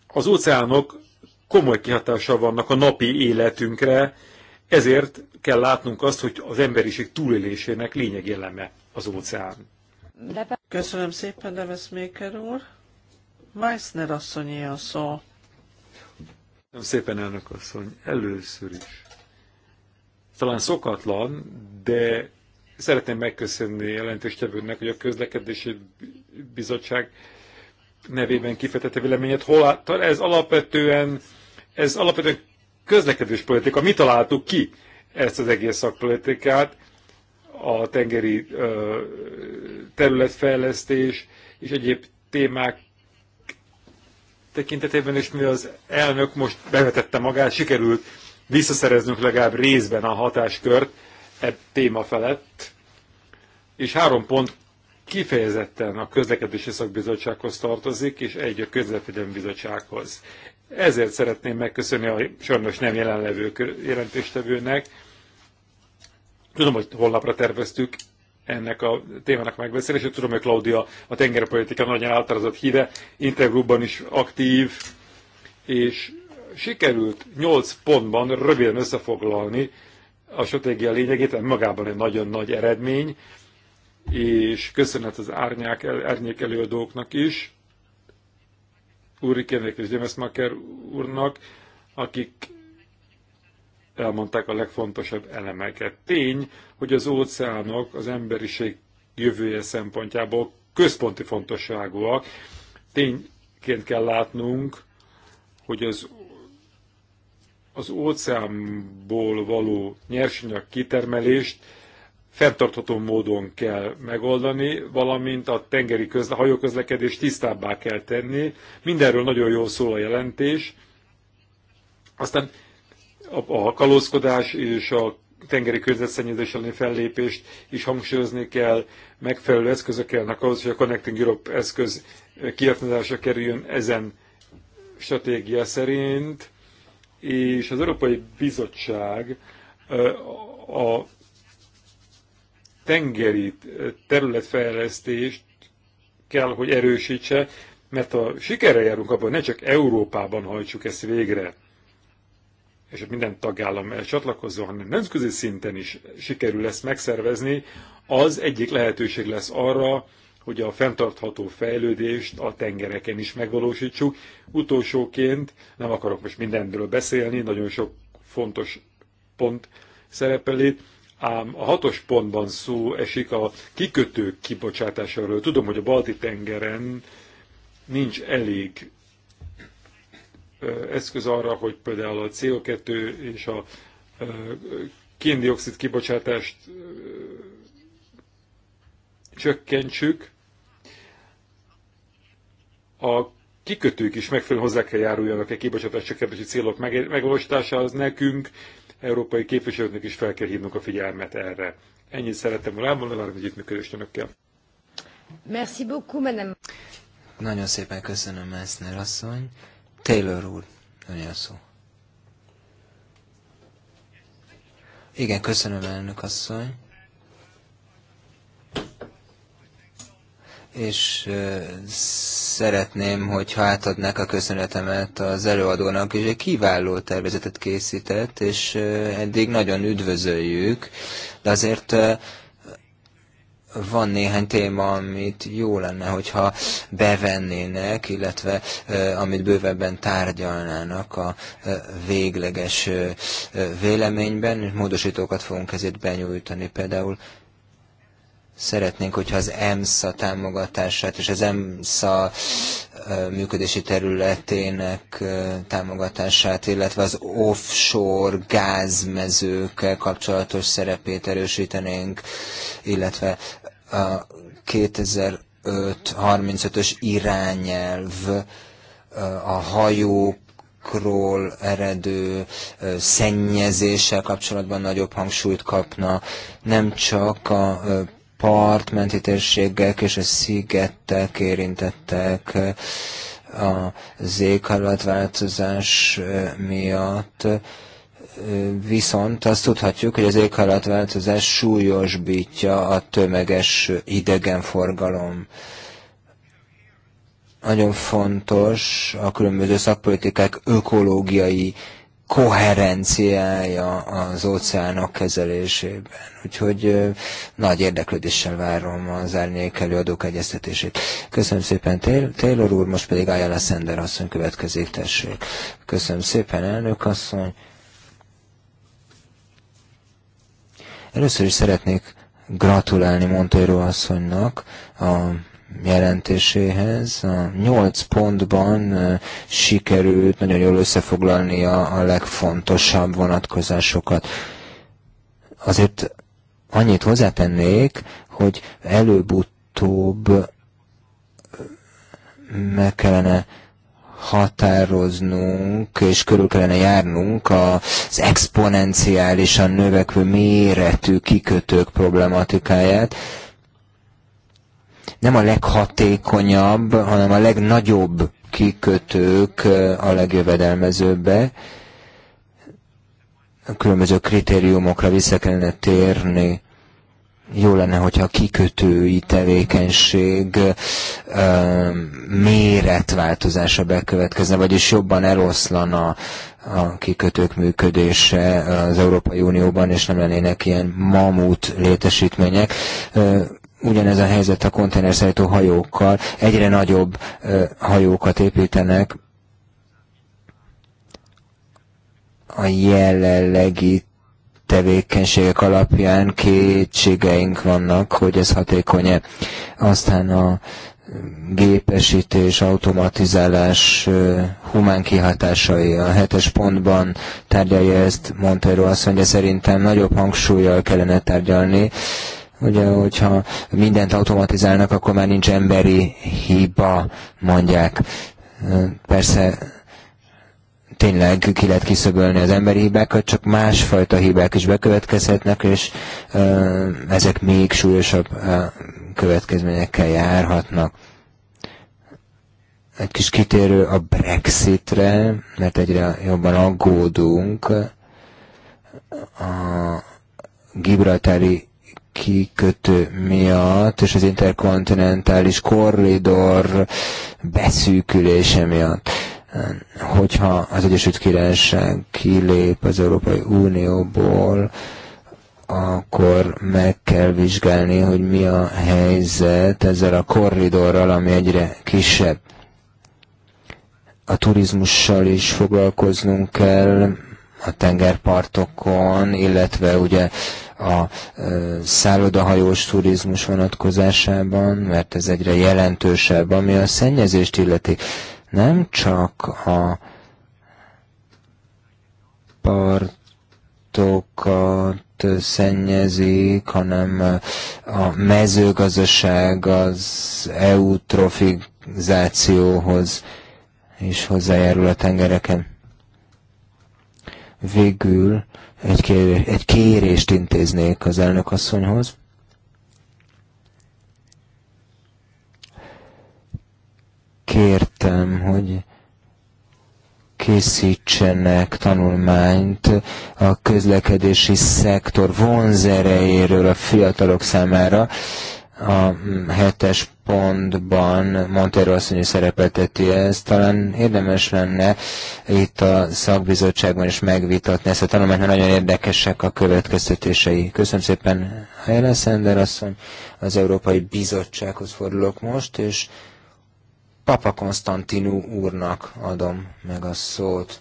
Az óceánok komoly kihatással vannak a napi életünkre, ezért kell látnunk azt, hogy az emberiség túlélésének lényegi eleme az óceán. Köszönöm szépen, Demes Maker úr. Meissner asszonyé a szó. Nem szépen elnök asszony, először is. Talán szokatlan, de szeretném megköszönni jelentéstevőnek, hogy a közlekedési bizottság nevében kifejtette véleményet. Hol áll, ez alapvetően, ez alapvetően közlekedés politika. Mi találtuk ki ezt az egész szakpolitikát, a tengeri ö, területfejlesztés és egyéb témák tekintetében, és mi az elnök most bevetette magát, sikerült visszaszereznünk legalább részben a hatáskört e téma felett, és három pont kifejezetten a közlekedési szakbizottsághoz tartozik, és egy a közlekedési bizottsághoz. Ezért szeretném megköszönni a sajnos nem jelenlevő jelentéstevőnek. Tudom, hogy holnapra terveztük ennek a témának megbeszélését. Tudom, hogy Claudia a tengerpolitika nagyon általázott híre, interjúban is aktív, és sikerült 8 pontban röviden összefoglalni a stratégia lényegét, ami magában egy nagyon nagy eredmény, és köszönet az árnyák, árnyék előadóknak is, Úrikének és Demesmaker úrnak, akik elmondták a legfontosabb elemeket. Tény, hogy az óceánok az emberiség jövője szempontjából központi fontosságúak. Tényként kell látnunk, hogy az, az óceánból való nyersanyag kitermelést fenntartható módon kell megoldani, valamint a tengeri közle, hajóközlekedés tisztábbá kell tenni. Mindenről nagyon jól szól a jelentés. Aztán a kalózkodás és a tengeri környezetszennyezés elleni fellépést is hangsúlyozni kell, megfelelő eszközök kellnek ahhoz, hogy a Connecting Europe eszköz kiaknázásra kerüljön ezen stratégia szerint, és az Európai Bizottság a tengeri területfejlesztést kell, hogy erősítse, mert a sikerre járunk abban, ne csak Európában hajtsuk ezt végre, és minden tagállam csatlakozó, hanem nemzetközi szinten is sikerül ezt megszervezni, az egyik lehetőség lesz arra, hogy a fenntartható fejlődést a tengereken is megvalósítsuk. Utolsóként, nem akarok most mindenről beszélni, nagyon sok fontos pont szerepel itt, ám a hatos pontban szó esik a kikötők kibocsátásáról. Tudom, hogy a Balti tengeren nincs elég eszköz arra, hogy például a CO2 és a kéndioxid kibocsátást csökkentsük, a kikötők is megfelelően hozzá kell járuljanak a kibocsátás csökkentési célok megvalósításához nekünk, európai képviselőknek is fel kell hívnunk a figyelmet erre. Ennyit szerettem volna elmondani, várom együttműködést önökkel. Merci beaucoup, madame. Nagyon szépen köszönöm, Eszner asszony. Taylor úr, nagyon szó. Igen, köszönöm elnök asszony. és szeretném, hogyha átadnák a köszönetemet az előadónak, és egy kiváló tervezetet készített, és eddig nagyon üdvözöljük, de azért van néhány téma, amit jó lenne, hogyha bevennének, illetve amit bővebben tárgyalnának a végleges véleményben. Módosítókat fogunk ezért benyújtani, például Szeretnénk, hogyha az EMSZA támogatását és az EMSZA működési területének támogatását, illetve az offshore gázmezőkkel kapcsolatos szerepét erősítenénk, illetve a 2005-35-ös irányelv a hajókról eredő szennyezéssel kapcsolatban nagyobb hangsúlyt kapna, nem csak a menti térségek és a szigetek érintettek az változás miatt. Viszont azt tudhatjuk, hogy az változás súlyosbítja a tömeges idegenforgalom nagyon fontos a különböző szakpolitikák ökológiai koherenciája az óceánok kezelésében. Úgyhogy nagy érdeklődéssel várom az árnyék előadók egyeztetését. Köszönöm szépen Taylor úr, most pedig Ayala Sender asszony következik, tessék. Köszönöm szépen elnök asszony. Először is szeretnék gratulálni Monteiro asszonynak a jelentéséhez. A nyolc pontban sikerült nagyon jól összefoglalni a, a legfontosabb vonatkozásokat. Azért annyit hozzátennék, hogy előbb-utóbb meg kellene határoznunk, és körül kellene járnunk az exponenciálisan növekvő méretű kikötők problematikáját, nem a leghatékonyabb, hanem a legnagyobb kikötők a legjövedelmezőbbe. A különböző kritériumokra vissza kellene térni jó lenne, hogyha a kikötői tevékenység ö, méretváltozása bekövetkezne, vagyis jobban eloszlana a kikötők működése az Európai Unióban, és nem lennének ilyen mamut létesítmények. Ö, ugyanez a helyzet a konténerszállító hajókkal. Egyre nagyobb hajókat építenek. A jelenlegi tevékenységek alapján kétségeink vannak, hogy ez hatékony-e. Aztán a gépesítés, automatizálás humán kihatásai. A hetes pontban tárgyalja ezt Montero azt mondja, szerintem nagyobb hangsúlyjal kellene tárgyalni, Ugye, hogyha mindent automatizálnak, akkor már nincs emberi hiba, mondják. Persze tényleg ki lehet kiszögölni az emberi hibákat, csak másfajta hibák is bekövetkezhetnek, és ezek még súlyosabb következményekkel járhatnak. Egy kis kitérő a Brexitre, mert egyre jobban aggódunk. A gibraltári kikötő miatt, és az interkontinentális korridor beszűkülése miatt hogyha az Egyesült Királyság kilép az Európai Unióból, akkor meg kell vizsgálni, hogy mi a helyzet ezzel a korridorral, ami egyre kisebb. A turizmussal is foglalkoznunk kell a tengerpartokon, illetve ugye a szállodahajós turizmus vonatkozásában, mert ez egyre jelentősebb, ami a szennyezést illeti. Nem csak a partokat szennyezik, hanem a mezőgazdaság az eutrofizációhoz is hozzájárul a tengereken. Végül egy, kér, egy kérést intéznék az asszonyhoz. Kértem, hogy készítsenek tanulmányt a közlekedési szektor vonzerejéről a fiatalok számára, a mm, hetes pontban Montero asszony szerepelteti ezt, talán érdemes lenne itt a szakbizottságban is megvitatni ezt a tanulmányt, mert nagyon érdekesek a következtetései. Köszönöm szépen, Helen Sender asszony, az Európai Bizottsághoz fordulok most, és Papa Konstantinu úrnak adom meg a szót.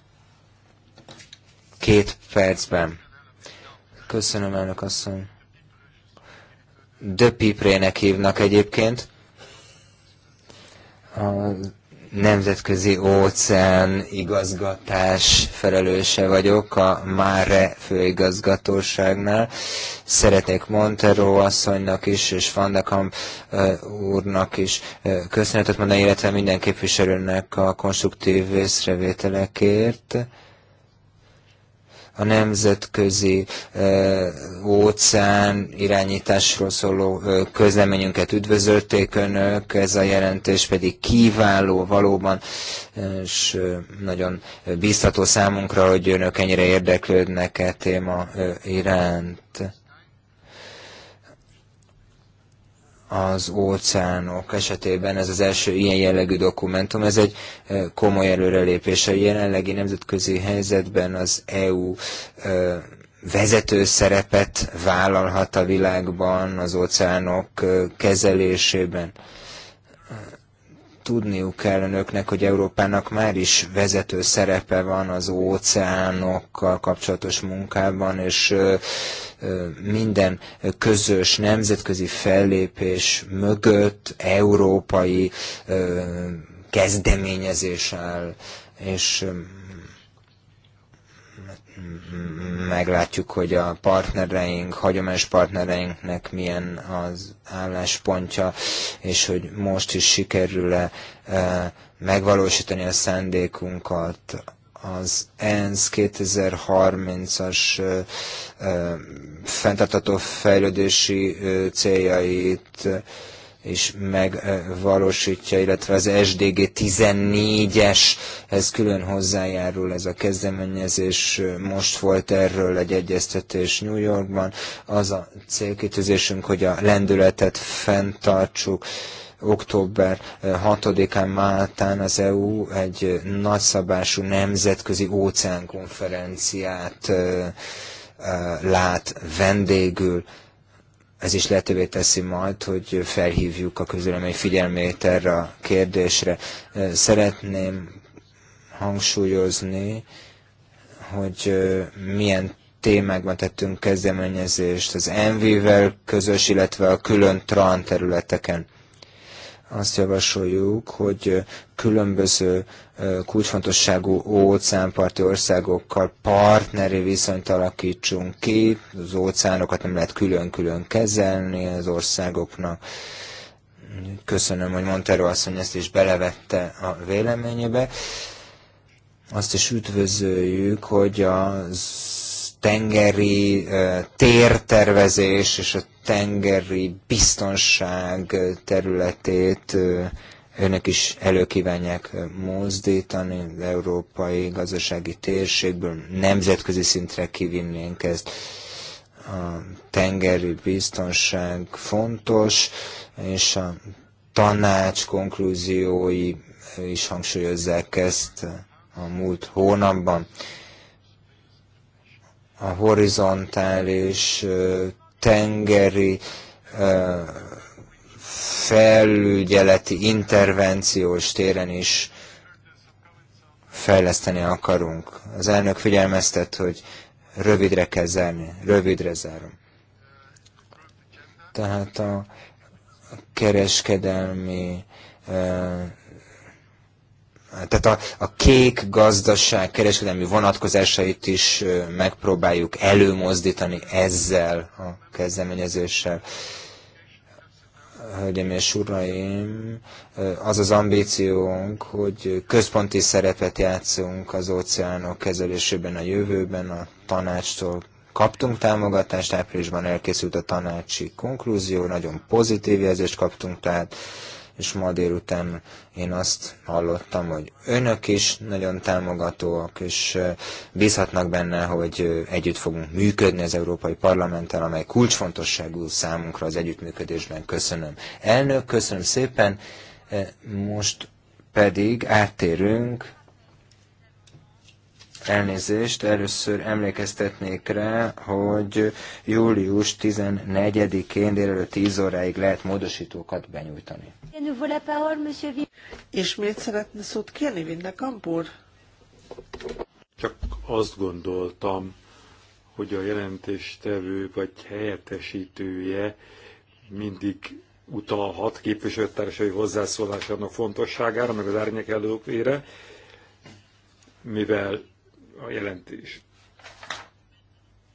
Két percben. Köszönöm, elnök asszony. Döpiprének hívnak egyébként. A nemzetközi óceán igazgatás felelőse vagyok a Máre főigazgatóságnál. Szeretnék Montero asszonynak is, és Van úrnak is köszönetet mondani, illetve minden képviselőnek a konstruktív észrevételekért a nemzetközi e, óceán irányításról szóló e, közleményünket üdvözölték önök, ez a jelentés pedig kiváló valóban, és e, nagyon biztató számunkra, hogy önök ennyire érdeklődnek e téma iránt. az óceánok esetében ez az első ilyen jellegű dokumentum, ez egy komoly előrelépés. A jelenlegi nemzetközi helyzetben az EU vezető szerepet vállalhat a világban az óceánok kezelésében. Tudniuk kell önöknek, hogy Európának már is vezető szerepe van az óceánokkal kapcsolatos munkában, és minden közös nemzetközi fellépés mögött európai kezdeményezés áll, és meglátjuk, hogy a partnereink, hagyományos partnereinknek milyen az álláspontja, és hogy most is sikerül-e e, megvalósítani a szándékunkat az ENSZ 2030-as e, e, fenntartató fejlődési céljait, is megvalósítja, illetve az SDG 14-eshez külön hozzájárul ez a kezdeményezés. Most volt erről egy egyeztetés New Yorkban. Az a célkitűzésünk, hogy a lendületet fenntartsuk október 6-án eh, Máltán az EU egy nagyszabású nemzetközi óceánkonferenciát eh, eh, lát vendégül ez is lehetővé teszi majd, hogy felhívjuk a közülemény figyelmét erre a kérdésre. Szeretném hangsúlyozni, hogy milyen témákban tettünk kezdeményezést az NV-vel közös, illetve a külön TRAN területeken azt javasoljuk, hogy különböző kulcsfontosságú óceánparti országokkal partneri viszonyt alakítsunk ki. Az óceánokat nem lehet külön-külön kezelni az országoknak. Köszönöm, hogy Montero asszony ezt is belevette a véleményébe. Azt is üdvözöljük, hogy az tengeri tértervezés és a tengeri biztonság területét önök is előkívánják mozdítani, az európai gazdasági térségből nemzetközi szintre kivinnénk ezt. A tengeri biztonság fontos, és a tanács konklúziói is hangsúlyozzák ezt a múlt hónapban a horizontális tengeri felügyeleti intervenciós téren is fejleszteni akarunk. Az elnök figyelmeztet, hogy rövidre kell zárni, rövidre zárom. Tehát a kereskedelmi tehát a, a kék gazdaság kereskedelmi vonatkozásait is megpróbáljuk előmozdítani ezzel a kezdeményezéssel. Hölgyeim és uraim, az az ambíciónk, hogy központi szerepet játszunk az óceánok kezelésében a jövőben, a tanácstól kaptunk támogatást, áprilisban elkészült a tanácsi konklúzió, nagyon pozitív jelzést kaptunk, tehát és ma délután én azt hallottam, hogy önök is nagyon támogatóak, és bízhatnak benne, hogy együtt fogunk működni az Európai Parlamenttel, amely kulcsfontosságú számunkra az együttműködésben. Köszönöm. Elnök, köszönöm szépen. Most pedig áttérünk Elnézést, először emlékeztetnék rá, hogy július 14-én délelőtt 10 óráig lehet módosítókat benyújtani. Ismét szeretne szót kérni, Vindekamp Kampur? Csak azt gondoltam, hogy a jelentéstevő vagy helyettesítője mindig utalhat képviselőtársai hozzászólásának fontosságára, meg az árnyék előkvére, mivel a jelentés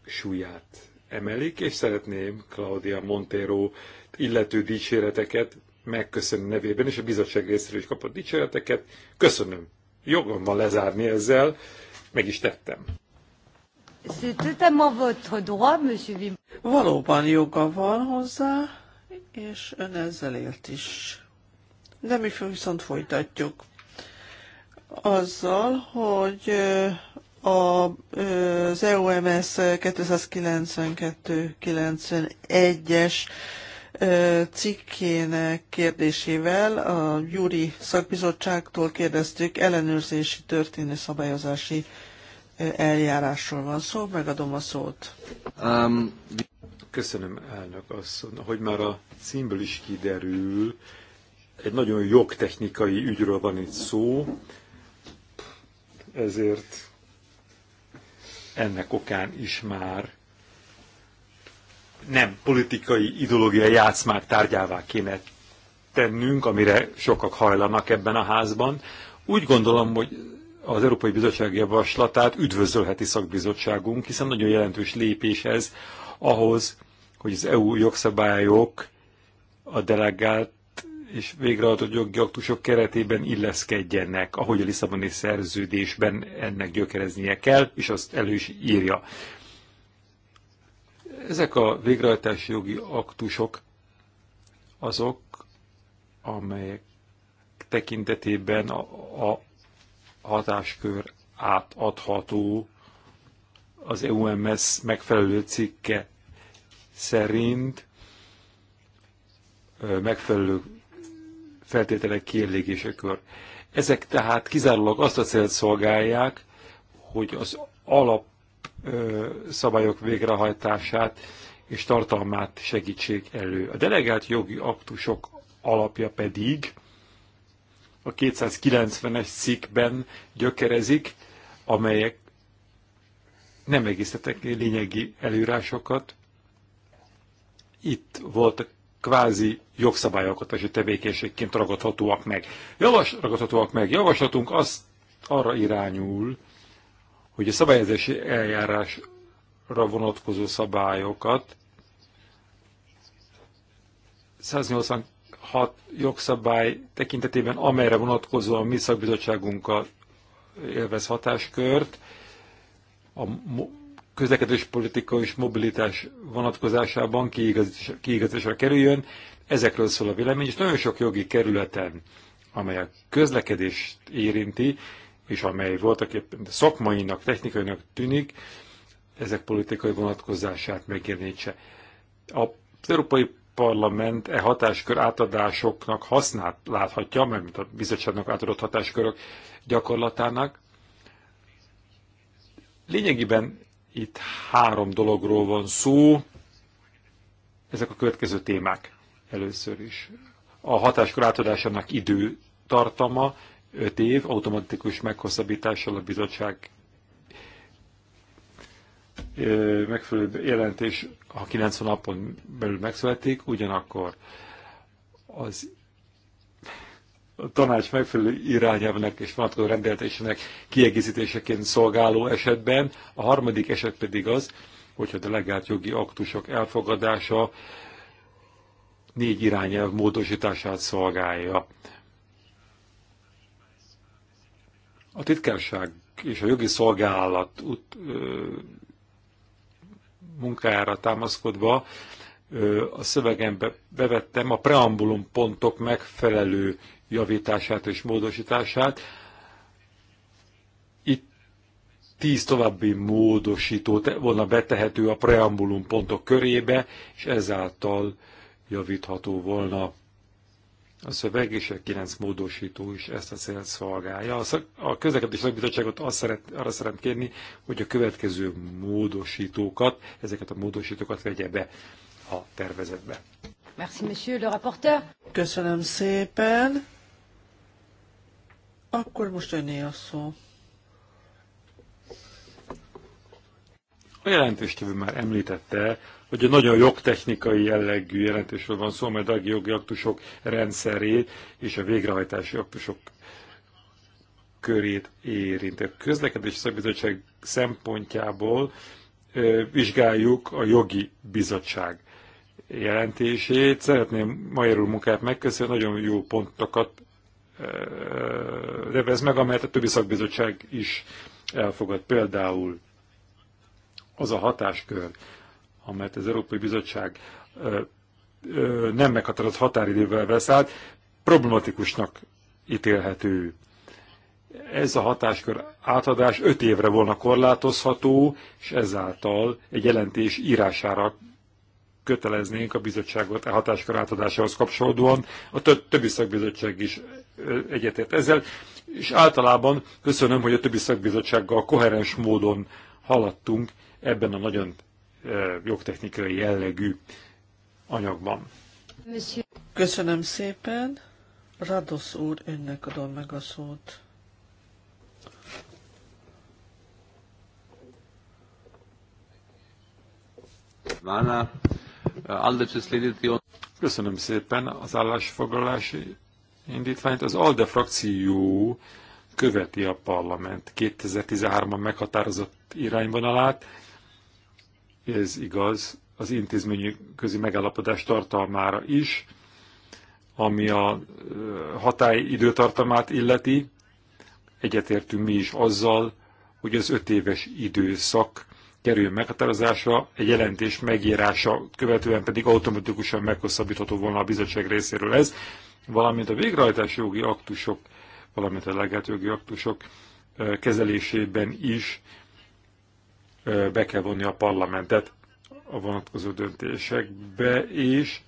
súlyát emelik, és szeretném Claudia Montero illető dicséreteket megköszönni nevében, és a bizottság részéről is kapott dicséreteket. Köszönöm. Jogom van lezárni ezzel, meg is tettem. Valóban joga van hozzá, és ön ezzel élt is. De mi viszont folytatjuk azzal, hogy az EOMS 292-91-es cikkének kérdésével a Júri Szakbizottságtól kérdeztük, ellenőrzési történő szabályozási eljárásról van szó, megadom a szót. Um, köszönöm elnök asszony, hogy már a címből is kiderül, egy nagyon jogtechnikai ügyről van itt szó, ezért ennek okán is már nem politikai, ideológia játszmák tárgyává kéne tennünk, amire sokak hajlanak ebben a házban. Úgy gondolom, hogy az Európai Bizottság javaslatát üdvözölheti szakbizottságunk, hiszen nagyon jelentős lépés ez ahhoz, hogy az EU jogszabályok a delegált és végrehajtott jogi aktusok keretében illeszkedjenek, ahogy a Lisszaboni szerződésben ennek gyökereznie kell, és azt elő is írja. Ezek a végrehajtási jogi aktusok azok, amelyek tekintetében a, a hatáskör átadható az EUMS megfelelő cikke szerint megfelelő feltételek kielégésekor. Ezek tehát kizárólag azt a célt szolgálják, hogy az alap ö, szabályok végrehajtását és tartalmát segítsék elő. A delegált jogi aktusok alapja pedig a 290-es cikkben gyökerezik, amelyek nem egészítettek lényegi előrásokat. Itt voltak kvázi jogszabályalkotási tevékenységként ragadhatóak meg. Javas, ragadhatóak meg. Javaslatunk az arra irányul, hogy a szabályozási eljárásra vonatkozó szabályokat 186 jogszabály tekintetében, amelyre vonatkozóan mi szakbizottságunkkal élvez hatáskört, a közlekedés politika és mobilitás vonatkozásában kiigazításra, kiigazításra kerüljön. Ezekről szól a vélemény, és nagyon sok jogi kerületen, amely a közlekedést érinti, és amely voltak éppen szakmainak, technikainak tűnik, ezek politikai vonatkozását megjelenítse. Az Európai Parlament e hatáskör átadásoknak hasznát láthatja, mert mint a bizottságnak átadott hatáskörök gyakorlatának. Lényegében itt három dologról van szó. Ezek a következő témák először is. A hatáskor átadásának időtartama 5 év, automatikus meghosszabbítással a bizottság megfelelő jelentés, ha 90 napon belül megszületik, ugyanakkor az a tanács megfelelő irányelvnek és vonatkozó rendeltésének kiegészítéseként szolgáló esetben, a harmadik eset pedig az, hogyha delegált jogi aktusok elfogadása négy irányelv módosítását szolgálja. A titkárság és a jogi szolgálat út, ö, munkájára támaszkodva ö, a szövegembe bevettem a preambulum pontok megfelelő javítását és módosítását. Itt tíz további módosító volna betehető a preambulum pontok körébe, és ezáltal javítható volna a szöveg, és a kilenc módosító is ezt a célt szolgálja. A, közlekedés szakbizottságot azt szeret, arra szeretném kérni, hogy a következő módosítókat, ezeket a módosítókat vegye be a tervezetbe. Merci, monsieur le rapporteur. Köszönöm szépen. Akkor most öné a szó. A jelentéstevő már említette, hogy a nagyon jogtechnikai jellegű jelentésről van szó, mert a jogi aktusok rendszerét és a végrehajtási aktusok körét érint. A közlekedési szakbizottság szempontjából vizsgáljuk a jogi bizottság jelentését. Szeretném Majerul munkát megköszönni, nagyon jó pontokat revez meg, amelyet a többi szakbizottság is elfogad. Például az a hatáskör, amelyet az Európai Bizottság nem meghatározott határidővel vesz át, problematikusnak ítélhető. Ez a hatáskör átadás öt évre volna korlátozható, és ezáltal egy jelentés írására köteleznénk a bizottságot a e hatáskör átadásához kapcsolódóan. A többi szakbizottság is egyetért ezzel, és általában köszönöm, hogy a többi szakbizottsággal koherens módon haladtunk ebben a nagyon eh, jogtechnikai jellegű anyagban. Köszönöm szépen. Rados úr, önnek adom meg a szót. Eh, köszönöm szépen az állásfoglalási indítványt. Az ALDE frakció követi a parlament 2013-ban meghatározott irányvonalát. Ez igaz az intézményi közi megállapodás tartalmára is, ami a hatály időtartamát illeti. Egyetértünk mi is azzal, hogy az öt éves időszak kerül meghatározásra, egy jelentés megírása követően pedig automatikusan meghosszabbítható volna a bizottság részéről ez valamint a végrehajtási jogi aktusok, valamint a legelt jogi aktusok kezelésében is be kell vonni a parlamentet a vonatkozó döntésekbe, és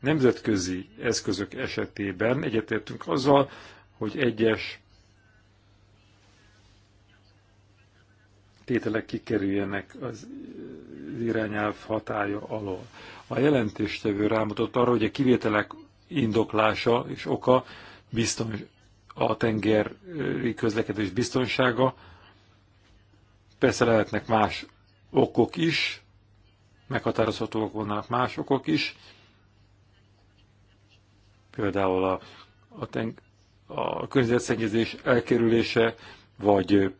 nemzetközi eszközök esetében egyetértünk azzal, hogy egyes tételek kikerüljenek az irányelv hatája alól. A jelentéstevő rámutott arra, hogy a kivételek indoklása és oka bizton, a tengeri közlekedés biztonsága. Persze lehetnek más okok is, meghatározhatóak vannak más okok is, például a, a, ten, a környezetszennyezés elkerülése, vagy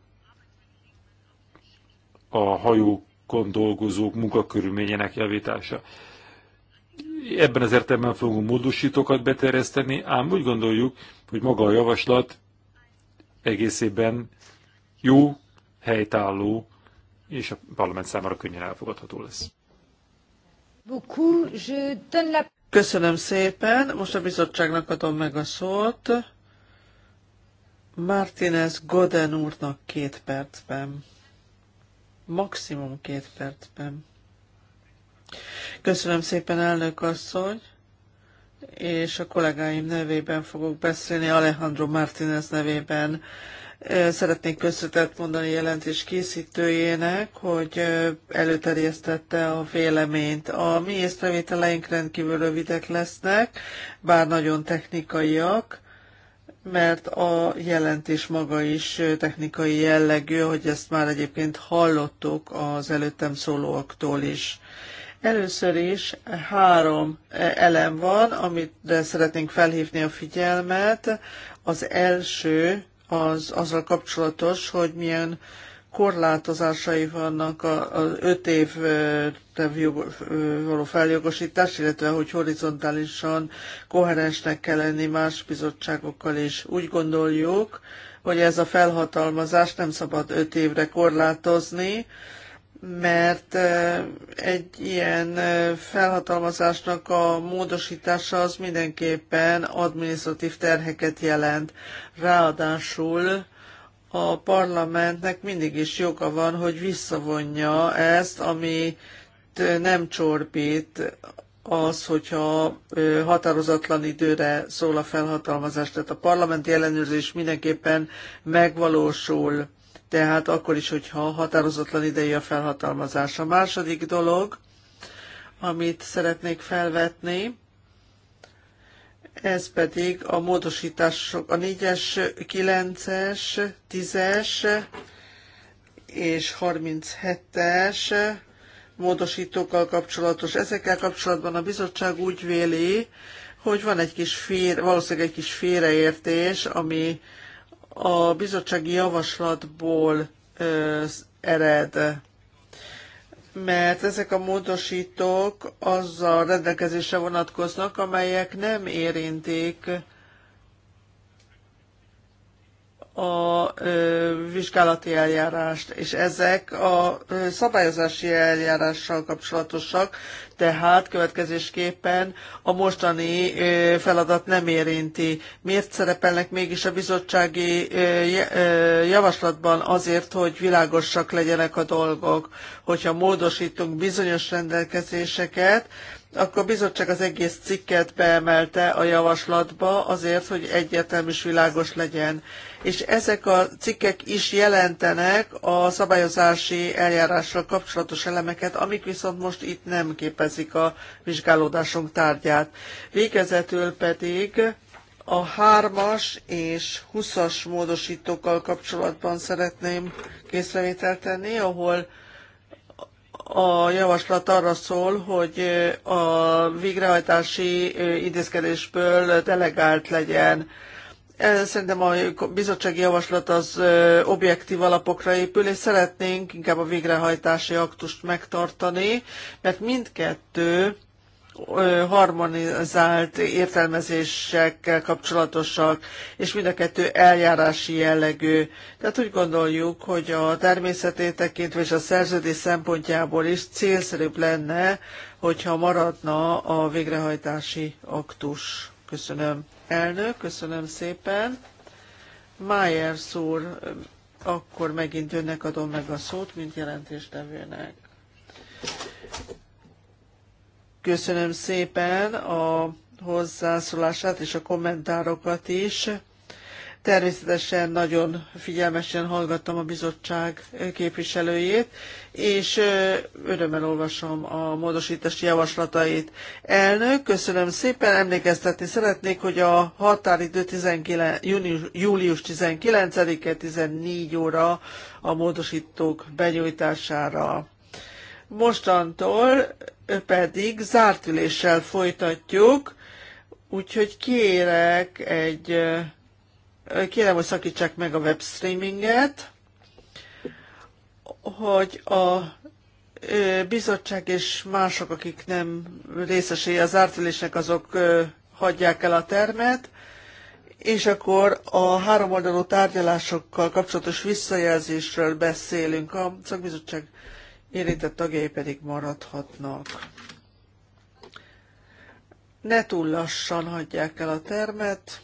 a hajókon dolgozók munkakörülményének javítása. Ebben az értelemben fogunk módosítókat beterjeszteni, ám úgy gondoljuk, hogy maga a javaslat egészében jó, helytálló, és a parlament számára könnyen elfogadható lesz. Köszönöm szépen. Most a bizottságnak adom meg a szót. Martínez Goden úrnak két percben. Maximum két percben. Köszönöm szépen, elnök asszony, és a kollégáim nevében fogok beszélni, Alejandro Martínez nevében. Szeretnék köszönetet mondani jelentés készítőjének, hogy előterjesztette a véleményt. A mi észrevételeink rendkívül rövidek lesznek, bár nagyon technikaiak, mert a jelentés maga is technikai jellegű, hogy ezt már egyébként hallottuk az előttem szólóaktól is. Először is három elem van, amire szeretnénk felhívni a figyelmet. Az első az azzal kapcsolatos, hogy milyen korlátozásai vannak az öt év való feljogosítás, illetve hogy horizontálisan koherensnek kell lenni más bizottságokkal is. Úgy gondoljuk, hogy ez a felhatalmazás nem szabad öt évre korlátozni, mert egy ilyen felhatalmazásnak a módosítása az mindenképpen administratív terheket jelent. Ráadásul a parlamentnek mindig is joga van, hogy visszavonja ezt, ami nem csorbít az, hogyha határozatlan időre szól a felhatalmazás. Tehát a parlamenti ellenőrzés mindenképpen megvalósul tehát akkor is, hogyha határozatlan idei a felhatalmazás. A második dolog, amit szeretnék felvetni, ez pedig a módosítások, a 4-es, 9-es, 10-es és 37-es módosítókkal kapcsolatos. Ezekkel kapcsolatban a bizottság úgy véli, hogy van egy kis fér, valószínűleg egy kis félreértés, ami a bizottsági javaslatból ered mert ezek a módosítók azzal rendelkezésre vonatkoznak, amelyek nem érintik a vizsgálati eljárást, és ezek a szabályozási eljárással kapcsolatosak, tehát következésképpen a mostani feladat nem érinti. Miért szerepelnek mégis a bizottsági javaslatban azért, hogy világosak legyenek a dolgok, hogyha módosítunk bizonyos rendelkezéseket, akkor a bizottság az egész cikket beemelte a javaslatba azért, hogy egyértelmű és világos legyen. És ezek a cikkek is jelentenek a szabályozási eljárással kapcsolatos elemeket, amik viszont most itt nem képezik a vizsgálódásunk tárgyát. Végezetül pedig a hármas és 20-as módosítókkal kapcsolatban szeretném készrevételt tenni, ahol a javaslat arra szól, hogy a végrehajtási intézkedésből delegált legyen. Szerintem a bizottsági javaslat az objektív alapokra épül, és szeretnénk inkább a végrehajtási aktust megtartani, mert mindkettő harmonizált értelmezésekkel kapcsolatosak, és mind a kettő eljárási jellegű. Tehát úgy gondoljuk, hogy a természetét tekintve és a szerződés szempontjából is célszerűbb lenne, hogyha maradna a végrehajtási aktus. Köszönöm. Elnök, köszönöm szépen. Májer úr, akkor megint önnek adom meg a szót, mint jelentéstevőnek. Köszönöm szépen a hozzászólását és a kommentárokat is. Természetesen nagyon figyelmesen hallgattam a bizottság képviselőjét, és örömmel olvasom a módosítási javaslatait. Elnök, köszönöm szépen, emlékeztetni szeretnék, hogy a határidő 19, június, július 19-e 14 óra a módosítók benyújtására. Mostantól pedig zárt üléssel folytatjuk, úgyhogy kérek egy, kérem, hogy szakítsák meg a webstreaminget, hogy a bizottság és mások, akik nem részesei az zárt ülésnek, azok hagyják el a termet, és akkor a háromoldalú tárgyalásokkal kapcsolatos visszajelzésről beszélünk. A szakbizottság érintett tagjai pedig maradhatnak. Ne túl lassan hagyják el a termet.